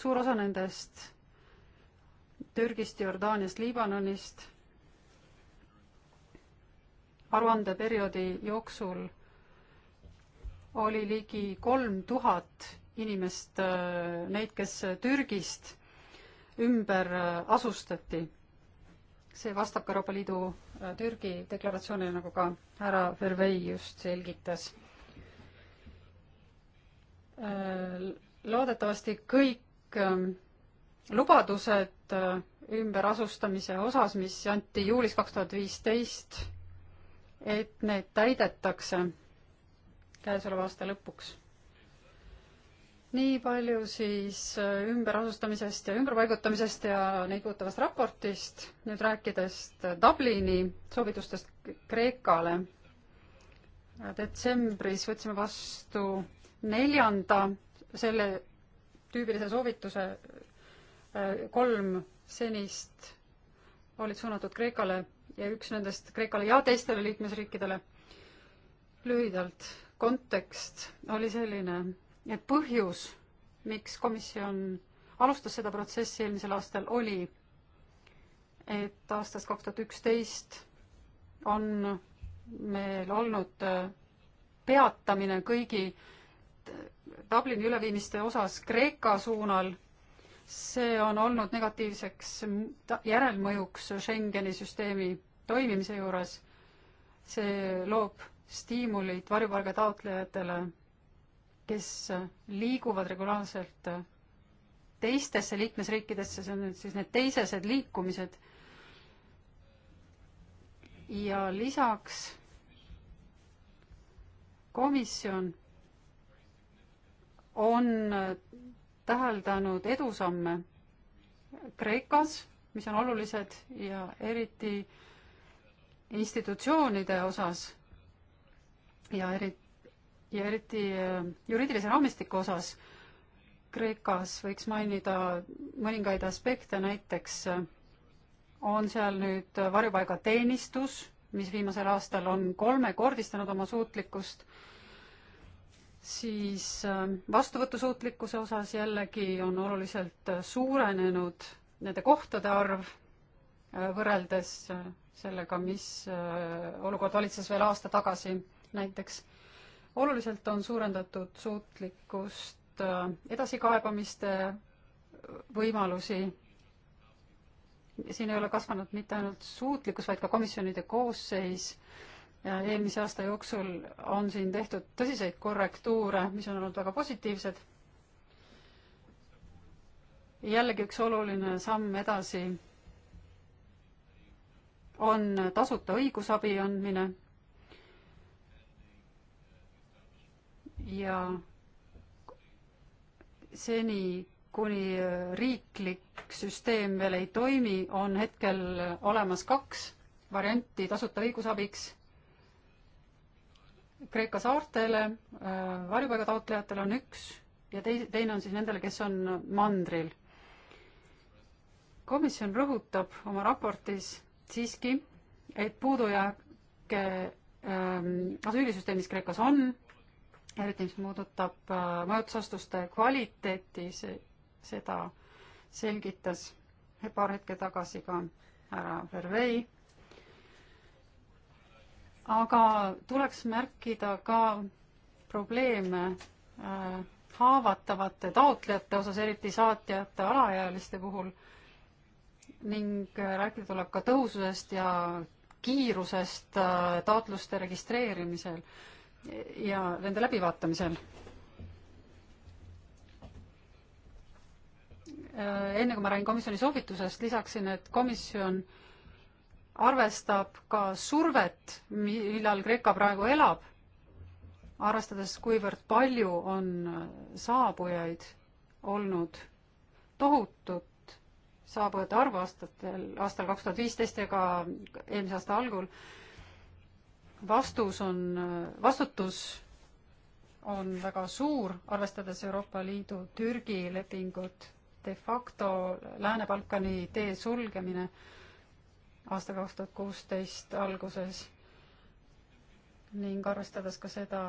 suur osa nendest Türgist, Jordaaniast, Liibanonist aruandeperioodi jooksul oli ligi kolm tuhat inimest, neid, kes Türgist ümber asustati see vastab ka Euroopa Liidu äh, Türgi deklaratsioonile, nagu ka härra Vervei just selgitas. Äh, loodetavasti kõik ähm, lubadused äh, ümberasustamise osas, mis anti juulis kaks tuhat viisteist, et need täidetakse käesoleva aasta lõpuks nii palju siis äh, ümberasustamisest ja ümberpaigutamisest ja neid puudutavast raportist, nüüd rääkides äh, Dublini soovitustest Kreekale. Äh, detsembris võtsime vastu neljanda selle tüübilise soovituse, kolm senist olid suunatud Kreekale ja üks nendest Kreekale ja teistele liikmesriikidele. lühidalt, kontekst oli selline et põhjus, miks komisjon alustas seda protsessi eelmisel aastal, oli, et aastast kaks tuhat üksteist on meil olnud äh, peatamine kõigi Dublini üleviimiste osas Kreeka suunal. see on olnud negatiivseks järelmõjuks Schengeni süsteemi toimimise juures. see loob stiimulid varjupaiga taotlejatele kes liiguvad regulaarselt teistesse liikmesriikidesse, see on nüüd siis need teisesed liikumised. ja lisaks komisjon on täheldanud edusamme Kreekas, mis on olulised ja eriti institutsioonide osas ja eriti ja eriti äh, juriidilise raamistiku osas Kreekas võiks mainida mõningaid aspekte, näiteks äh, on seal nüüd varjupaigateenistus, mis viimasel aastal on kolmekordistanud oma suutlikkust, siis äh, vastuvõtusuutlikkuse osas jällegi on oluliselt suurenenud nende kohtade arv võrreldes sellega, mis olukord valitses veel aasta tagasi näiteks oluliselt on suurendatud suutlikkust, äh, edasikaebamiste võimalusi, siin ei ole kasvanud mitte ainult suutlikkus, vaid ka komisjonide koosseis, eelmise aasta jooksul on siin tehtud tõsiseid korrektuure, mis on olnud väga positiivsed. jällegi üks oluline samm edasi on tasuta õigusabi andmine ja seni, kuni riiklik süsteem veel ei toimi, on hetkel olemas kaks varianti tasuta õigusabiks Kreeka saartele äh, varjupaiga taotlejatel on üks ja tei-, teine on siis nendele, kes on mandril. komisjon rõhutab oma raportis siiski, et puudujääke ähm, asüülisüsteemis Kreekas on, eriti mis puudutab äh, majutusasutuste kvaliteeti, see, seda selgitas paar hetke tagasi ka härra Vervei. aga tuleks märkida ka probleeme äh, haavatavate taotlejate osas, eriti saatjate alaealiste puhul ning äh, rääkida tuleb ka tõhususest ja kiirusest äh, taotluste registreerimisel ja nende läbivaatamisel. enne kui ma räägin komisjoni soovitusest, lisaksin, et komisjon arvestab ka survet, millal Kreeka praegu elab, arvestades, kuivõrd palju on saabujaid olnud, tohutut saabujate arvu aastatel, aastal kaks tuhat viisteist ega eelmise aasta algul vastus on, vastutus on väga suur, arvestades Euroopa Liidu Türgi lepingut, de facto Lääne-Balkani tee sulgemine aasta kaks tuhat kuusteist alguses ning arvestades ka seda,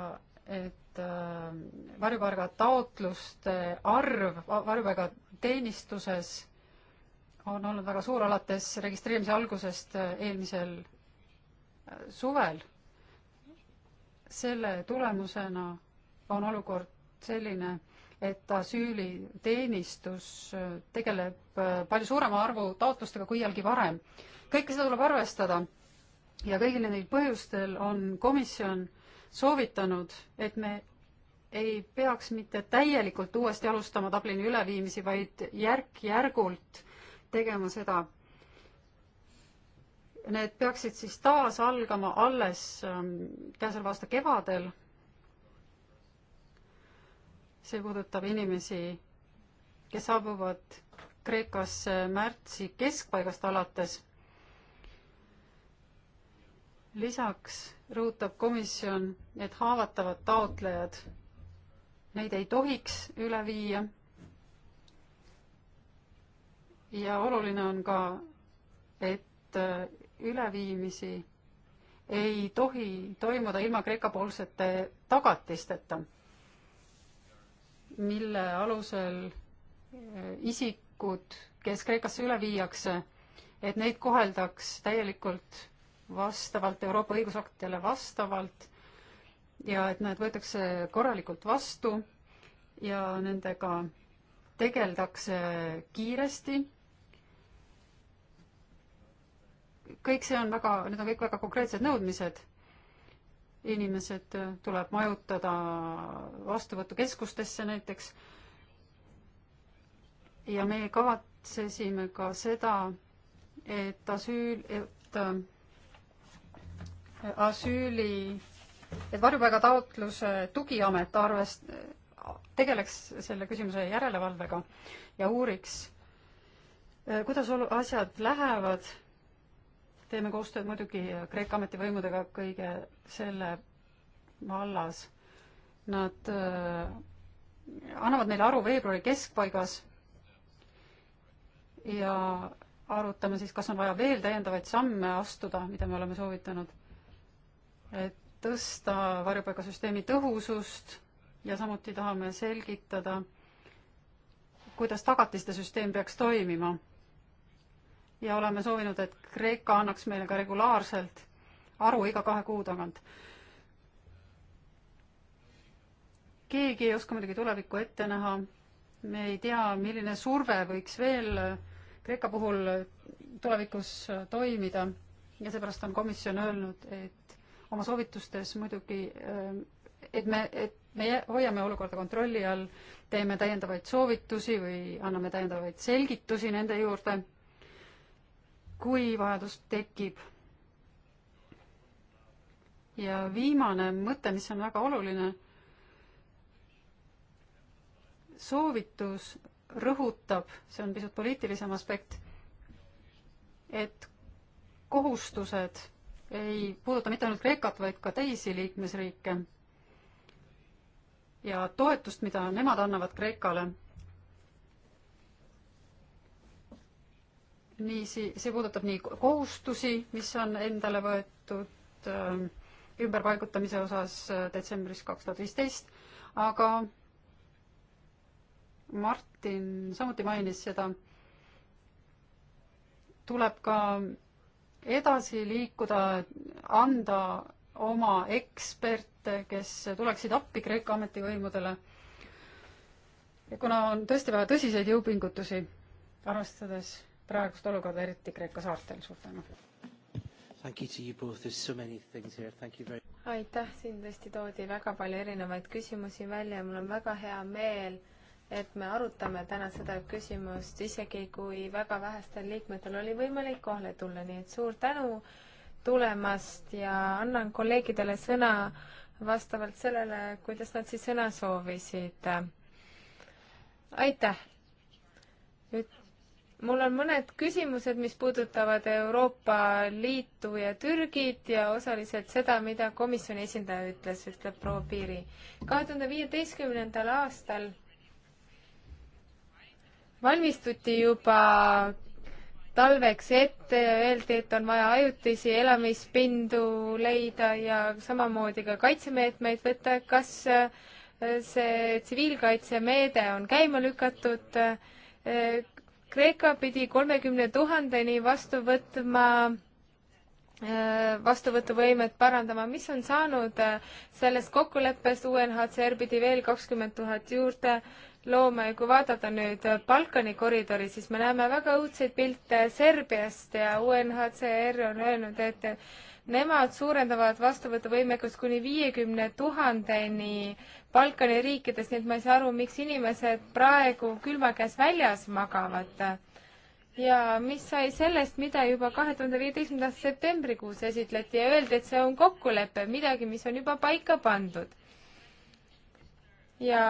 et äh, varjupaiga taotluste arv varjupaiga teenistuses on olnud väga suur alates registreerimise algusest äh, eelmisel äh, suvel selle tulemusena on olukord selline, et asüüliteenistus tegeleb äh, palju suurema arvu taotlustega kui iialgi varem. kõike seda tuleb arvestada ja kõigil neil põhjustel on komisjon soovitanud, et me ei peaks mitte täielikult uuesti alustama Dublini üleviimisi, vaid järk-järgult tegema seda Need peaksid siis taas algama alles ähm, käesoleva aasta kevadel. see puudutab inimesi, kes saabuvad Kreekasse märtsi keskpaigast alates. lisaks rõhutab komisjon, et haavatavad taotlejad, neid ei tohiks üle viia ja oluline on ka, et äh, üleviimisi ei tohi toimuda ilma Kreeka-poolsete tagatisteta, mille alusel eh, isikud, kes Kreekasse üle viiakse, et neid koheldaks täielikult vastavalt Euroopa õigusaktidele vastavalt ja et nad võetakse korralikult vastu ja nendega tegeldakse kiiresti kõik see on väga, need on kõik väga konkreetsed nõudmised. inimesed äh, tuleb majutada vastuvõtukeskustesse näiteks. ja meie kavatsesime ka seda, et asüül, et äh, asüüli, et varjupaigataotluse tugiamet arvest-, tegeleks selle küsimuse järelevalvega ja uuriks, äh, kuidas asjad lähevad teeme koostööd muidugi Kreeka ametivõimudega kõige selle vallas. Nad äh, annavad meile aru veebruari keskpaigas ja arutame siis, kas on vaja veel täiendavaid samme astuda, mida me oleme soovitanud, et tõsta varjupaigasüsteemi tõhusust ja samuti tahame selgitada, kuidas tagatiste süsteem peaks toimima ja oleme soovinud, et Kreeka annaks meile ka regulaarselt aru iga kahe kuu tagant. keegi ei oska muidugi tulevikku ette näha, me ei tea, milline surve võiks veel Kreeka puhul tulevikus toimida ja seepärast on komisjon öelnud, et oma soovitustes muidugi, et me, et me hoiame olukorda kontrolli all, teeme täiendavaid soovitusi või anname täiendavaid selgitusi nende juurde kui vajadus tekib. ja viimane mõte, mis on väga oluline, soovitus rõhutab, see on pisut poliitilisem aspekt, et kohustused ei puuduta mitte ainult Kreekat, vaid ka teisi liikmesriike ja toetust, mida nemad annavad Kreekale nii si-, see puudutab nii kohustusi, mis on endale võetud äh, ümberpaigutamise osas äh, detsembris kaks tuhat viisteist, aga Martin samuti mainis seda, tuleb ka edasi liikuda, anda oma eksperte, kes tuleksid appi Kreeka ametivõimudele. kuna on tõesti vaja tõsiseid jõupingutusi, arvestades praegust olukorda, eriti Kreeka saartel, suur tänu! aitäh, siin tõesti toodi väga palju erinevaid küsimusi välja ja mul on väga hea meel, et me arutame täna seda küsimust, isegi kui väga vähestel liikmetel oli võimalik kohale tulla, nii et suur tänu tulemast ja annan kolleegidele sõna vastavalt sellele, kuidas nad siis sõna soovisid. aitäh, üt-, mul on mõned küsimused, mis puudutavad Euroopa Liitu ja Türgit ja osaliselt seda, mida komisjoni esindaja ütles, ütleb proua Piiri. kahe tuhande viieteistkümnendal aastal valmistuti juba talveks ette ja öeldi, et on vaja ajutisi elamispindu leida ja samamoodi ka kaitsemeetmeid võtta. kas äh, see tsiviilkaitsemeede on käima lükatud? Äh, Kreeka pidi kolmekümne tuhandeni vastu võtma äh, vastuvõtuvõimet parandama, mis on saanud äh, sellest kokkuleppest, UNHCR pidi veel kakskümmend tuhat juurde looma ja kui vaadata nüüd äh, Balkani koridori, siis me näeme väga õudseid pilte Serbiast ja UNHCR on öelnud, et Nemad suurendavad vastuvõtuvõimekust kuni viiekümne tuhandeni Balkani riikides, nii et ma ei saa aru, miks inimesed praegu külma käes väljas magavad. ja mis sai sellest, mida juba kahe tuhande viieteistkümnenda aasta septembrikuus esitleti ja öeldi, et see on kokkulepe, midagi, mis on juba paika pandud. ja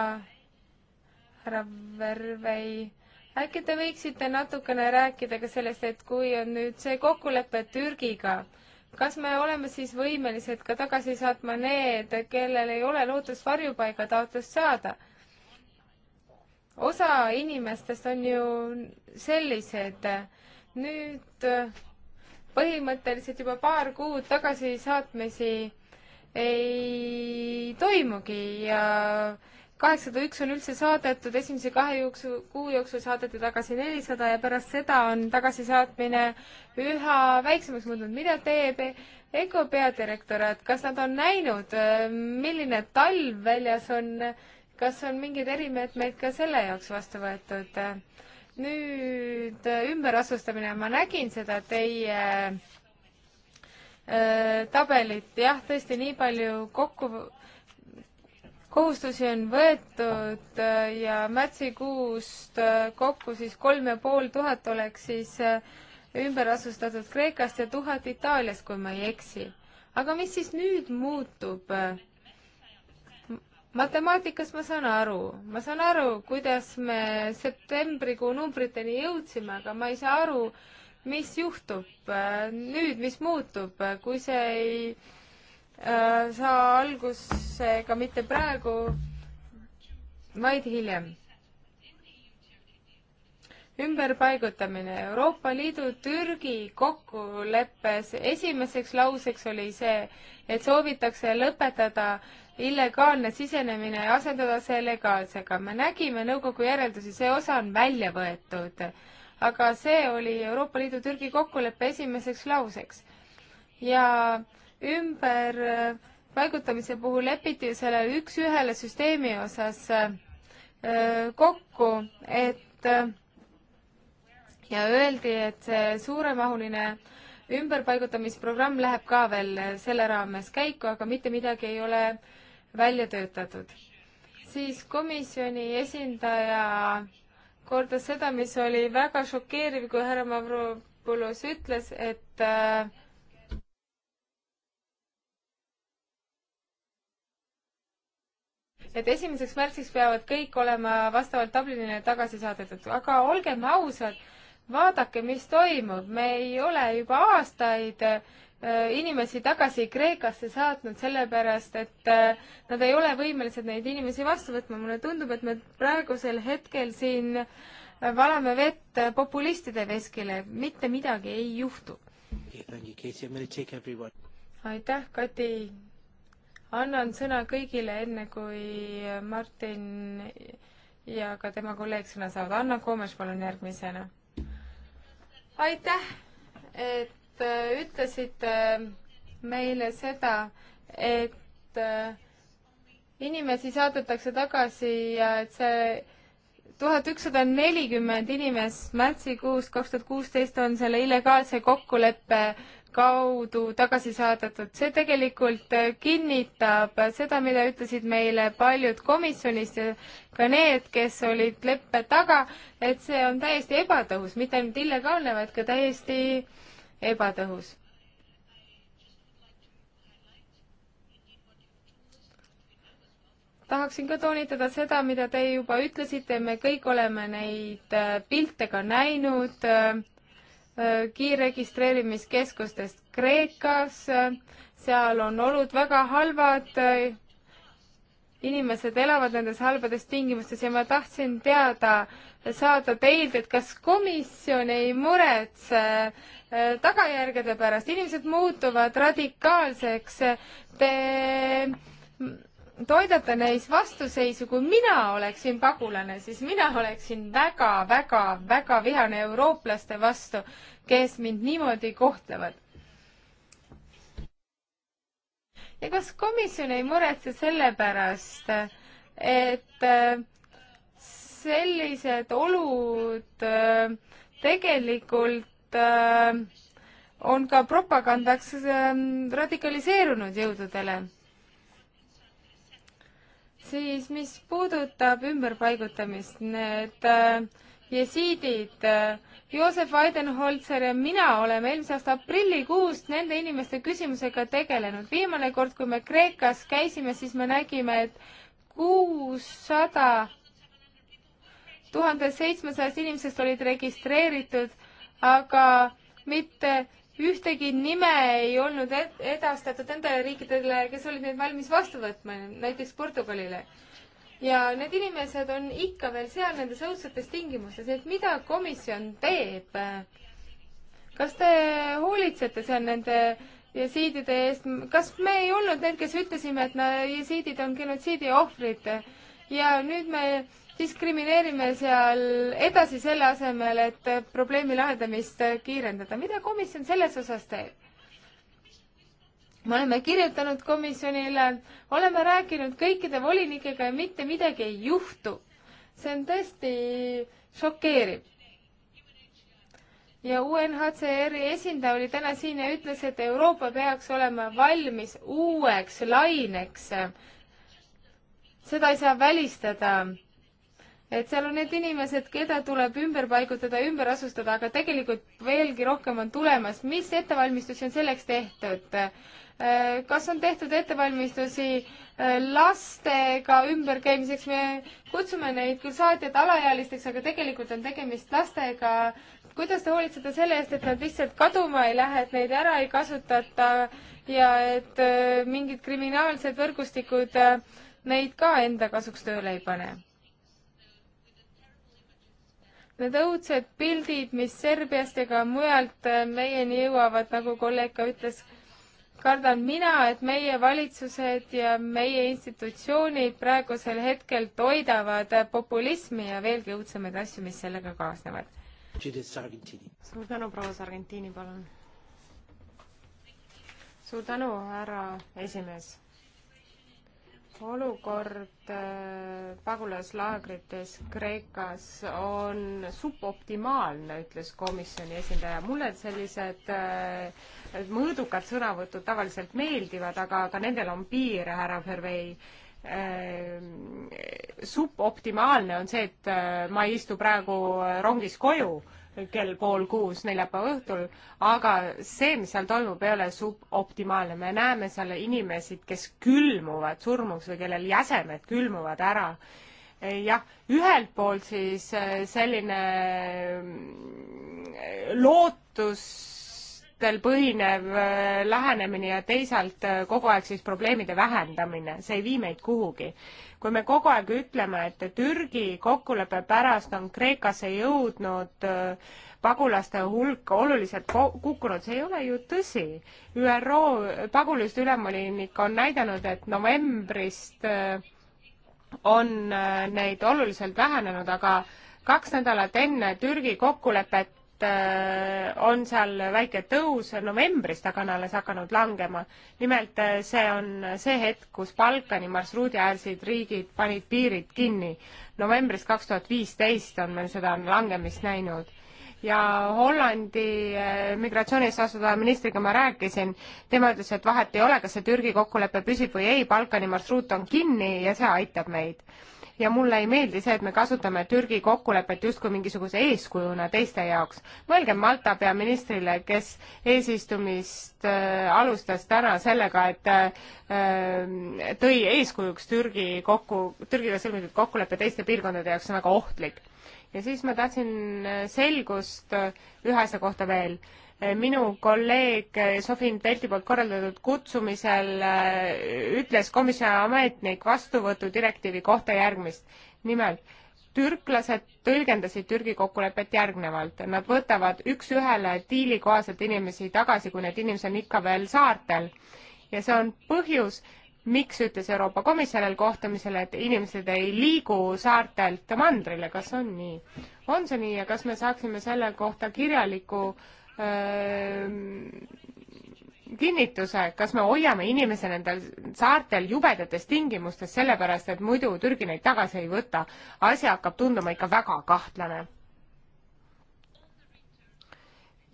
härra Vervei äkki te võiksite natukene rääkida ka sellest, et kui on nüüd see kokkulepe Türgiga, kas me oleme siis võimelised ka tagasi saatma need, kellel ei ole lootust varjupaigataotlust saada? osa inimestest on ju sellised. nüüd põhimõtteliselt juba paar kuud tagasisaatmisi ei toimugi ja äh, kaheksasada üks on üldse saadetud, esimese kahe jooksu, kuu jooksul saadeti tagasi nelisada ja pärast seda on tagasisaatmine üha väiksemaks muutunud. mida teeb EKO peadirektorat, kas nad on näinud, milline talv väljas on, kas on mingeid erimeetmeid ka selle jaoks vastu võetud? nüüd ümberasustamine, ma nägin seda teie äh, tabelit, jah, tõesti nii palju kokku kohustusi on võetud äh, ja märtsikuust äh, kokku siis kolm ja pool tuhat oleks siis äh, ümber asustatud Kreekast ja tuhat Itaaliast, kui ma ei eksi. aga mis siis nüüd muutub? matemaatikas ma saan aru, ma saan aru, kuidas me septembrikuu numbriteni jõudsime, aga ma ei saa aru, mis juhtub nüüd, mis muutub, kui see ei Äh, saa algusega mitte praegu, vaid hiljem. ümberpaigutamine Euroopa Liidu Türgi kokkuleppes esimeseks lauseks oli see, et soovitakse lõpetada illegaalne sisenemine ja asendada see legaalsega. me nägime nõukogu järeldusi, see osa on välja võetud, aga see oli Euroopa Liidu Türgi kokkuleppe esimeseks lauseks. ja äh, ümberpaigutamise äh, puhul lepiti ju selle üks-ühele süsteemi osas äh, kokku, et äh, ja öeldi, et see suuremahuline ümberpaigutamisprogramm läheb ka veel selle raames käiku, aga mitte midagi ei ole välja töötatud. siis komisjoni esindaja kordas seda, mis oli väga šokeeriv, kui härra Mavropoulos ütles, et äh, et esimeseks märtsiks peavad kõik olema vastavalt Dublinile tagasi saadetud, aga olgem ausad, vaadake, mis toimub, me ei ole juba aastaid äh, inimesi tagasi Kreekasse saatnud, sellepärast et äh, nad ei ole võimelised neid inimesi vastu võtma. mulle tundub, et me praegusel hetkel siin valame vett populistide veskile, mitte midagi ei juhtu. aitäh, Kati annan sõna kõigile, enne kui Martin ja ka tema kolleeg sõna saavad. Anna Koomes, palun järgmisena. aitäh, et äh, ütlesite äh, meile seda, et äh, inimesi saadetakse tagasi ja et see tuhat ükssada nelikümmend inimest märtsikuust kaks tuhat kuusteist on selle illegaalse kokkuleppe kaudu tagasi saadetud, see tegelikult äh, kinnitab seda, mida ütlesid meile paljud komisjonist ja ka need, kes olid leppe taga, et see on täiesti ebatõhus, mitte ainult illegaalne, vaid ka täiesti ebatõhus. tahaksin ka toonitada seda, mida te juba ütlesite, me kõik oleme neid äh, pilte ka näinud äh, kiirregistreerimiskeskustest Kreekas, seal on olud väga halvad, inimesed elavad nendes halbades tingimustes ja ma tahtsin teada, saada teilt, et kas komisjon ei muretse tagajärgede pärast, inimesed muutuvad radikaalseks, te toidata neis vastuseisu, kui mina oleksin pagulane, siis mina oleksin väga-väga-väga vihane eurooplaste vastu, kes mind niimoodi kohtlevad. ja kas komisjon ei muretse selle pärast, et äh, sellised olud äh, tegelikult äh, on ka propagandaks radikaliseerunud jõududele? siis mis puudutab ümberpaigutamist, need äh, jesiidid äh,, Joosep Weidenholzer ja mina oleme eelmise aasta aprillikuust nende inimeste küsimusega tegelenud. viimane kord, kui me Kreekas käisime, siis me nägime, et kuussada tuhande seitsmesajast inimesest olid registreeritud, aga mitte ühtegi nime ei olnud edastatud nendele riikidele, kes olid neid valmis vastu võtma, näiteks Portugalile. ja need inimesed on ikka veel seal nendes õudsetes tingimustes, et mida komisjon teeb? kas te hoolitsete seal nende jesiidide eest, kas me ei olnud need, kes ütlesime, et jesiidid on genotsiidi ohvrid ja nüüd me diskrimineerime seal edasi selle asemel, et probleemi lahendamist kiirendada. mida komisjon selles osas teeb? me oleme kirjutanud komisjonile, oleme rääkinud kõikide volinikega ja mitte midagi ei juhtu. see on tõesti šokeeriv. ja UNHCR-i esindaja oli täna siin ja ütles, et Euroopa peaks olema valmis uueks laineks. seda ei saa välistada et seal on need inimesed, keda tuleb ümber paigutada, ümber asustada, aga tegelikult veelgi rohkem on tulemas. mis ettevalmistusi on selleks tehtud? Äh, kas on tehtud ettevalmistusi äh, lastega ümberkäimiseks, me kutsume neid küll saatjad alaealisteks, aga tegelikult on tegemist lastega. kuidas te hoolitsete selle eest, et nad lihtsalt kaduma ei lähe, et neid ära ei kasutata ja et äh, mingid kriminaalsed võrgustikud neid ka enda kasuks tööle ei pane? Need õudsed pildid, mis Serbiast ega mujalt äh, meieni jõuavad, nagu kolleeg ka ütles, kardan mina, et meie valitsused ja meie institutsioonid praegusel hetkel toidavad äh, populismi ja veelgi õudsemaid asju, mis sellega kaasnevad. suur tänu, proua Sargentini, palun. suur tänu, härra esimees olukord äh, pagulaslaagrites Kreekas on suboptimaalne, ütles komisjoni esindaja. mulle sellised äh, mõõdukad sõnavõtud tavaliselt meeldivad, aga ka nendel on piir, härra Fervei. Äh, suboptimaalne on see, et ma ei istu praegu rongis koju kell pool kuus neljapäeva õhtul, aga see, mis seal toimub, ei ole suboptimaalne. me näeme seal inimesi, kes külmuvad surnuks või kellel jäsemed külmuvad ära. Eh, jah, ühelt poolt siis eh, selline mm, lootus andmetel põhinev äh, lähenemine ja teisalt äh, kogu aeg siis probleemide vähendamine, see ei vii meid kuhugi. kui me kogu aeg ütleme, et Türgi kokkuleppe pärast on Kreekasse jõudnud äh, pagulaste hulk oluliselt kukkunud, see ei ole ju tõsi. ÜRO pagulaste ülemvolinik on näidanud, et novembrist on neid oluliselt vähenenud, aga kaks nädalat enne Türgi kokkulepet et äh, on seal väike tõus novembrist, aga on alles hakanud langema. nimelt äh, see on see hetk, kus Balkani marsruudi äärsed riigid panid piirid kinni. novembrist kaks tuhat viisteist on meil seda langemist näinud ja Hollandi äh, migratsioonist vastutava ministriga ma rääkisin, tema ütles, et vahet ei ole, kas see Türgi kokkulepe püsib või ei, Balkani marsruut on kinni ja see aitab meid ja mulle ei meeldi see, et me kasutame Türgi kokkulepet justkui mingisuguse eeskujuna teiste jaoks. mõelgem Malta peaministrile, kes eesistumist äh, alustas täna sellega, et äh, äh tõi eeskujuks Türgi kokku, Türgiga sõlmitud kokkulepe teiste piirkondade jaoks on väga ohtlik. ja siis ma tahtsin äh, selgust äh, ühe asja kohta veel minu kolleeg Sofin Pelti poolt korraldatud kutsumisel äh, ütles komisjoni ametnik vastuvõtu direktiivi kohta järgmist. nimelt, türklased tõlgendasid Türgi kokkulepet järgnevalt. Nad võtavad üks-ühele diili kohaselt inimesi tagasi, kui need inimesed on ikka veel saartel. ja see on põhjus, miks ütles Euroopa Komisjonil kohtumisel, et inimesed ei liigu saartelt mandrile, kas on nii? on see nii ja kas me saaksime selle kohta kirjaliku äh, kinnituse, kas me hoiame inimese nendel saartel jubedates tingimustes, sellepärast et muidu Türgi neid tagasi ei võta. asi hakkab tunduma ikka väga kahtlane.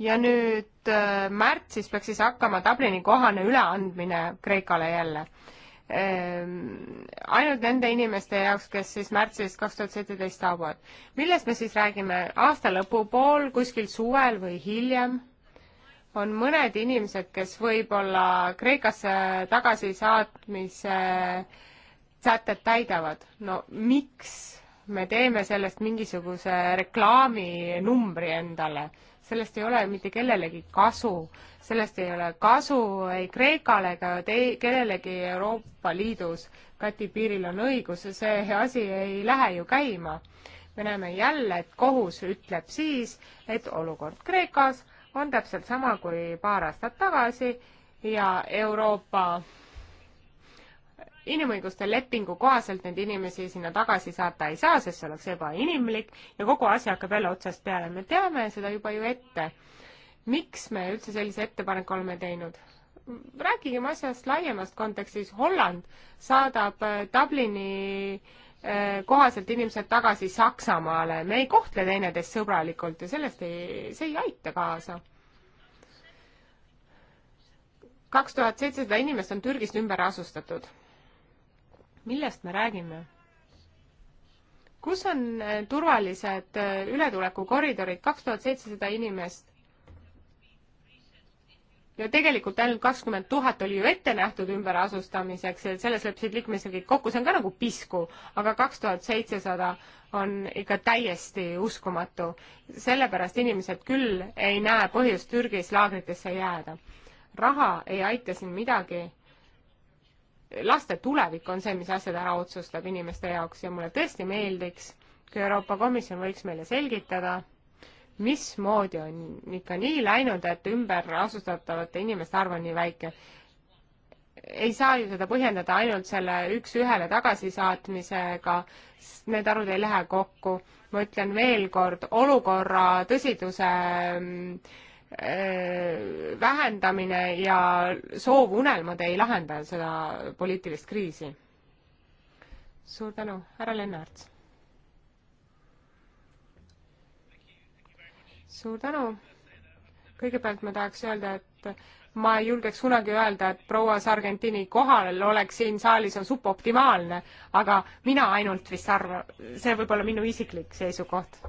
ja nüüd märtsis peaks siis hakkama Dublini kohane üleandmine Kreekale jälle Ehm, ainult nende inimeste jaoks, kes siis märtsis kaks tuhat seitseteist saabuvad. millest me siis räägime, aasta lõpupool, kuskil suvel või hiljem, on mõned inimesed, kes võib-olla Kreekasse tagasisaatmise sätted täidavad. no miks me teeme sellest mingisuguse reklaaminumbri endale? sellest ei ole mitte kellelegi kasu, sellest ei ole kasu ei Kreekale ega te-, kellelegi Euroopa Liidus. Kati Piiril on õigus, see asi ei lähe ju käima. me näeme jälle, et kohus ütleb siis, et olukord Kreekas on täpselt sama kui paar aastat tagasi ja Euroopa inimõiguste lepingu kohaselt neid inimesi sinna tagasi saata ei saa, sest see oleks ebainimlik ja kogu asi hakkab jälle otsast peale, me teame seda juba ju ette miks me üldse sellise ettepaneku oleme teinud? rääkigem asjast laiemast kontekstis, Holland saadab äh, Dublini äh, kohaselt inimesed tagasi Saksamaale, me ei kohtle teineteist sõbralikult ja sellest ei, see ei aita kaasa. kaks tuhat seitsesada inimest on Türgist ümber asustatud. millest me räägime? kus on äh, turvalised ületulekukoridorid, kaks tuhat seitsesada inimest ja tegelikult ainult kakskümmend tuhat oli ju ette nähtud ümberasustamiseks, et selles leppisid liikmesriigid kokku, see on ka nagu pisku, aga kaks tuhat seitsesada on ikka täiesti uskumatu. sellepärast inimesed küll ei näe põhjust Türgis laagritesse jääda. raha ei aita siin midagi. laste tulevik on see, mis asjad ära otsustab inimeste jaoks ja mulle tõesti meeldiks, kui Euroopa Komisjon võiks meile selgitada mismoodi on ikka nii läinud, et ümberasustatavate inimeste arv on nii väike? ei saa ju seda põhjendada ainult selle üks-ühele tagasisaatmisega, sest need arvud ei lähe kokku. ma ütlen veel kord, olukorra tõsiduse mm, äh, vähendamine ja soovunelmad ei lahenda seda poliitilist kriisi. suur tänu, härra Lennart suur tänu. kõigepealt ma tahaks öelda, et ma ei julgeks kunagi öelda, et proua Sargentini kohal oleks siin saalis on suboptimaalne, aga mina ainult vist arvan, see võib olla minu isiklik seisukoht.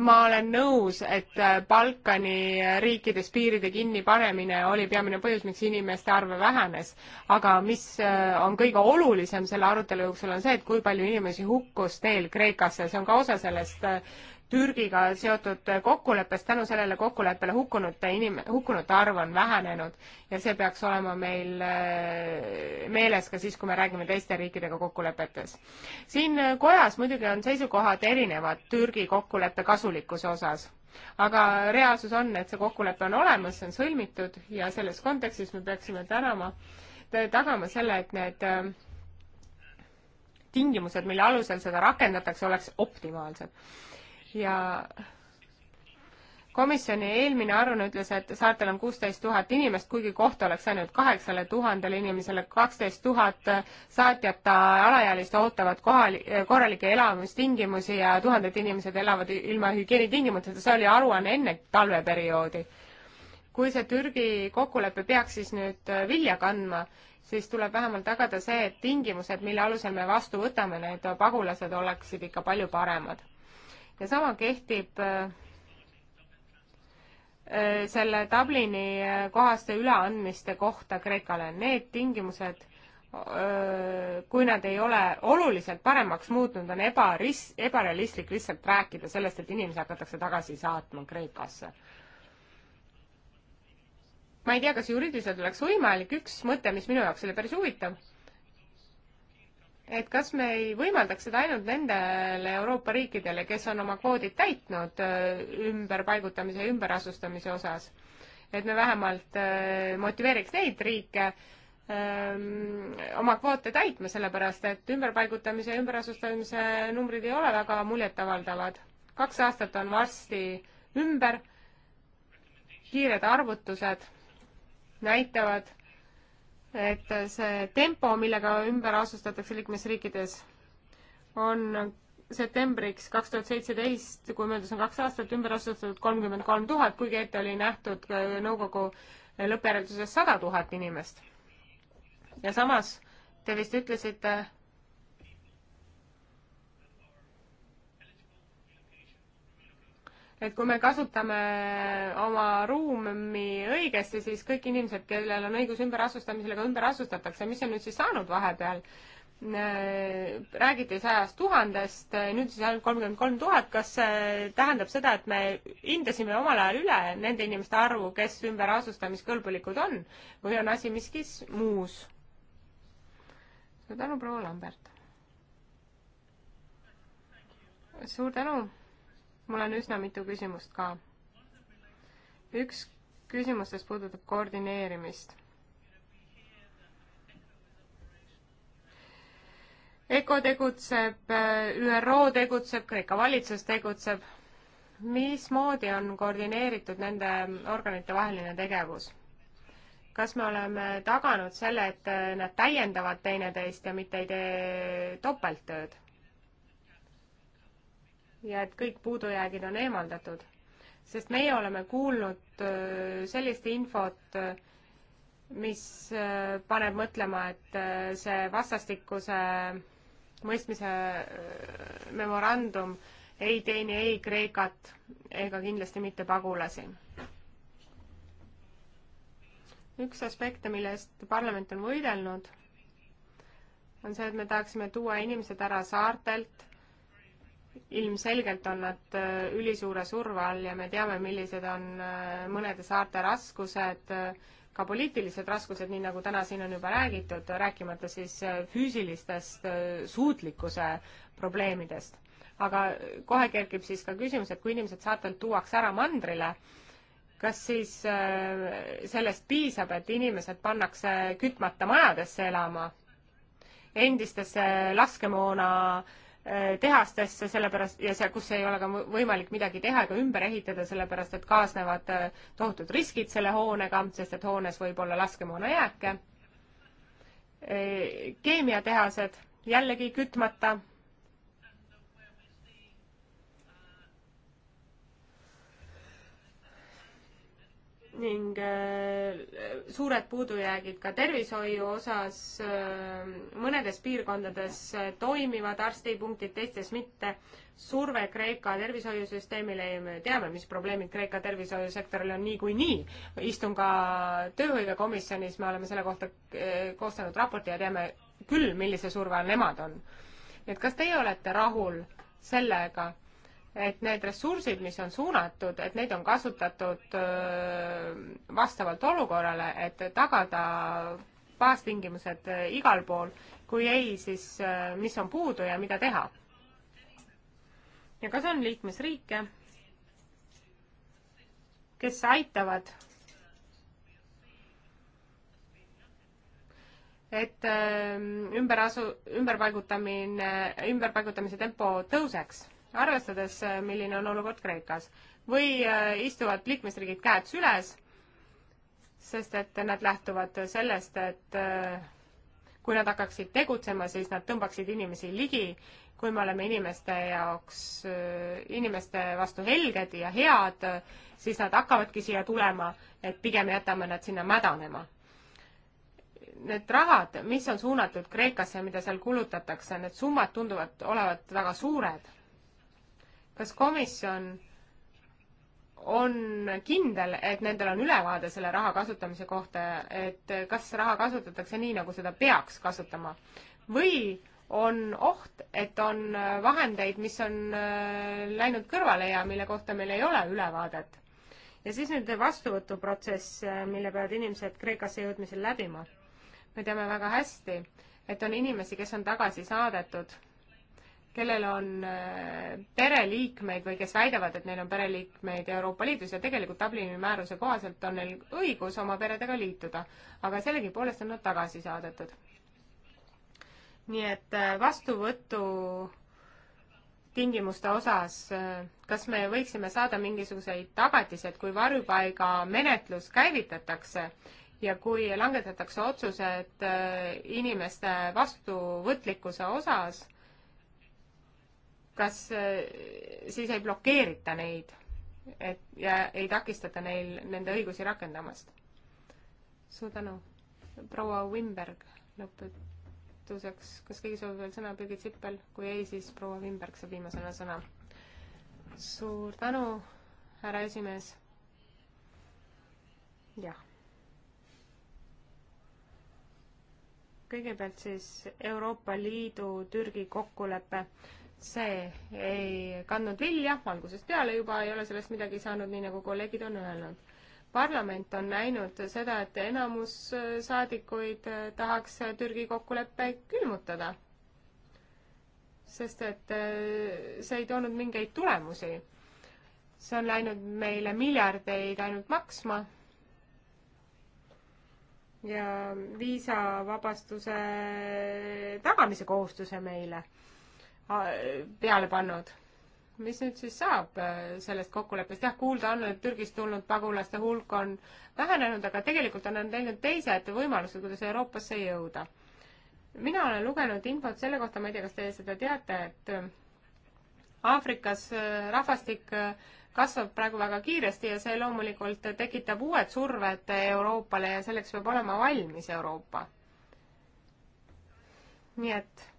ma olen nõus, et äh, Balkani riikides piiride kinnipanemine oli peamine põhjus, miks inimeste arv vähenes. aga mis äh, on kõige olulisem selle arutelu jooksul, on see, et kui palju inimesi hukkus teel Kreekasse, see on ka osa sellest äh, Türgiga seotud kokkuleppest, tänu sellele kokkuleppele hukkunute inim-, hukkunute arv on vähenenud ja see peaks olema meil äh, meeles ka siis, kui me räägime teiste riikidega kokkulepetes. siin kojas muidugi on seisukohad erinevad Türgi kokkuleppe kasulikkuse osas, aga reaalsus on, et see kokkulepe on olemas, see on sõlmitud ja selles kontekstis me peaksime tänama, tagama selle, et need äh, tingimused, mille alusel seda rakendatakse, oleks optimaalsed ja komisjoni eelmine aruanne ütles, et saartel on kuusteist tuhat inimest, kuigi kohta oleks ainult kaheksale tuhandele inimesele, kaksteist tuhat saatjata alaealist ootavad kohal, korralikke elamistingimusi ja tuhanded inimesed elavad ilma hügieenitingimusteta, see oli aruanne enne talveperioodi. kui see Türgi kokkulepe peaks siis nüüd vilja kandma, siis tuleb vähemalt tagada see, et tingimused, mille alusel me vastu võtame need pagulased, oleksid ikka palju paremad ja sama kehtib äh, äh, selle Dublini äh, kohaste üleandmiste kohta Kreekale. Need tingimused, kui nad ei ole oluliselt paremaks muutnud, on ebaris-, ebarealistlik lihtsalt rääkida sellest, et inimesi hakatakse tagasi saatma Kreekasse. ma ei tea, kas juriidiliselt oleks võimalik, üks mõte, mis minu jaoks oli päris huvitav et kas me ei võimaldaks seda ainult nendele Euroopa riikidele, kes on oma kvoodid täitnud äh, ümberpaigutamise, ümberasustamise osas. et me vähemalt äh, motiveeriks neid riike öö, ähm, oma kvoote täitma, sellepärast et ümberpaigutamise ja ümberasustamise numbrid ei ole väga muljetavaldavad. kaks aastat on varsti ümber, kiired arvutused näitavad et see tempo, millega ümber asustatakse liikmesriikides, on septembriks kaks tuhat seitseteist, kui möödus on kaks aastat, ümber asustatud kolmkümmend kolm tuhat, kuigi ette oli nähtud nõukogu lõppjärelduses sada tuhat inimest. ja samas te vist ütlesite, et kui me kasutame oma ruumi õigesti, siis kõik inimesed, kellel on õigus ümberasustamisele, ka ümber asustatakse, mis on nüüd siis saanud vahepeal? räägiti sajast tuhandest, nüüd siis ainult kolmkümmend kolm tuhat, kas see tähendab seda, et me hindasime omal ajal üle nende inimeste arvu, kes ümberasustamiskõlbulikud on või on asi miskis muus? suur tänu, proua Lambert! suur tänu! mul on üsna mitu küsimust ka. üks küsimustest puudutab koordineerimist. ECO tegutseb, ÜRO tegutseb, Kreeka valitsus tegutseb. mismoodi on koordineeritud nende organite vaheline tegevus? kas me oleme taganud selle, et nad täiendavad teineteist ja mitte ei tee topelttööd? ja et kõik puudujäägid on eemaldatud. sest meie oleme kuulnud äh, sellist infot, äh, mis äh, paneb mõtlema, et see vastastikuse mõistmise memorandum ei teeni ei Kreekat ega kindlasti mitte pagulasi. üks aspekte, mille eest parlament on võidelnud, on see, et me tahaksime tuua inimesed ära saartelt ilmselgelt on nad äh, ülisuure surve all ja me teame, millised on äh, mõnede saarte raskused, äh, ka poliitilised raskused, nii nagu täna siin on juba räägitud, rääkimata siis füüsilistest suutlikkuse probleemidest. aga kohe kerkib siis ka küsimus, et kui inimesed saartelt tuuakse ära mandrile, kas siis sellest piisab, et inimesed pannakse kütmata majadesse elama, endistesse laskemoona äh, Äh, tehastesse, sellepärast, ja seal, kus ei ole ka võimalik midagi teha ega ümber ehitada, sellepärast et kaasnevad äh, tohutud riskid selle hoonega, sest et hoones võib olla laskemoonajääke. Äh, keemiatehased jällegi kütmata ning äh, suured puudujäägid ka tervishoiu osas, äh, mõnedes piirkondades äh, toimivad arstipunktid, teistes mitte. surve Kreeka tervishoiusüsteemile ja me teame, mis probleemid Kreeka tervishoiusektoril on niikuinii. Nii. istun ka tööhõivekomisjonis, me oleme selle kohta koostanud raporti ja teame küll, millise surve all nemad on. nii et kas teie olete rahul sellega, et need ressursid, mis on suunatud, et neid on kasutatud vastavalt olukorrale, et tagada baastingimused igal pool, kui ei, siis mis on puudu ja mida teha. ja kas on liikmesriike, kes aitavad, et ümberasu, ümberpaigutamine, ümberpaigutamise tempo tõuseks arvestades, äh, milline on olukord Kreekas. või äh, istuvad liikmesriigid käed süles, sest et nad lähtuvad sellest, et äh, kui nad hakkaksid tegutsema, siis nad tõmbaksid inimesi ligi, kui me oleme inimeste jaoks, inimeste vastu helged ja head, siis nad hakkavadki siia tulema, et pigem jätame nad sinna mädanema need rahad, mis on suunatud Kreekasse ja mida seal kulutatakse, need summad tunduvad olevat väga suured kas komisjon on kindel, et nendel on ülevaade selle raha kasutamise kohta, et kas raha kasutatakse nii, nagu seda peaks kasutama või on oht, et on vahendeid, mis on äh, läinud kõrvale ja mille kohta meil ei ole ülevaadet. ja siis nüüd vastuvõtuprotsess, äh, mille peavad inimesed Kreekasse jõudmisel läbima. me teame väga hästi, et on inimesi, kes on tagasi saadetud kellel on äh, pereliikmeid või kes väidavad, et neil on pereliikmeid Euroopa Liidus ja tegelikult Dublini määruse kohaselt on neil õigus oma peredega liituda, aga sellegipoolest on nad tagasi saadetud. nii et äh, vastuvõtu tingimuste osas, äh, kas me võiksime saada mingisuguseid tagatised, kui varjupaiga menetlus käivitatakse ja kui langetatakse otsused inimeste vastuvõtlikkuse osas kas eh, siis ei blokeerita neid, et ja ei takistata neil nende õigusi rakendamast? suur tänu. proua Wimberg lõpetuseks, kas keegi soovib veel sõna, Birgit Sippel, kui ei, siis proua Wimberg saab viimasena sõna. suur tänu, härra esimees. jah kõigepealt siis Euroopa Liidu Türgi kokkulepe see ei kandnud vilja, algusest peale juba ei ole sellest midagi saanud, nii nagu kolleegid on öelnud. parlament on näinud seda, et enamus saadikuid tahaks Türgi kokkuleppe külmutada. sest et eh, see ei toonud mingeid tulemusi. see on läinud meile miljardeid ainult maksma ja viisavabastuse tagamise kohustuse meile peale pannud. mis nüüd siis saab äh, sellest kokkuleppest, jah, kuulda on, et Türgist tulnud pagulaste hulk on vähenenud, aga tegelikult on nad leidnud teised võimalused, kuidas Euroopasse jõuda. mina olen lugenud infot selle kohta, ma ei tea, kas teie seda teate, et äh, Aafrikas äh, rahvastik kasvab praegu väga kiiresti ja see loomulikult tekitab uued surved Euroopale ja selleks peab olema valmis Euroopa. nii et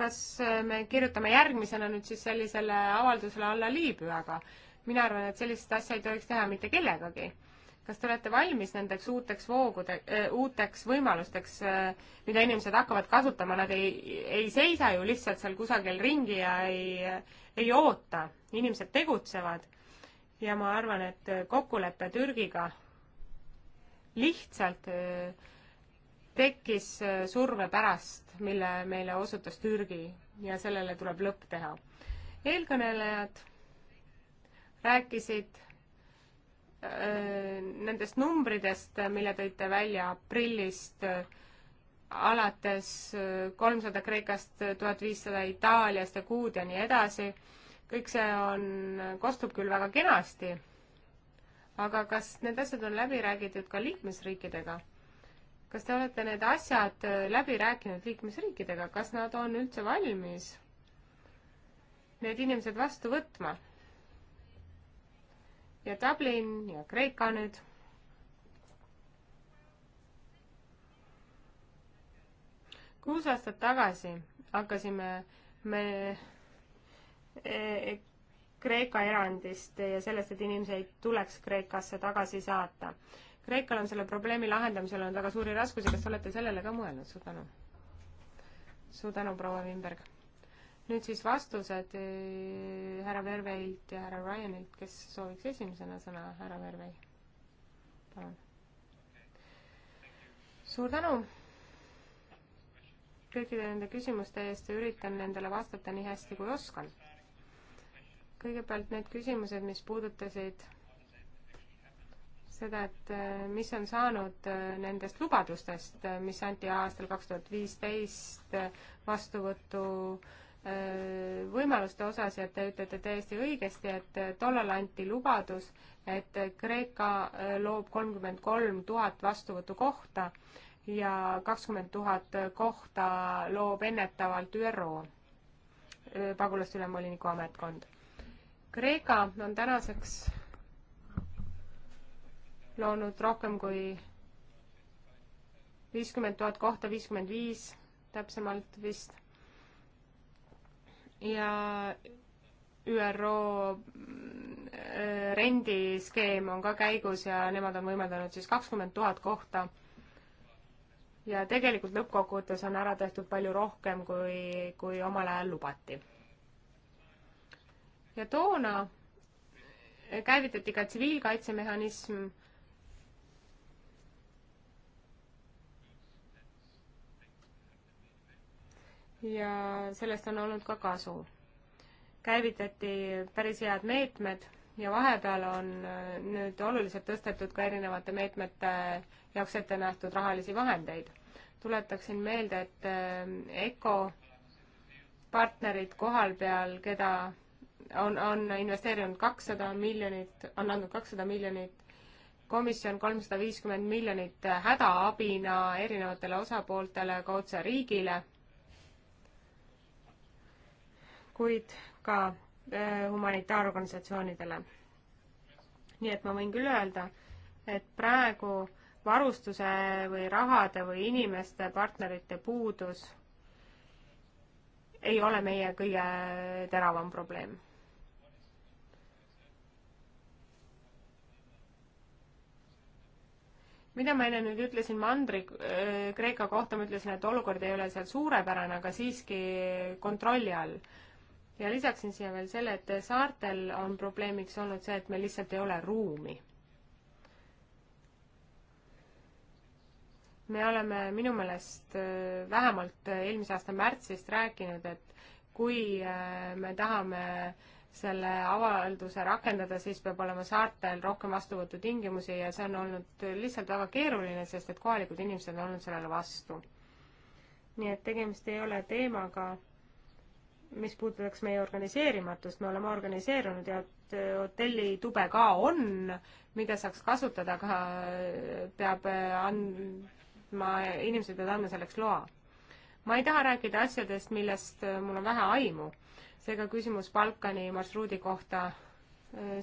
kas äh, me kirjutame järgmisena nüüd siis sellisele avaldusele alla Liibüaga? mina arvan, et sellist asja ei tohiks teha mitte kellegagi. kas te olete valmis nendeks uuteks voogude, äh, uuteks võimalusteks, äh, mida inimesed hakkavad kasutama, nad ei, ei seisa ju lihtsalt seal kusagil ringi ja ei, ei oota, inimesed tegutsevad. ja ma arvan, et kokkulepe Türgiga lihtsalt öö, tekkis äh, surve pärast, mille meile osutas Türgi ja sellele tuleb lõpp teha. eelkõnelejad rääkisid öö, äh, nendest numbritest, äh, mille tõite välja aprillist öö, alates kolmsada Kreekast, tuhat viissada Itaaliast ja kuud ja nii edasi. kõik see on, kostub küll väga kenasti, aga kas need asjad on läbi räägitud ka liikmesriikidega? kas te olete need asjad äh, läbi rääkinud liikmesriikidega, kas nad on üldse valmis need inimesed vastu võtma? ja Dublin ja Kreeka nüüd. kuus aastat tagasi hakkasime me e, e, Kreeka erandist ja sellest, et inimesi tuleks Kreekasse tagasi saata Kreekal on selle probleemi lahendamisel olnud väga suuri raskusi, kas olete sellele ka mõelnud? suur tänu. suur tänu, proua Wimberg. nüüd siis vastused eh, härra Verveilt ja härra Ryanilt, kes sooviks esimesena sõna, härra Vervei, palun. suur tänu kõikide nende küsimuste eest ja üritan nendele vastata nii hästi, kui oskan. kõigepealt need küsimused, mis puudutasid seda, et äh, mis on saanud äh, nendest lubadustest, äh, mis anti aastal kaks tuhat viisteist vastuvõtu võimaluste osas ja te ütlete täiesti õigesti, et tollal anti lubadus, et Kreeka loob kolmkümmend kolm tuhat vastuvõtukohta ja kakskümmend tuhat kohta loob ennetavalt ÜRO pagulaste ülemvoliniku ametkond. Kreeka on tänaseks loonud rohkem kui viiskümmend tuhat kohta, viiskümmend viis täpsemalt vist. ja ÜRO äh, rendiskeem on ka käigus ja nemad on võimaldanud siis kakskümmend tuhat kohta. ja tegelikult lõppkokkuvõttes on ära tehtud palju rohkem, kui, kui omal ajal lubati. ja toona käivitati ka tsiviilkaitsemehhanism ja sellest on olnud ka kasu. käivitati päris head meetmed ja vahepeal on äh, nüüd oluliselt tõstetud ka erinevate meetmete jaoks ette nähtud rahalisi vahendeid. tuletaksin meelde, et äh, EKO partnerid kohal peal, keda on, on investeerinud kakssada miljonit, on andnud kakssada miljonit, komisjon kolmsada viiskümmend miljonit hädaabina erinevatele osapooltele ka otse riigile kuid ka eh, humanitaarorganisatsioonidele. nii et ma võin küll öelda, et praegu varustuse või rahade või inimeste partnerite puudus ei ole meie kõige teravam probleem. mida ma enne nüüd ütlesin mandri eh, Kreeka kohta, ma ütlesin, et olukord ei ole seal suurepärane, aga siiski kontrolli all ja lisaksin siia veel selle, et saartel on probleemiks olnud see, et meil lihtsalt ei ole ruumi. me oleme minu meelest äh, vähemalt äh, eelmise aasta märtsist rääkinud, et kui äh, me tahame selle avalduse rakendada, siis peab olema saartel rohkem vastuvõtutingimusi ja see on olnud lihtsalt väga keeruline, sest et kohalikud inimesed on olnud sellele vastu. nii et tegemist ei ole teemaga mis puudutaks meie organiseerimatust, me oleme organiseerunud ja äh, hotellitube ka on, mida saaks kasutada, aga äh, peab äh, andma, inimesed peavad andma selleks loa. ma ei taha rääkida asjadest, millest mul on vähe aimu, seega küsimus Balkani marsruudi kohta,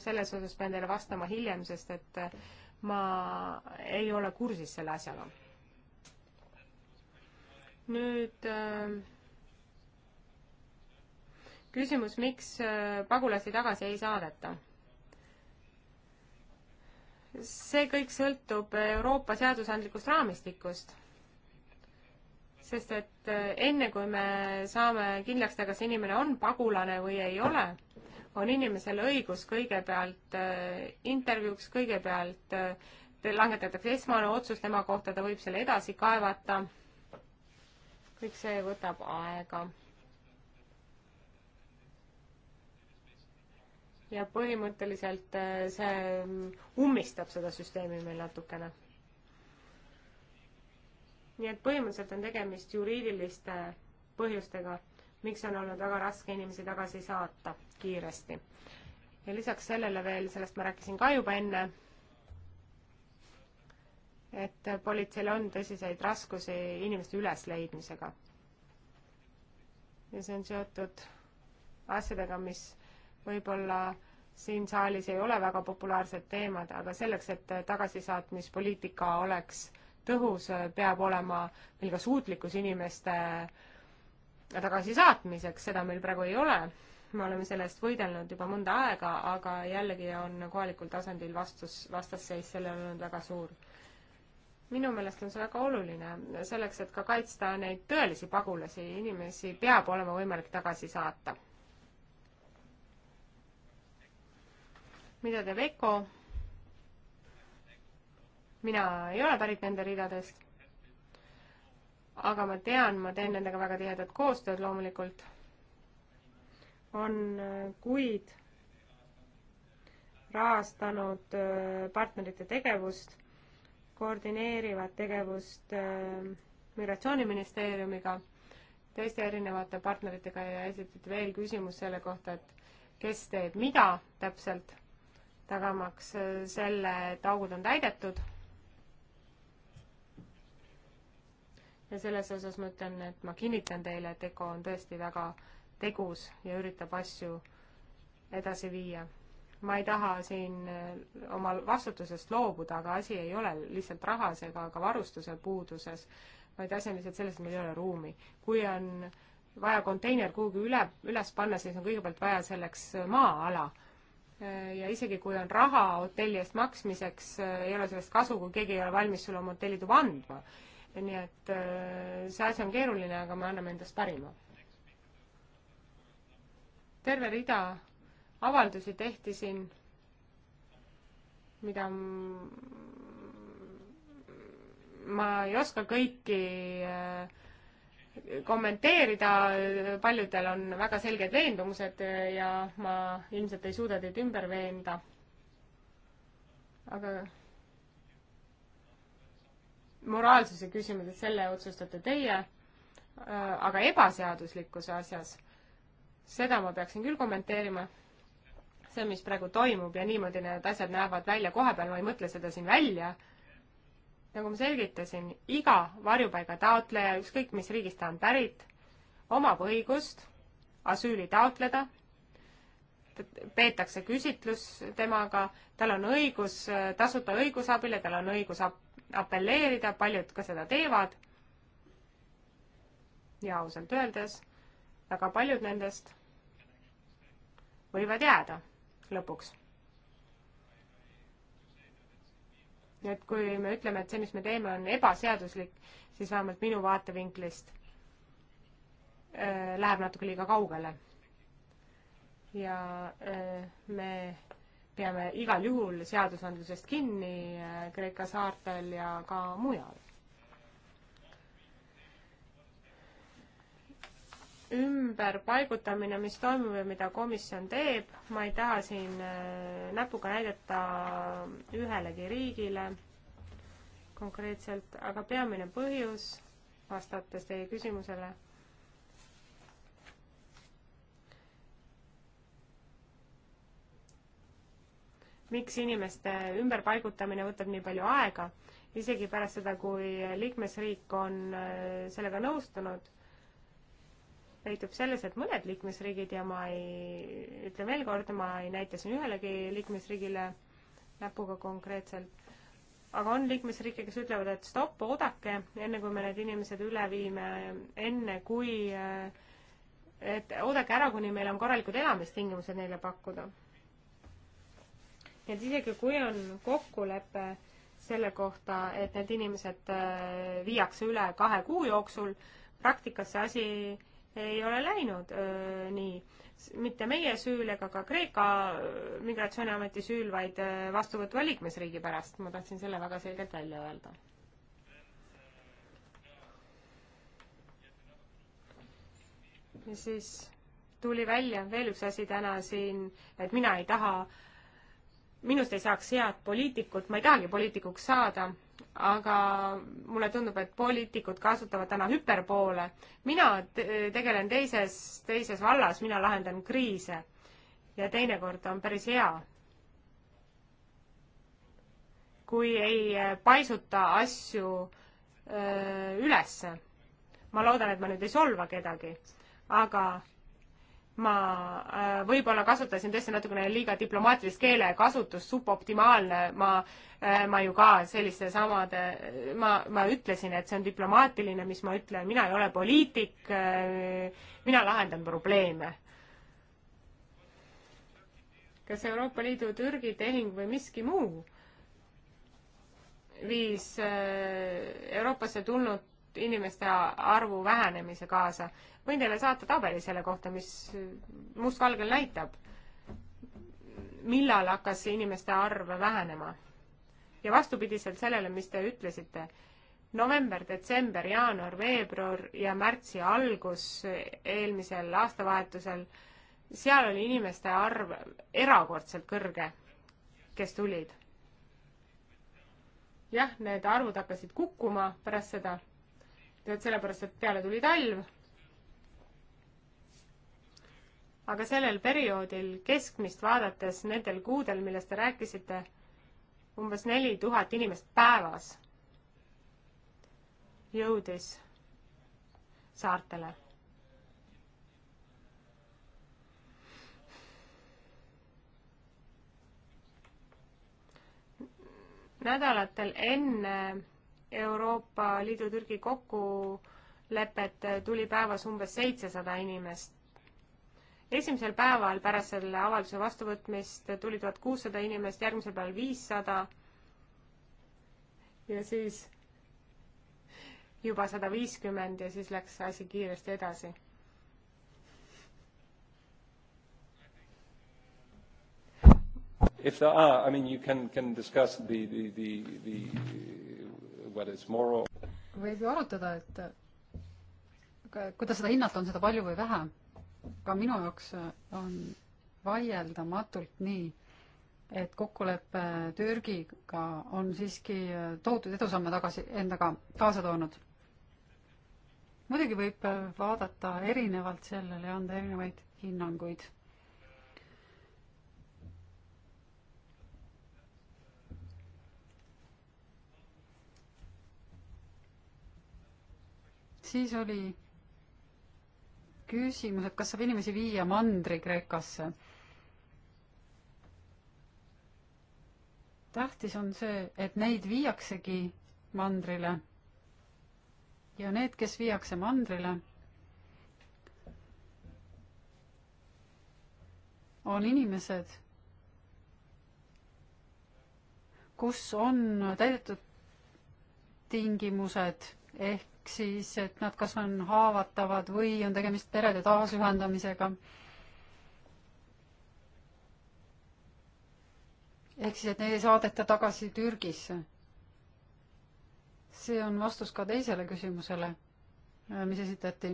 selles osas pean teile vastama hiljem, sest et ma ei ole kursis selle asjaga. nüüd äh, küsimus, miks äh, pagulasi tagasi ei saadeta? see kõik sõltub Euroopa seadusandlikust raamistikust. sest et äh, enne, kui me saame kindlaks teha, kas inimene on pagulane või ei ole, on inimesel õigus kõigepealt äh, intervjuuks, kõigepealt äh, langetatakse esmane otsus tema kohta, ta võib selle edasi kaevata. kõik see võtab aega ja põhimõtteliselt äh, see mm, ummistab seda süsteemi meil natukene. nii et põhimõtteliselt on tegemist juriidiliste põhjustega, miks on olnud väga raske inimesi tagasi saata kiiresti. ja lisaks sellele veel, sellest ma rääkisin ka juba enne, et politseil on tõsiseid raskusi inimeste ülesleidmisega. ja see on seotud asjadega, mis võib-olla siin saalis ei ole väga populaarsed teemad, aga selleks, et tagasisaatmispoliitika oleks tõhus, peab olema meil ka suutlikkus inimeste tagasisaatmiseks, seda meil praegu ei ole. me oleme selle eest võidelnud juba mõnda aega, aga jällegi on kohalikul tasandil vastus, vastasseis sellele olnud väga suur. minu meelest on see väga oluline, selleks et ka kaitsta neid tõelisi pagulasi, inimesi peab olema võimalik tagasi saata mida teeb ECO. mina ei ole pärit nende ridadest. aga ma tean, ma teen nendega väga tihedat koostööd loomulikult. on äh, kuid rahastanud äh, partnerite tegevust, koordineerivad tegevust äh, migratsiooniministeeriumiga, teiste erinevate partneritega ja esitati veel küsimus selle kohta, et kes teeb mida täpselt tagamaks äh, selle, et augud on täidetud. ja selles osas ma ütlen, et ma kinnitan teile, et EKO on tõesti väga tegus ja üritab asju edasi viia. ma ei taha siin äh, oma vastutusest loobuda, aga asi ei ole lihtsalt rahas ega ka varustuse puuduses, vaid asi on lihtsalt selles, et meil ei ole ruumi. kui on vaja konteiner kuhugi üle, üles panna, siis on kõigepealt vaja selleks maa-ala ja isegi kui on raha hotelli eest maksmiseks, äh, ei ole sellest kasu, kui keegi ei ole valmis sulle oma hotellituba andma. nii et äh, see asi on keeruline, aga me anname endast parima. terve rida avaldusi tehti siin, mida ma ei oska kõiki äh, kommenteerida, paljudel on väga selged veendumused ja ma ilmselt ei suuda teid ümber veenda. aga moraalsuse küsimused, selle otsustate teie, aga ebaseaduslikkuse asjas, seda ma peaksin küll kommenteerima. see, mis praegu toimub ja niimoodi need asjad näevad välja koha peal, ma ei mõtle seda siin välja nagu ma selgitasin, iga varjupaiga taotleja, ükskõik mis riigist ta on pärit, omab õigust asüüli taotleda, peetakse küsitlus temaga, tal on õigus tasuta õigusabile, tal on õigus apelleerida, paljud ka seda teevad. ja ausalt öeldes väga paljud nendest võivad jääda lõpuks nii et kui me ütleme, et see, mis me teeme, on ebaseaduslik, siis vähemalt minu vaatevinklist äh, läheb natuke liiga kaugele. ja äh, me peame igal juhul seadusandlusest kinni äh, Kreeka saartel ja ka mujal ümberpaigutamine, mis toimub ja mida komisjon teeb, ma ei taha siin äh, näpuga näidata ühelegi riigile konkreetselt, aga peamine põhjus, vastates teie küsimusele, miks inimeste ümberpaigutamine võtab nii palju aega, isegi pärast seda, kui liikmesriik on äh, sellega nõustunud peitub selles, et mõned liikmesriigid ja ma ei, ütlen veel kord, ma ei näita siin ühelegi liikmesriigile näpuga konkreetselt, aga on liikmesriike, kes ütlevad, et stopp, oodake, enne kui me need inimesed üle viime, enne kui, et oodake ära, kuni meil on korralikud elamistingimused neile pakkuda. et isegi, kui on kokkulepe selle kohta, et need inimesed äh, viiakse üle kahe kuu jooksul, praktikas see asi ei ole läinud öö, nii, mitte meie süül ega ka Kreeka migratsiooniameti süül, vaid vastuvõtva liikmesriigi pärast, ma tahtsin selle väga selgelt välja öelda. ja siis tuli välja veel üks asi täna siin, et mina ei taha, minust ei saaks head poliitikut, ma ei tahagi poliitikuks saada aga mulle tundub, et poliitikud kasutavad täna hüperboole. mina tegelen teises, teises vallas, mina lahendan kriise ja teinekord on päris hea, kui ei äh, paisuta asju öö, äh, ülesse. ma loodan, et ma nüüd ei solva kedagi, aga ma äh, võib-olla kasutasin tõesti natukene liiga diplomaatilist keelekasutust, suboptimaalne, ma, äh, ma ju ka selliste samade, ma, ma ütlesin, et see on diplomaatiline, mis ma ütlen, mina ei ole poliitik, äh, mina lahendan probleeme. kas Euroopa Liidu Türgi tehing või miski muu viis Euroopasse tulnud toonud inimeste arvu vähenemise kaasa. võin teile saata tabeli selle kohta, mis mustvalgel näitab, millal hakkas inimeste arv vähenema. ja vastupidiselt sellele, mis te ütlesite, november, detsember, jaanuar, veebruar ja märtsi algus eelmisel aastavahetusel, seal oli inimeste arv erakordselt kõrge, kes tulid jah, need arvud hakkasid kukkuma pärast seda tead, sellepärast, et peale tuli talv. aga sellel perioodil keskmist vaadates nendel kuudel, millest te rääkisite, umbes neli tuhat inimest päevas jõudis saartele. nädalatel enne Euroopa Liidu-Türgi kokkulepet tuli päevas umbes seitsesada inimest. esimesel päeval pärast selle avalduse vastuvõtmist tuli tuhat kuussada inimest, järgmisel päeval viissada ja siis juba sada viiskümmend ja siis läks asi kiiresti edasi. If there are, I mean you can, can discuss the, the, the, the võib ju arutada, et kuidas seda hinnata, on seda palju või vähe. ka minu jaoks on vaieldamatult nii, et kokkulepe Türgiga on siiski tohutud edusamme tagasi endaga kaasa toonud. muidugi võib vaadata erinevalt sellele ja anda erinevaid hinnanguid siis oli küsimus, et kas saab inimesi viia Mandri-Kreekasse. tähtis on see, et neid viiaksegi mandrile ja need, kes viiakse mandrile, on inimesed, kus on täidetud tingimused ehk ehk siis, et nad kas on haavatavad või on tegemist perede taasühendamisega. ehk siis, et neid ei saadeta tagasi Türgisse. see on vastus ka teisele küsimusele, äh, mis esitati.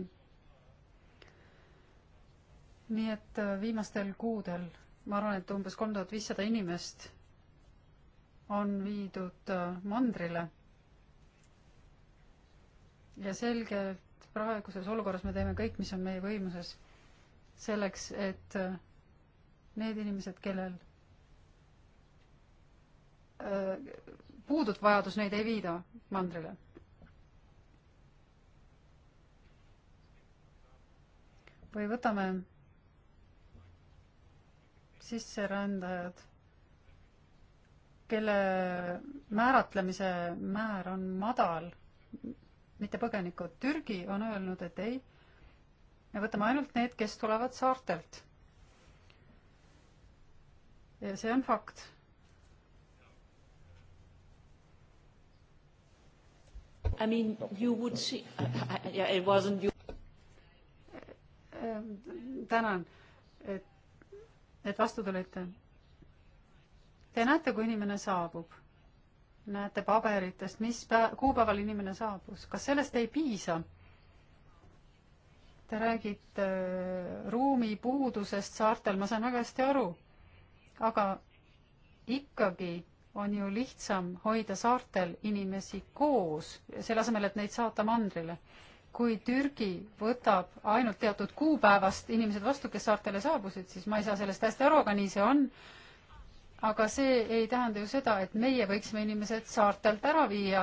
nii et äh, viimastel kuudel, ma arvan, et umbes kolm tuhat viissada inimest on viidud äh, mandrile ja selgelt praeguses olukorras me teeme kõik, mis on meie võimuses selleks, et äh, need inimesed, kellel äh, puudub vajadus, neid ei viida mandrile. või võtame sisserändajad, kelle määratlemise määr on madal mitte põgenikud. Türgi on öelnud, et ei, me võtame ainult need, kes tulevad saartelt. ja see on fakt. I mean you would see yeah, it wasn't you ähm, tänan, et, et vastu tulite. Te näete, kui inimene saabub näete paberitest, mis päev, kuupäeval inimene saabus, kas sellest ei piisa? Te räägite äh, ruumipuudusest saartel, ma saan väga hästi aru, aga ikkagi on ju lihtsam hoida saartel inimesi koos, selle asemel, et neid saata mandrile. kui Türgi võtab ainult teatud kuupäevast inimesed vastu, kes saartele saabusid, siis ma ei saa sellest hästi aru, aga nii see on aga see ei tähenda ju seda, et meie võiksime inimesed saartelt ära viia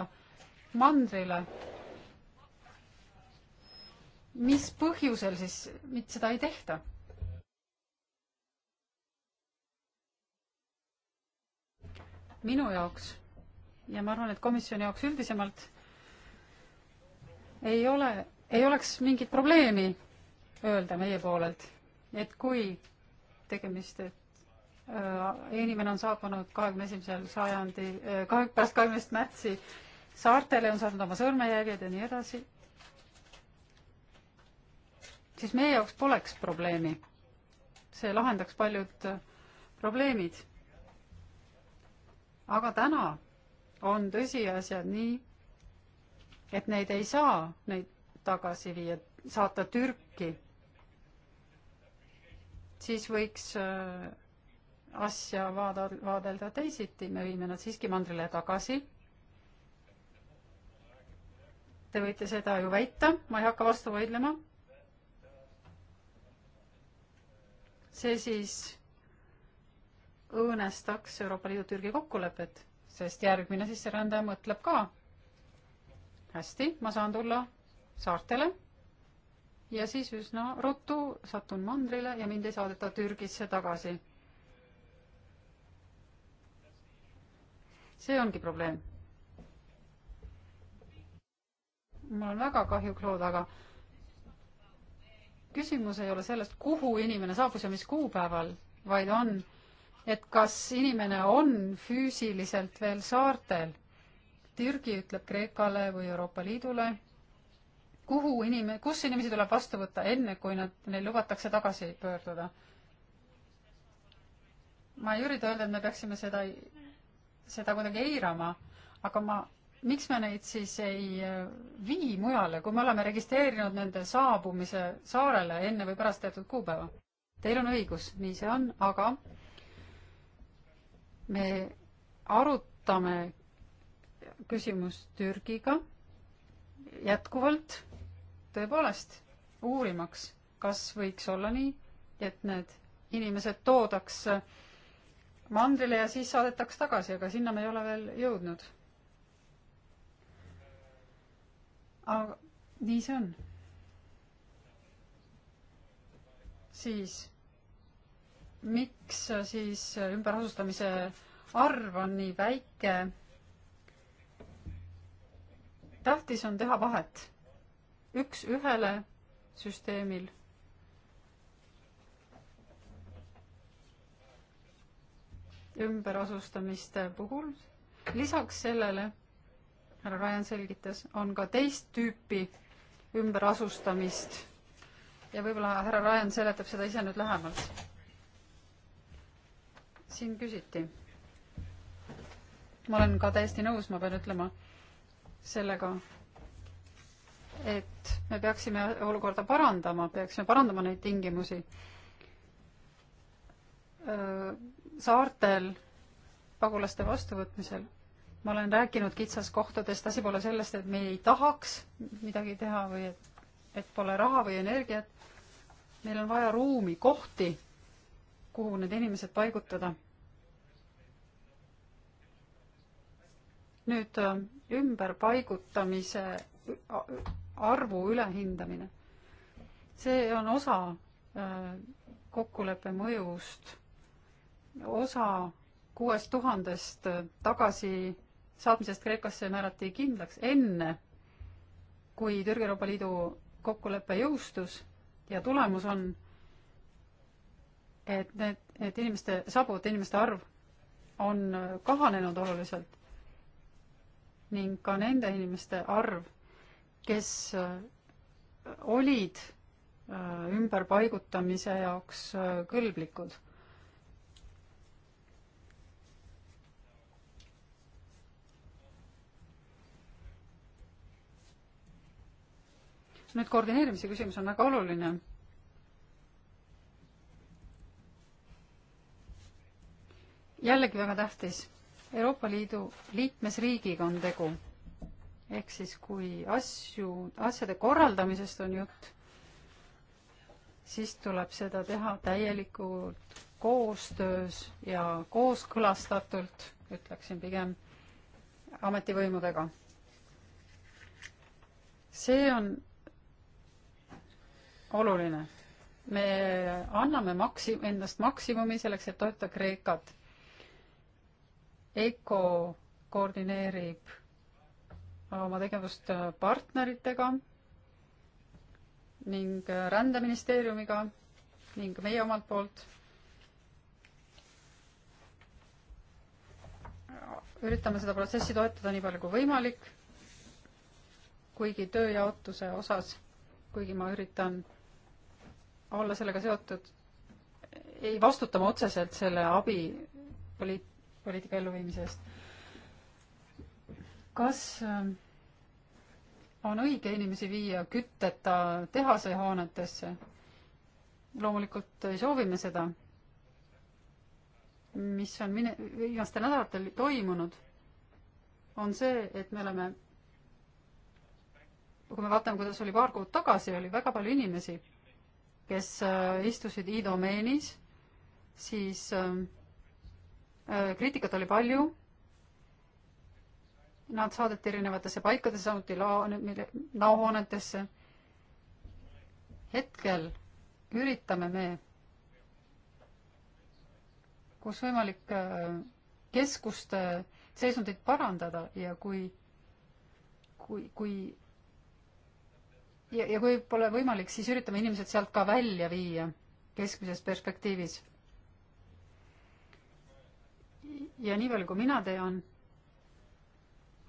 mandrile. mis põhjusel siis seda ei tehta? minu jaoks ja ma arvan, et komisjoni jaoks üldisemalt ei ole, ei oleks mingit probleemi öelda meie poolelt, et kui tegemist, et Äh, inimene on saabunud kahekümne esimesel sajandil, äh, kahe, pärast kahekümnest märtsi saartele, on saanud oma sõrmejäljed ja nii edasi, siis meie jaoks poleks probleemi. see lahendaks paljud äh, probleemid. aga täna on tõsiasjad nii, et neid ei saa, neid tagasi viia, saata Türki, siis võiks äh, asja vaada, vaadelda teisiti, me viime nad siiski mandrile tagasi. Te võite seda ju väita, ma ei hakka vastu vaidlema. see siis õõnestaks Euroopa Liidu Türgi kokkulepet, sest järgmine sisserändaja mõtleb ka. hästi, ma saan tulla saartele ja siis üsna ruttu satun mandrile ja mind ei saadeta Türgisse tagasi see ongi probleem. mul on väga kahju, Claude, aga küsimus ei ole sellest, kuhu inimene saabus ja mis kuupäeval, vaid on, et kas inimene on füüsiliselt veel saartel. Türgi ütleb Kreekale või Euroopa Liidule, kuhu inim-, kus inimesi tuleb vastu võtta, enne kui nad, neil lubatakse tagasi pöörduda. ma ei ürita öelda, et me peaksime seda seda kuidagi eirama, aga ma, miks me neid siis ei äh, vii mujale, kui me oleme registreerinud nende saabumise saarele enne või pärast teatud kuupäeva? Teil on õigus, nii see on, aga me arutame küsimust Türgiga jätkuvalt tõepoolest uurimaks, kas võiks olla nii, et need inimesed toodaks äh, mandrile ja siis saadetaks tagasi, aga sinna me ei ole veel jõudnud. aga nii see on. siis, miks siis ümberasustamise arv on nii väike? tähtis on teha vahet üks ühele süsteemil ümberasustamiste puhul. lisaks sellele, härra Ryan selgitas, on ka teist tüüpi ümberasustamist ja võib-olla härra Ryan seletab seda ise nüüd lähemalt. siin küsiti. ma olen ka täiesti nõus, ma pean ütlema, sellega, et me peaksime olukorda parandama, peaksime parandama neid tingimusi äh, saartel pagulaste vastuvõtmisel. ma olen rääkinud kitsaskohtadest, asi pole sellest, et me ei tahaks midagi teha või et, et pole raha või energiat. meil on vaja ruumi, kohti, kuhu need inimesed paigutada. nüüd äh, ümberpaigutamise arvu ülehindamine. see on osa äh, kokkuleppe mõjust osa kuuest tuhandest tagasisaatmisest Kreekasse määrati kindlaks enne, kui Türgi Euroopa Liidu kokkulepe jõustus ja tulemus on, et need, et inimeste, saabuvate inimeste arv on kahanenud oluliselt ning ka nende inimeste arv, kes äh, olid äh, ümberpaigutamise jaoks äh, kõlblikud nüüd koordineerimise küsimus on väga oluline. jällegi väga tähtis, Euroopa Liidu liikmesriigiga on tegu. ehk siis, kui asju, asjade korraldamisest on jutt, siis tuleb seda teha täielikult koostöös ja kooskõlastatult, ütleksin pigem, ametivõimudega. see on oluline. me anname maksi-, endast maksimumi selleks, et toeta Kreekat. EKO koordineerib oma tegevust partneritega ning rändeministeeriumiga ning meie omalt poolt üritame seda protsessi toetada nii palju kui võimalik, kuigi tööjaotuse osas, kuigi ma üritan olla sellega seotud, ei vastutama otseselt selle abi poliit-, poliitika elluviimise eest. kas äh, on õige inimesi viia kütteta tehasehoonetesse? loomulikult soovime seda, mis on mine-, viimastel nädalatel toimunud, on see, et me oleme, kui me vaatame, kuidas oli paar kuud tagasi, oli väga palju inimesi kes äh, istusid i-domeenis, siis äh, äh, kriitikat oli palju. Nad saadeti erinevatesse paikadesse, samuti lao, laohoonetesse. hetkel üritame me, kus võimalik, keskuste seisundit parandada ja kui, kui, kui ja, ja kui pole võimalik, siis üritame inimesed sealt ka välja viia keskmises perspektiivis. ja nii palju, kui mina tean,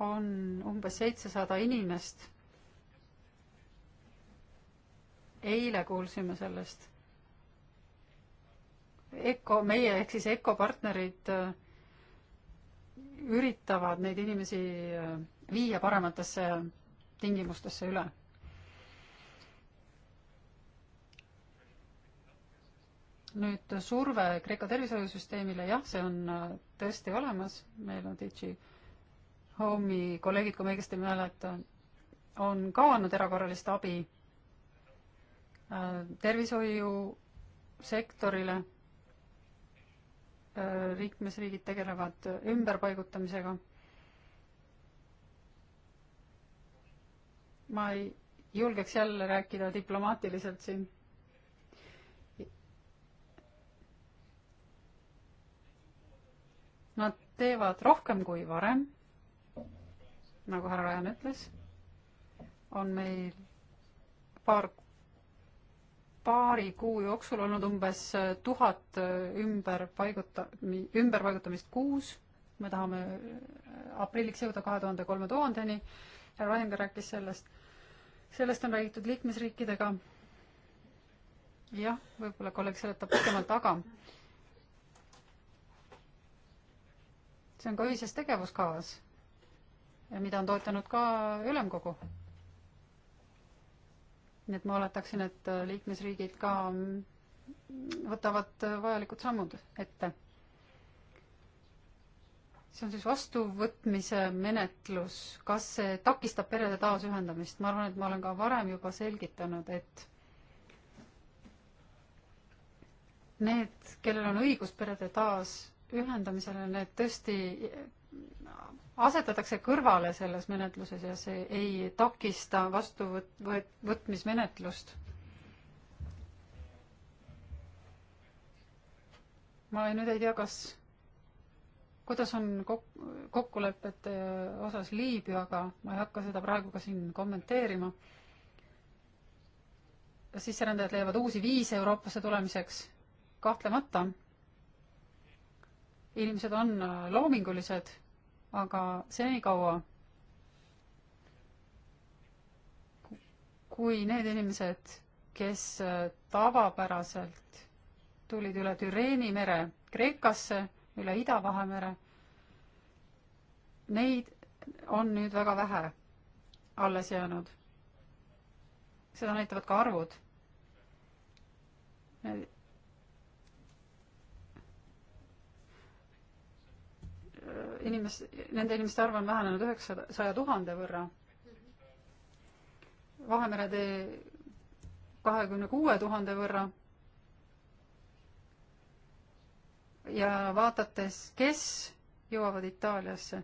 on umbes seitsesada inimest. eile kuulsime sellest. EKO, meie ehk siis EKO partnerid äh, üritavad neid inimesi äh, viia parematesse tingimustesse üle nüüd surve Kreeka tervishoiusüsteemile, jah, see on äh, tõesti olemas, meil on Digi Home'i kolleegid, kui ma õigesti mäletan, on ka andnud erakorralist abi äh, tervishoiusektorile, äh, liikmesriigid tegelevad ümberpaigutamisega. ma ei julgeks jälle rääkida diplomaatiliselt siin teevad rohkem kui varem, nagu härra Rajan ütles, on meil paar, paari kuu jooksul olnud umbes äh, tuhat äh, ümberpaiguta-, ümberpaigutamist kuus, me tahame äh, aprilliks jõuda kahe tuhande kolme tuhandeni, härra Rajan ka rääkis sellest, sellest on räägitud liikmesriikidega, jah, võib-olla kolleeg seletab pikemalt, aga see on ka ühises tegevuskavas, mida on toetanud ka ülemkogu. nii et ma oletaksin, et äh, liikmesriigid ka mm, võtavad äh, vajalikud sammud ette. see on siis vastuvõtmise menetlus, kas see takistab perede taasühendamist, ma arvan, et ma olen ka varem juba selgitanud, et need, kellel on õigus perede taas ühendamisele, need tõesti asetatakse kõrvale selles menetluses ja see ei takista vastuvõtmismenetlust. ma nüüd ei tea, kas, kuidas on kok-, kokkulepete osas Liibüaga, ma ei hakka seda praegu ka siin kommenteerima. sisserändajad leiavad uusi viise Euroopasse tulemiseks, kahtlemata inimesed on äh, loomingulised, aga senikaua, kui need inimesed, kes äh, tavapäraselt tulid üle Türeeni mere Kreekasse, üle Ida-Vahemere, neid on nüüd väga vähe alles jäänud. seda näitavad ka arvud. inimes-, nende inimeste arv on vähenenud üheksasaja tuhande võrra. Vahemere tee kahekümne kuue tuhande võrra. ja vaadates, kes jõuavad Itaaliasse,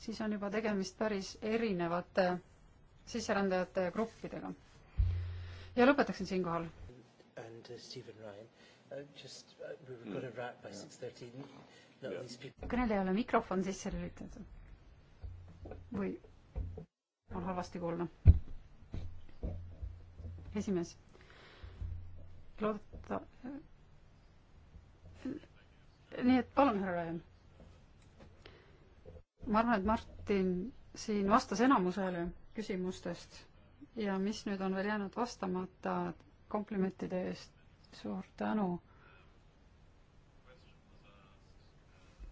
siis on juba tegemist päris erinevate sisserändajate gruppidega. ja lõpetaksin siinkohal. And uh, Stephen Ryan, uh, just uh, we were going to wrap by mm. six thirteen kõnel ei ole mikrofon sisse lülitatud. või on halvasti kuulda? esimees, loodeta. nii et palun, härra Raivo. ma arvan, et Martin siin vastas enamusele küsimustest ja mis nüüd on veel jäänud vastamata komplimentide eest, suur tänu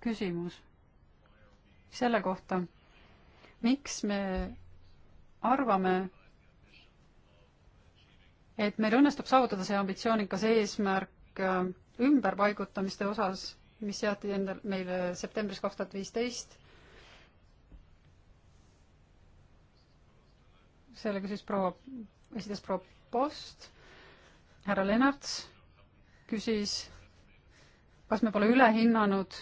küsimus selle kohta, miks me arvame, et meil õnnestub saavutada see ambitsioonikas eesmärk äh, ümberpaigutamiste osas, mis seati endal meile septembris kaks tuhat viisteist. selle küsis proua, esitas proua Post, härra Lennarts küsis, kas me pole üle hinnanud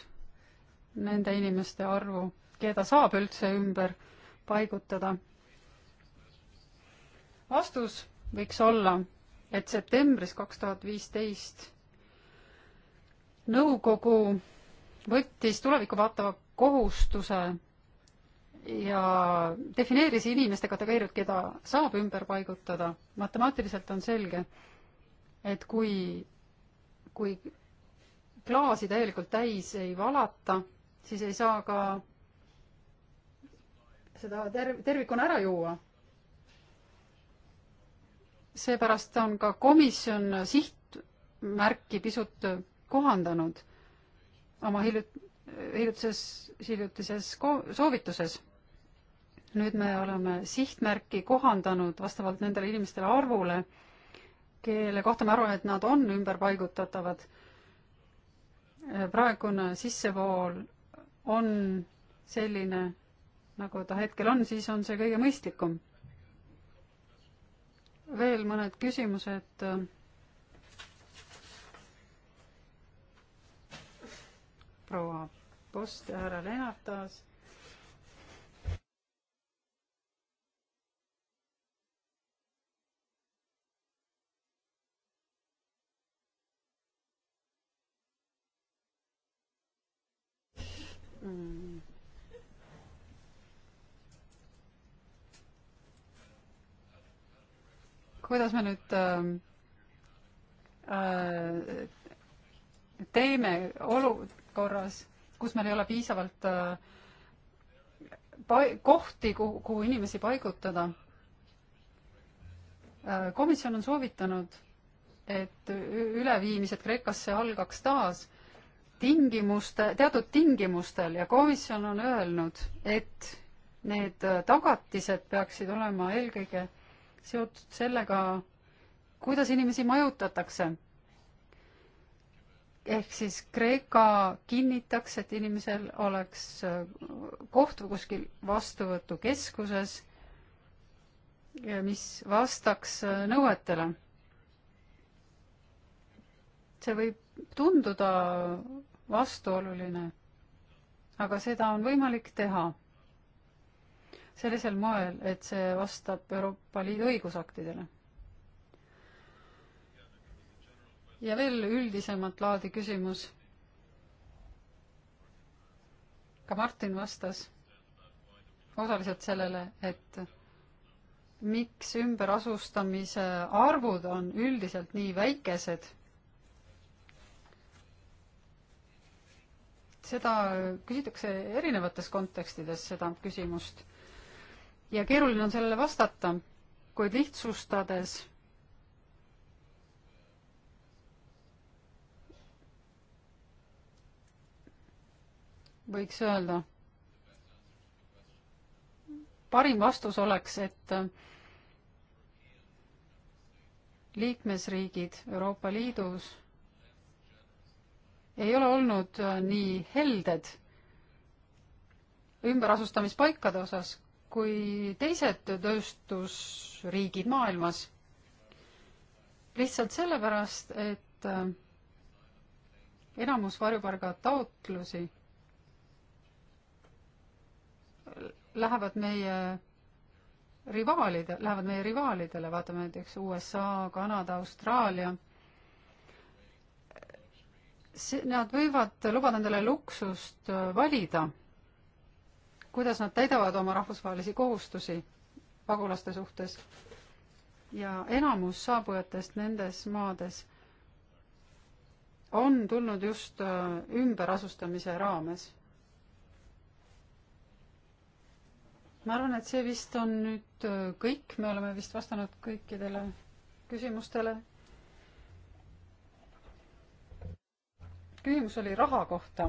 nende inimeste arvu, keda saab üldse ümber paigutada? vastus võiks olla, et septembris kaks tuhat viisteist nõukogu võttis tulevikku vaatava kohustuse ja defineeris inimeste kategooriat, keda saab ümber paigutada. matemaatiliselt on selge, et kui, kui klaasi täielikult täis ei valata, siis ei saa ka seda ter-, tervikuna ära juua. seepärast on ka komisjon sihtmärki pisut kohandanud oma hiljut-, hiljutises, hiljutises ko-, soovituses. nüüd me oleme sihtmärki kohandanud vastavalt nendele inimestele arvule, kelle kohta me arvame, et nad on ümberpaigutatavad. praegune sissevool on selline, nagu ta hetkel on, siis on see kõige mõistlikum. veel mõned küsimused. proua Post ja härra Lennart taas mm.. kuidas me nüüd äh, äh, teeme olukorras, kus meil ei ole piisavalt äh, pai-, kohti, kuhu, kuhu inimesi paigutada äh,? komisjon on soovitanud, et üleviimised Kreekasse algaks taas tingimuste, teatud tingimustel ja komisjon on öelnud, et need tagatised peaksid olema eelkõige seotud sellega, kuidas inimesi majutatakse. ehk siis Kreeka kinnitaks, et inimesel oleks koht kuskil vastuvõtukeskuses, mis vastaks nõuetele. see võib tunduda vastuoluline, aga seda on võimalik teha sellisel moel, et see vastab Euroopa Liidu õigusaktidele. ja veel üldisemat laadi küsimus. ka Martin vastas osaliselt sellele, et miks ümberasustamise arvud on üldiselt nii väikesed seda küsitakse erinevates kontekstides, seda küsimust. ja keeruline on sellele vastata, kuid lihtsustades võiks öelda, parim vastus oleks, et liikmesriigid Euroopa Liidus ei ole olnud äh, nii helded ümberasustamispaikade osas kui teised tööstusriigid maailmas. lihtsalt sellepärast, et äh, enamus varjupaiga taotlusi lähevad meie rivaalide, lähevad meie rivaalidele, vaatame näiteks USA, Kanada, Austraalia nad võivad lubada endale luksust äh, valida, kuidas nad täidavad oma rahvusvahelisi kohustusi pagulaste suhtes. ja enamus saabujatest nendes maades on tulnud just äh, ümberasustamise raames. ma arvan, et see vist on nüüd äh, kõik, me oleme vist vastanud kõikidele küsimustele küsimus oli raha kohta.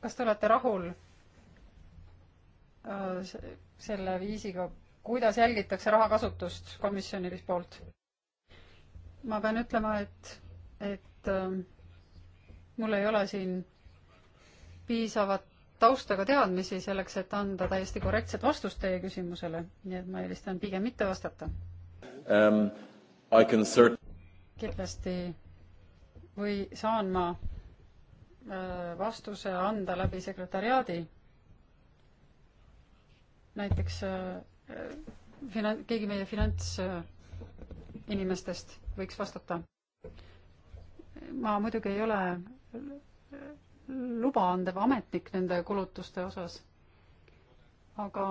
kas te olete rahul äh, selle viisiga, kuidas jälgitakse raha kasutust komisjoni poolt? ma pean ütlema, et, et äh, mul ei ole siin piisavat taustaga teadmisi selleks, et anda täiesti korrektset vastust teie küsimusele, nii et ma eelistan pigem mitte vastata um,. Cert... kindlasti või saan ma Äh, vastuse anda läbi sekretäriaadi. näiteks äh, finan-, keegi meie finantsinimestest võiks vastata. ma muidugi ei ole luba andev ametnik nende kulutuste osas, aga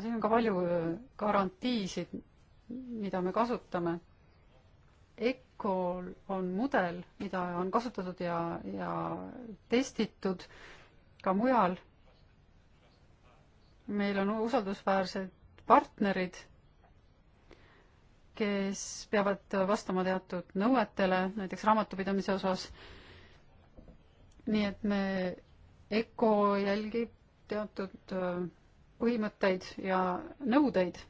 siin on ka palju garantiisid, mida me kasutame. EK Ecol on mudel, mida on kasutatud ja, ja testitud ka mujal. meil on usaldusväärsed partnerid, kes peavad vastama teatud nõuetele, näiteks raamatupidamise osas. nii et me, Eco jälgib teatud äh, põhimõtteid ja nõudeid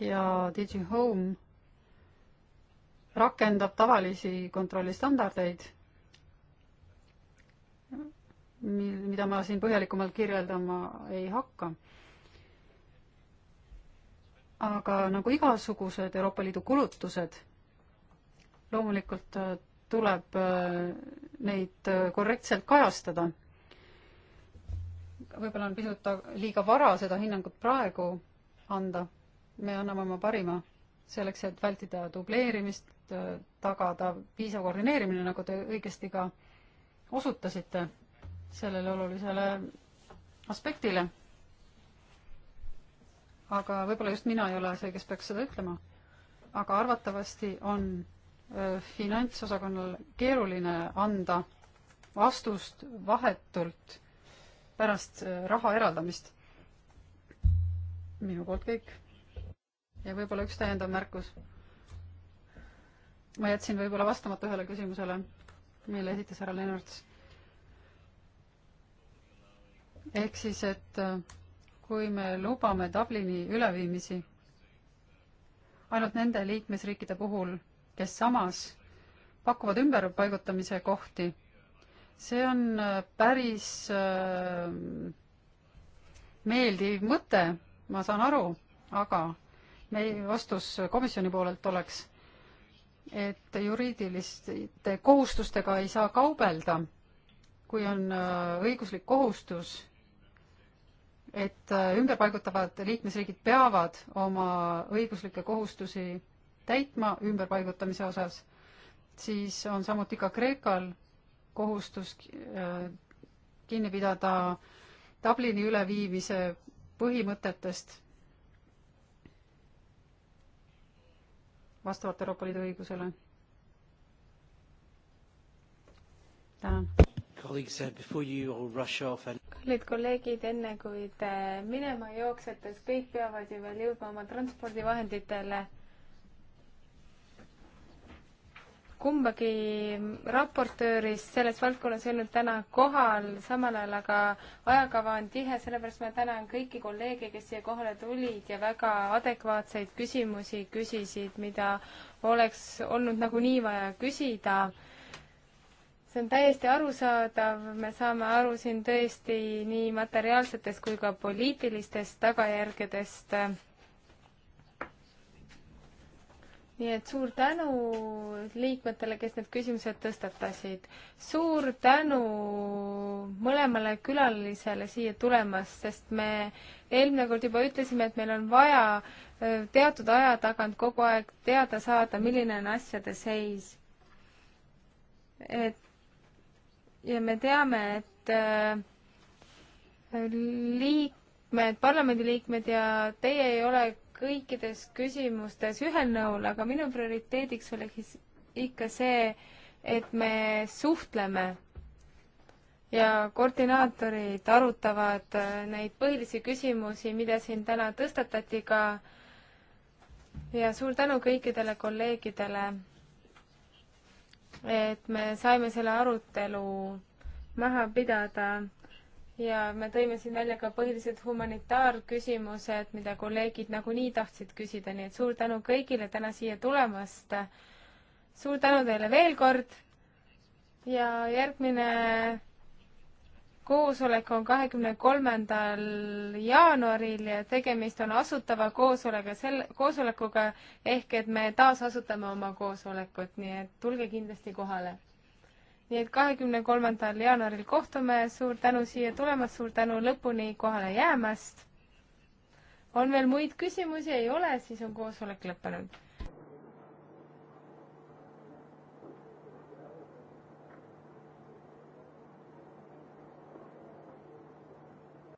ja DigiHome rakendab tavalisi kontrollistandardeid, mil, mida ma siin põhjalikumalt kirjeldama ei hakka. aga nagu igasugused Euroopa Liidu kulutused, loomulikult äh, tuleb äh, neid äh, korrektselt kajastada. võib-olla on pisut liiga vara seda hinnangut praegu anda me anname oma parima selleks, et vältida dubleerimist, tagada piisav koordineerimine, nagu te õigesti ka osutasite sellele olulisele aspektile. aga võib-olla just mina ei ole see, kes peaks seda ütlema. aga arvatavasti on finantsosakonnal keeruline anda vastust vahetult pärast raha eraldamist. minu poolt kõik ja võib-olla üks täiendav märkus. ma jätsin võib-olla vastamata ühele küsimusele, mille esitas härra Lennarts. ehk siis, et äh, kui me lubame Dublini üleviimisi ainult nende liikmesriikide puhul, kes samas pakuvad ümberpaigutamise kohti, see on äh, päris äh, meeldiv mõte, ma saan aru, aga meie vastus komisjoni poolelt oleks, et juriidiliste kohustustega ei saa kaubelda, kui on äh, õiguslik kohustus, et äh, ümberpaigutavad liikmesriigid peavad oma õiguslikke kohustusi täitma ümberpaigutamise osas, siis on samuti ka Kreekal kohustus äh, kinni pidada Dublini üleviimise põhimõtetest vastavalt Euroopa Liidu õigusele. tänan. kallid kolleegid, enne kui te minema jooksete, kõik peavad ju veel jõudma oma transpordivahenditele kumbagi raportöörist selles valdkonnas ei olnud täna kohal, samal ajal aga ajakava on tihe, sellepärast ma tänan kõiki kolleege, kes siia kohale tulid ja väga adekvaatseid küsimusi küsisid, mida oleks olnud nagunii vaja küsida. see on täiesti arusaadav, me saame aru siin tõesti nii materiaalsetest kui ka poliitilistest tagajärgedest nii et suur tänu liikmetele, kes need küsimused tõstatasid. suur tänu mõlemale külalisele siia tulemast, sest me eelmine kord juba ütlesime, et meil on vaja teatud aja tagant kogu aeg teada saada, milline on asjade seis. et ja me teame, et liikmed, parlamendiliikmed ja teie ei ole kõikides küsimustes ühel nõul, aga minu prioriteediks oli ikka see, et me suhtleme ja koordinaatorid arutavad äh, neid põhilisi küsimusi, mida siin täna tõstatati ka ja suur tänu kõikidele kolleegidele, et me saime selle arutelu maha pidada ja me tõime siin välja ka põhilised humanitaarküsimused, mida kolleegid nagunii tahtsid küsida, nii et suur tänu kõigile täna siia tulemast. suur tänu teile veel kord ja järgmine koosolek on kahekümne kolmandal jaanuaril ja tegemist on asutava koosolega, selle, koosolekuga ehk et me taasasutame oma koosolekut, nii et tulge kindlasti kohale nii et kahekümne kolmandal jaanuaril kohtume, suur tänu siia tulemast, suur tänu lõpuni kohale jäämast. on veel muid küsimusi, ei ole, siis on koosolek lõppenud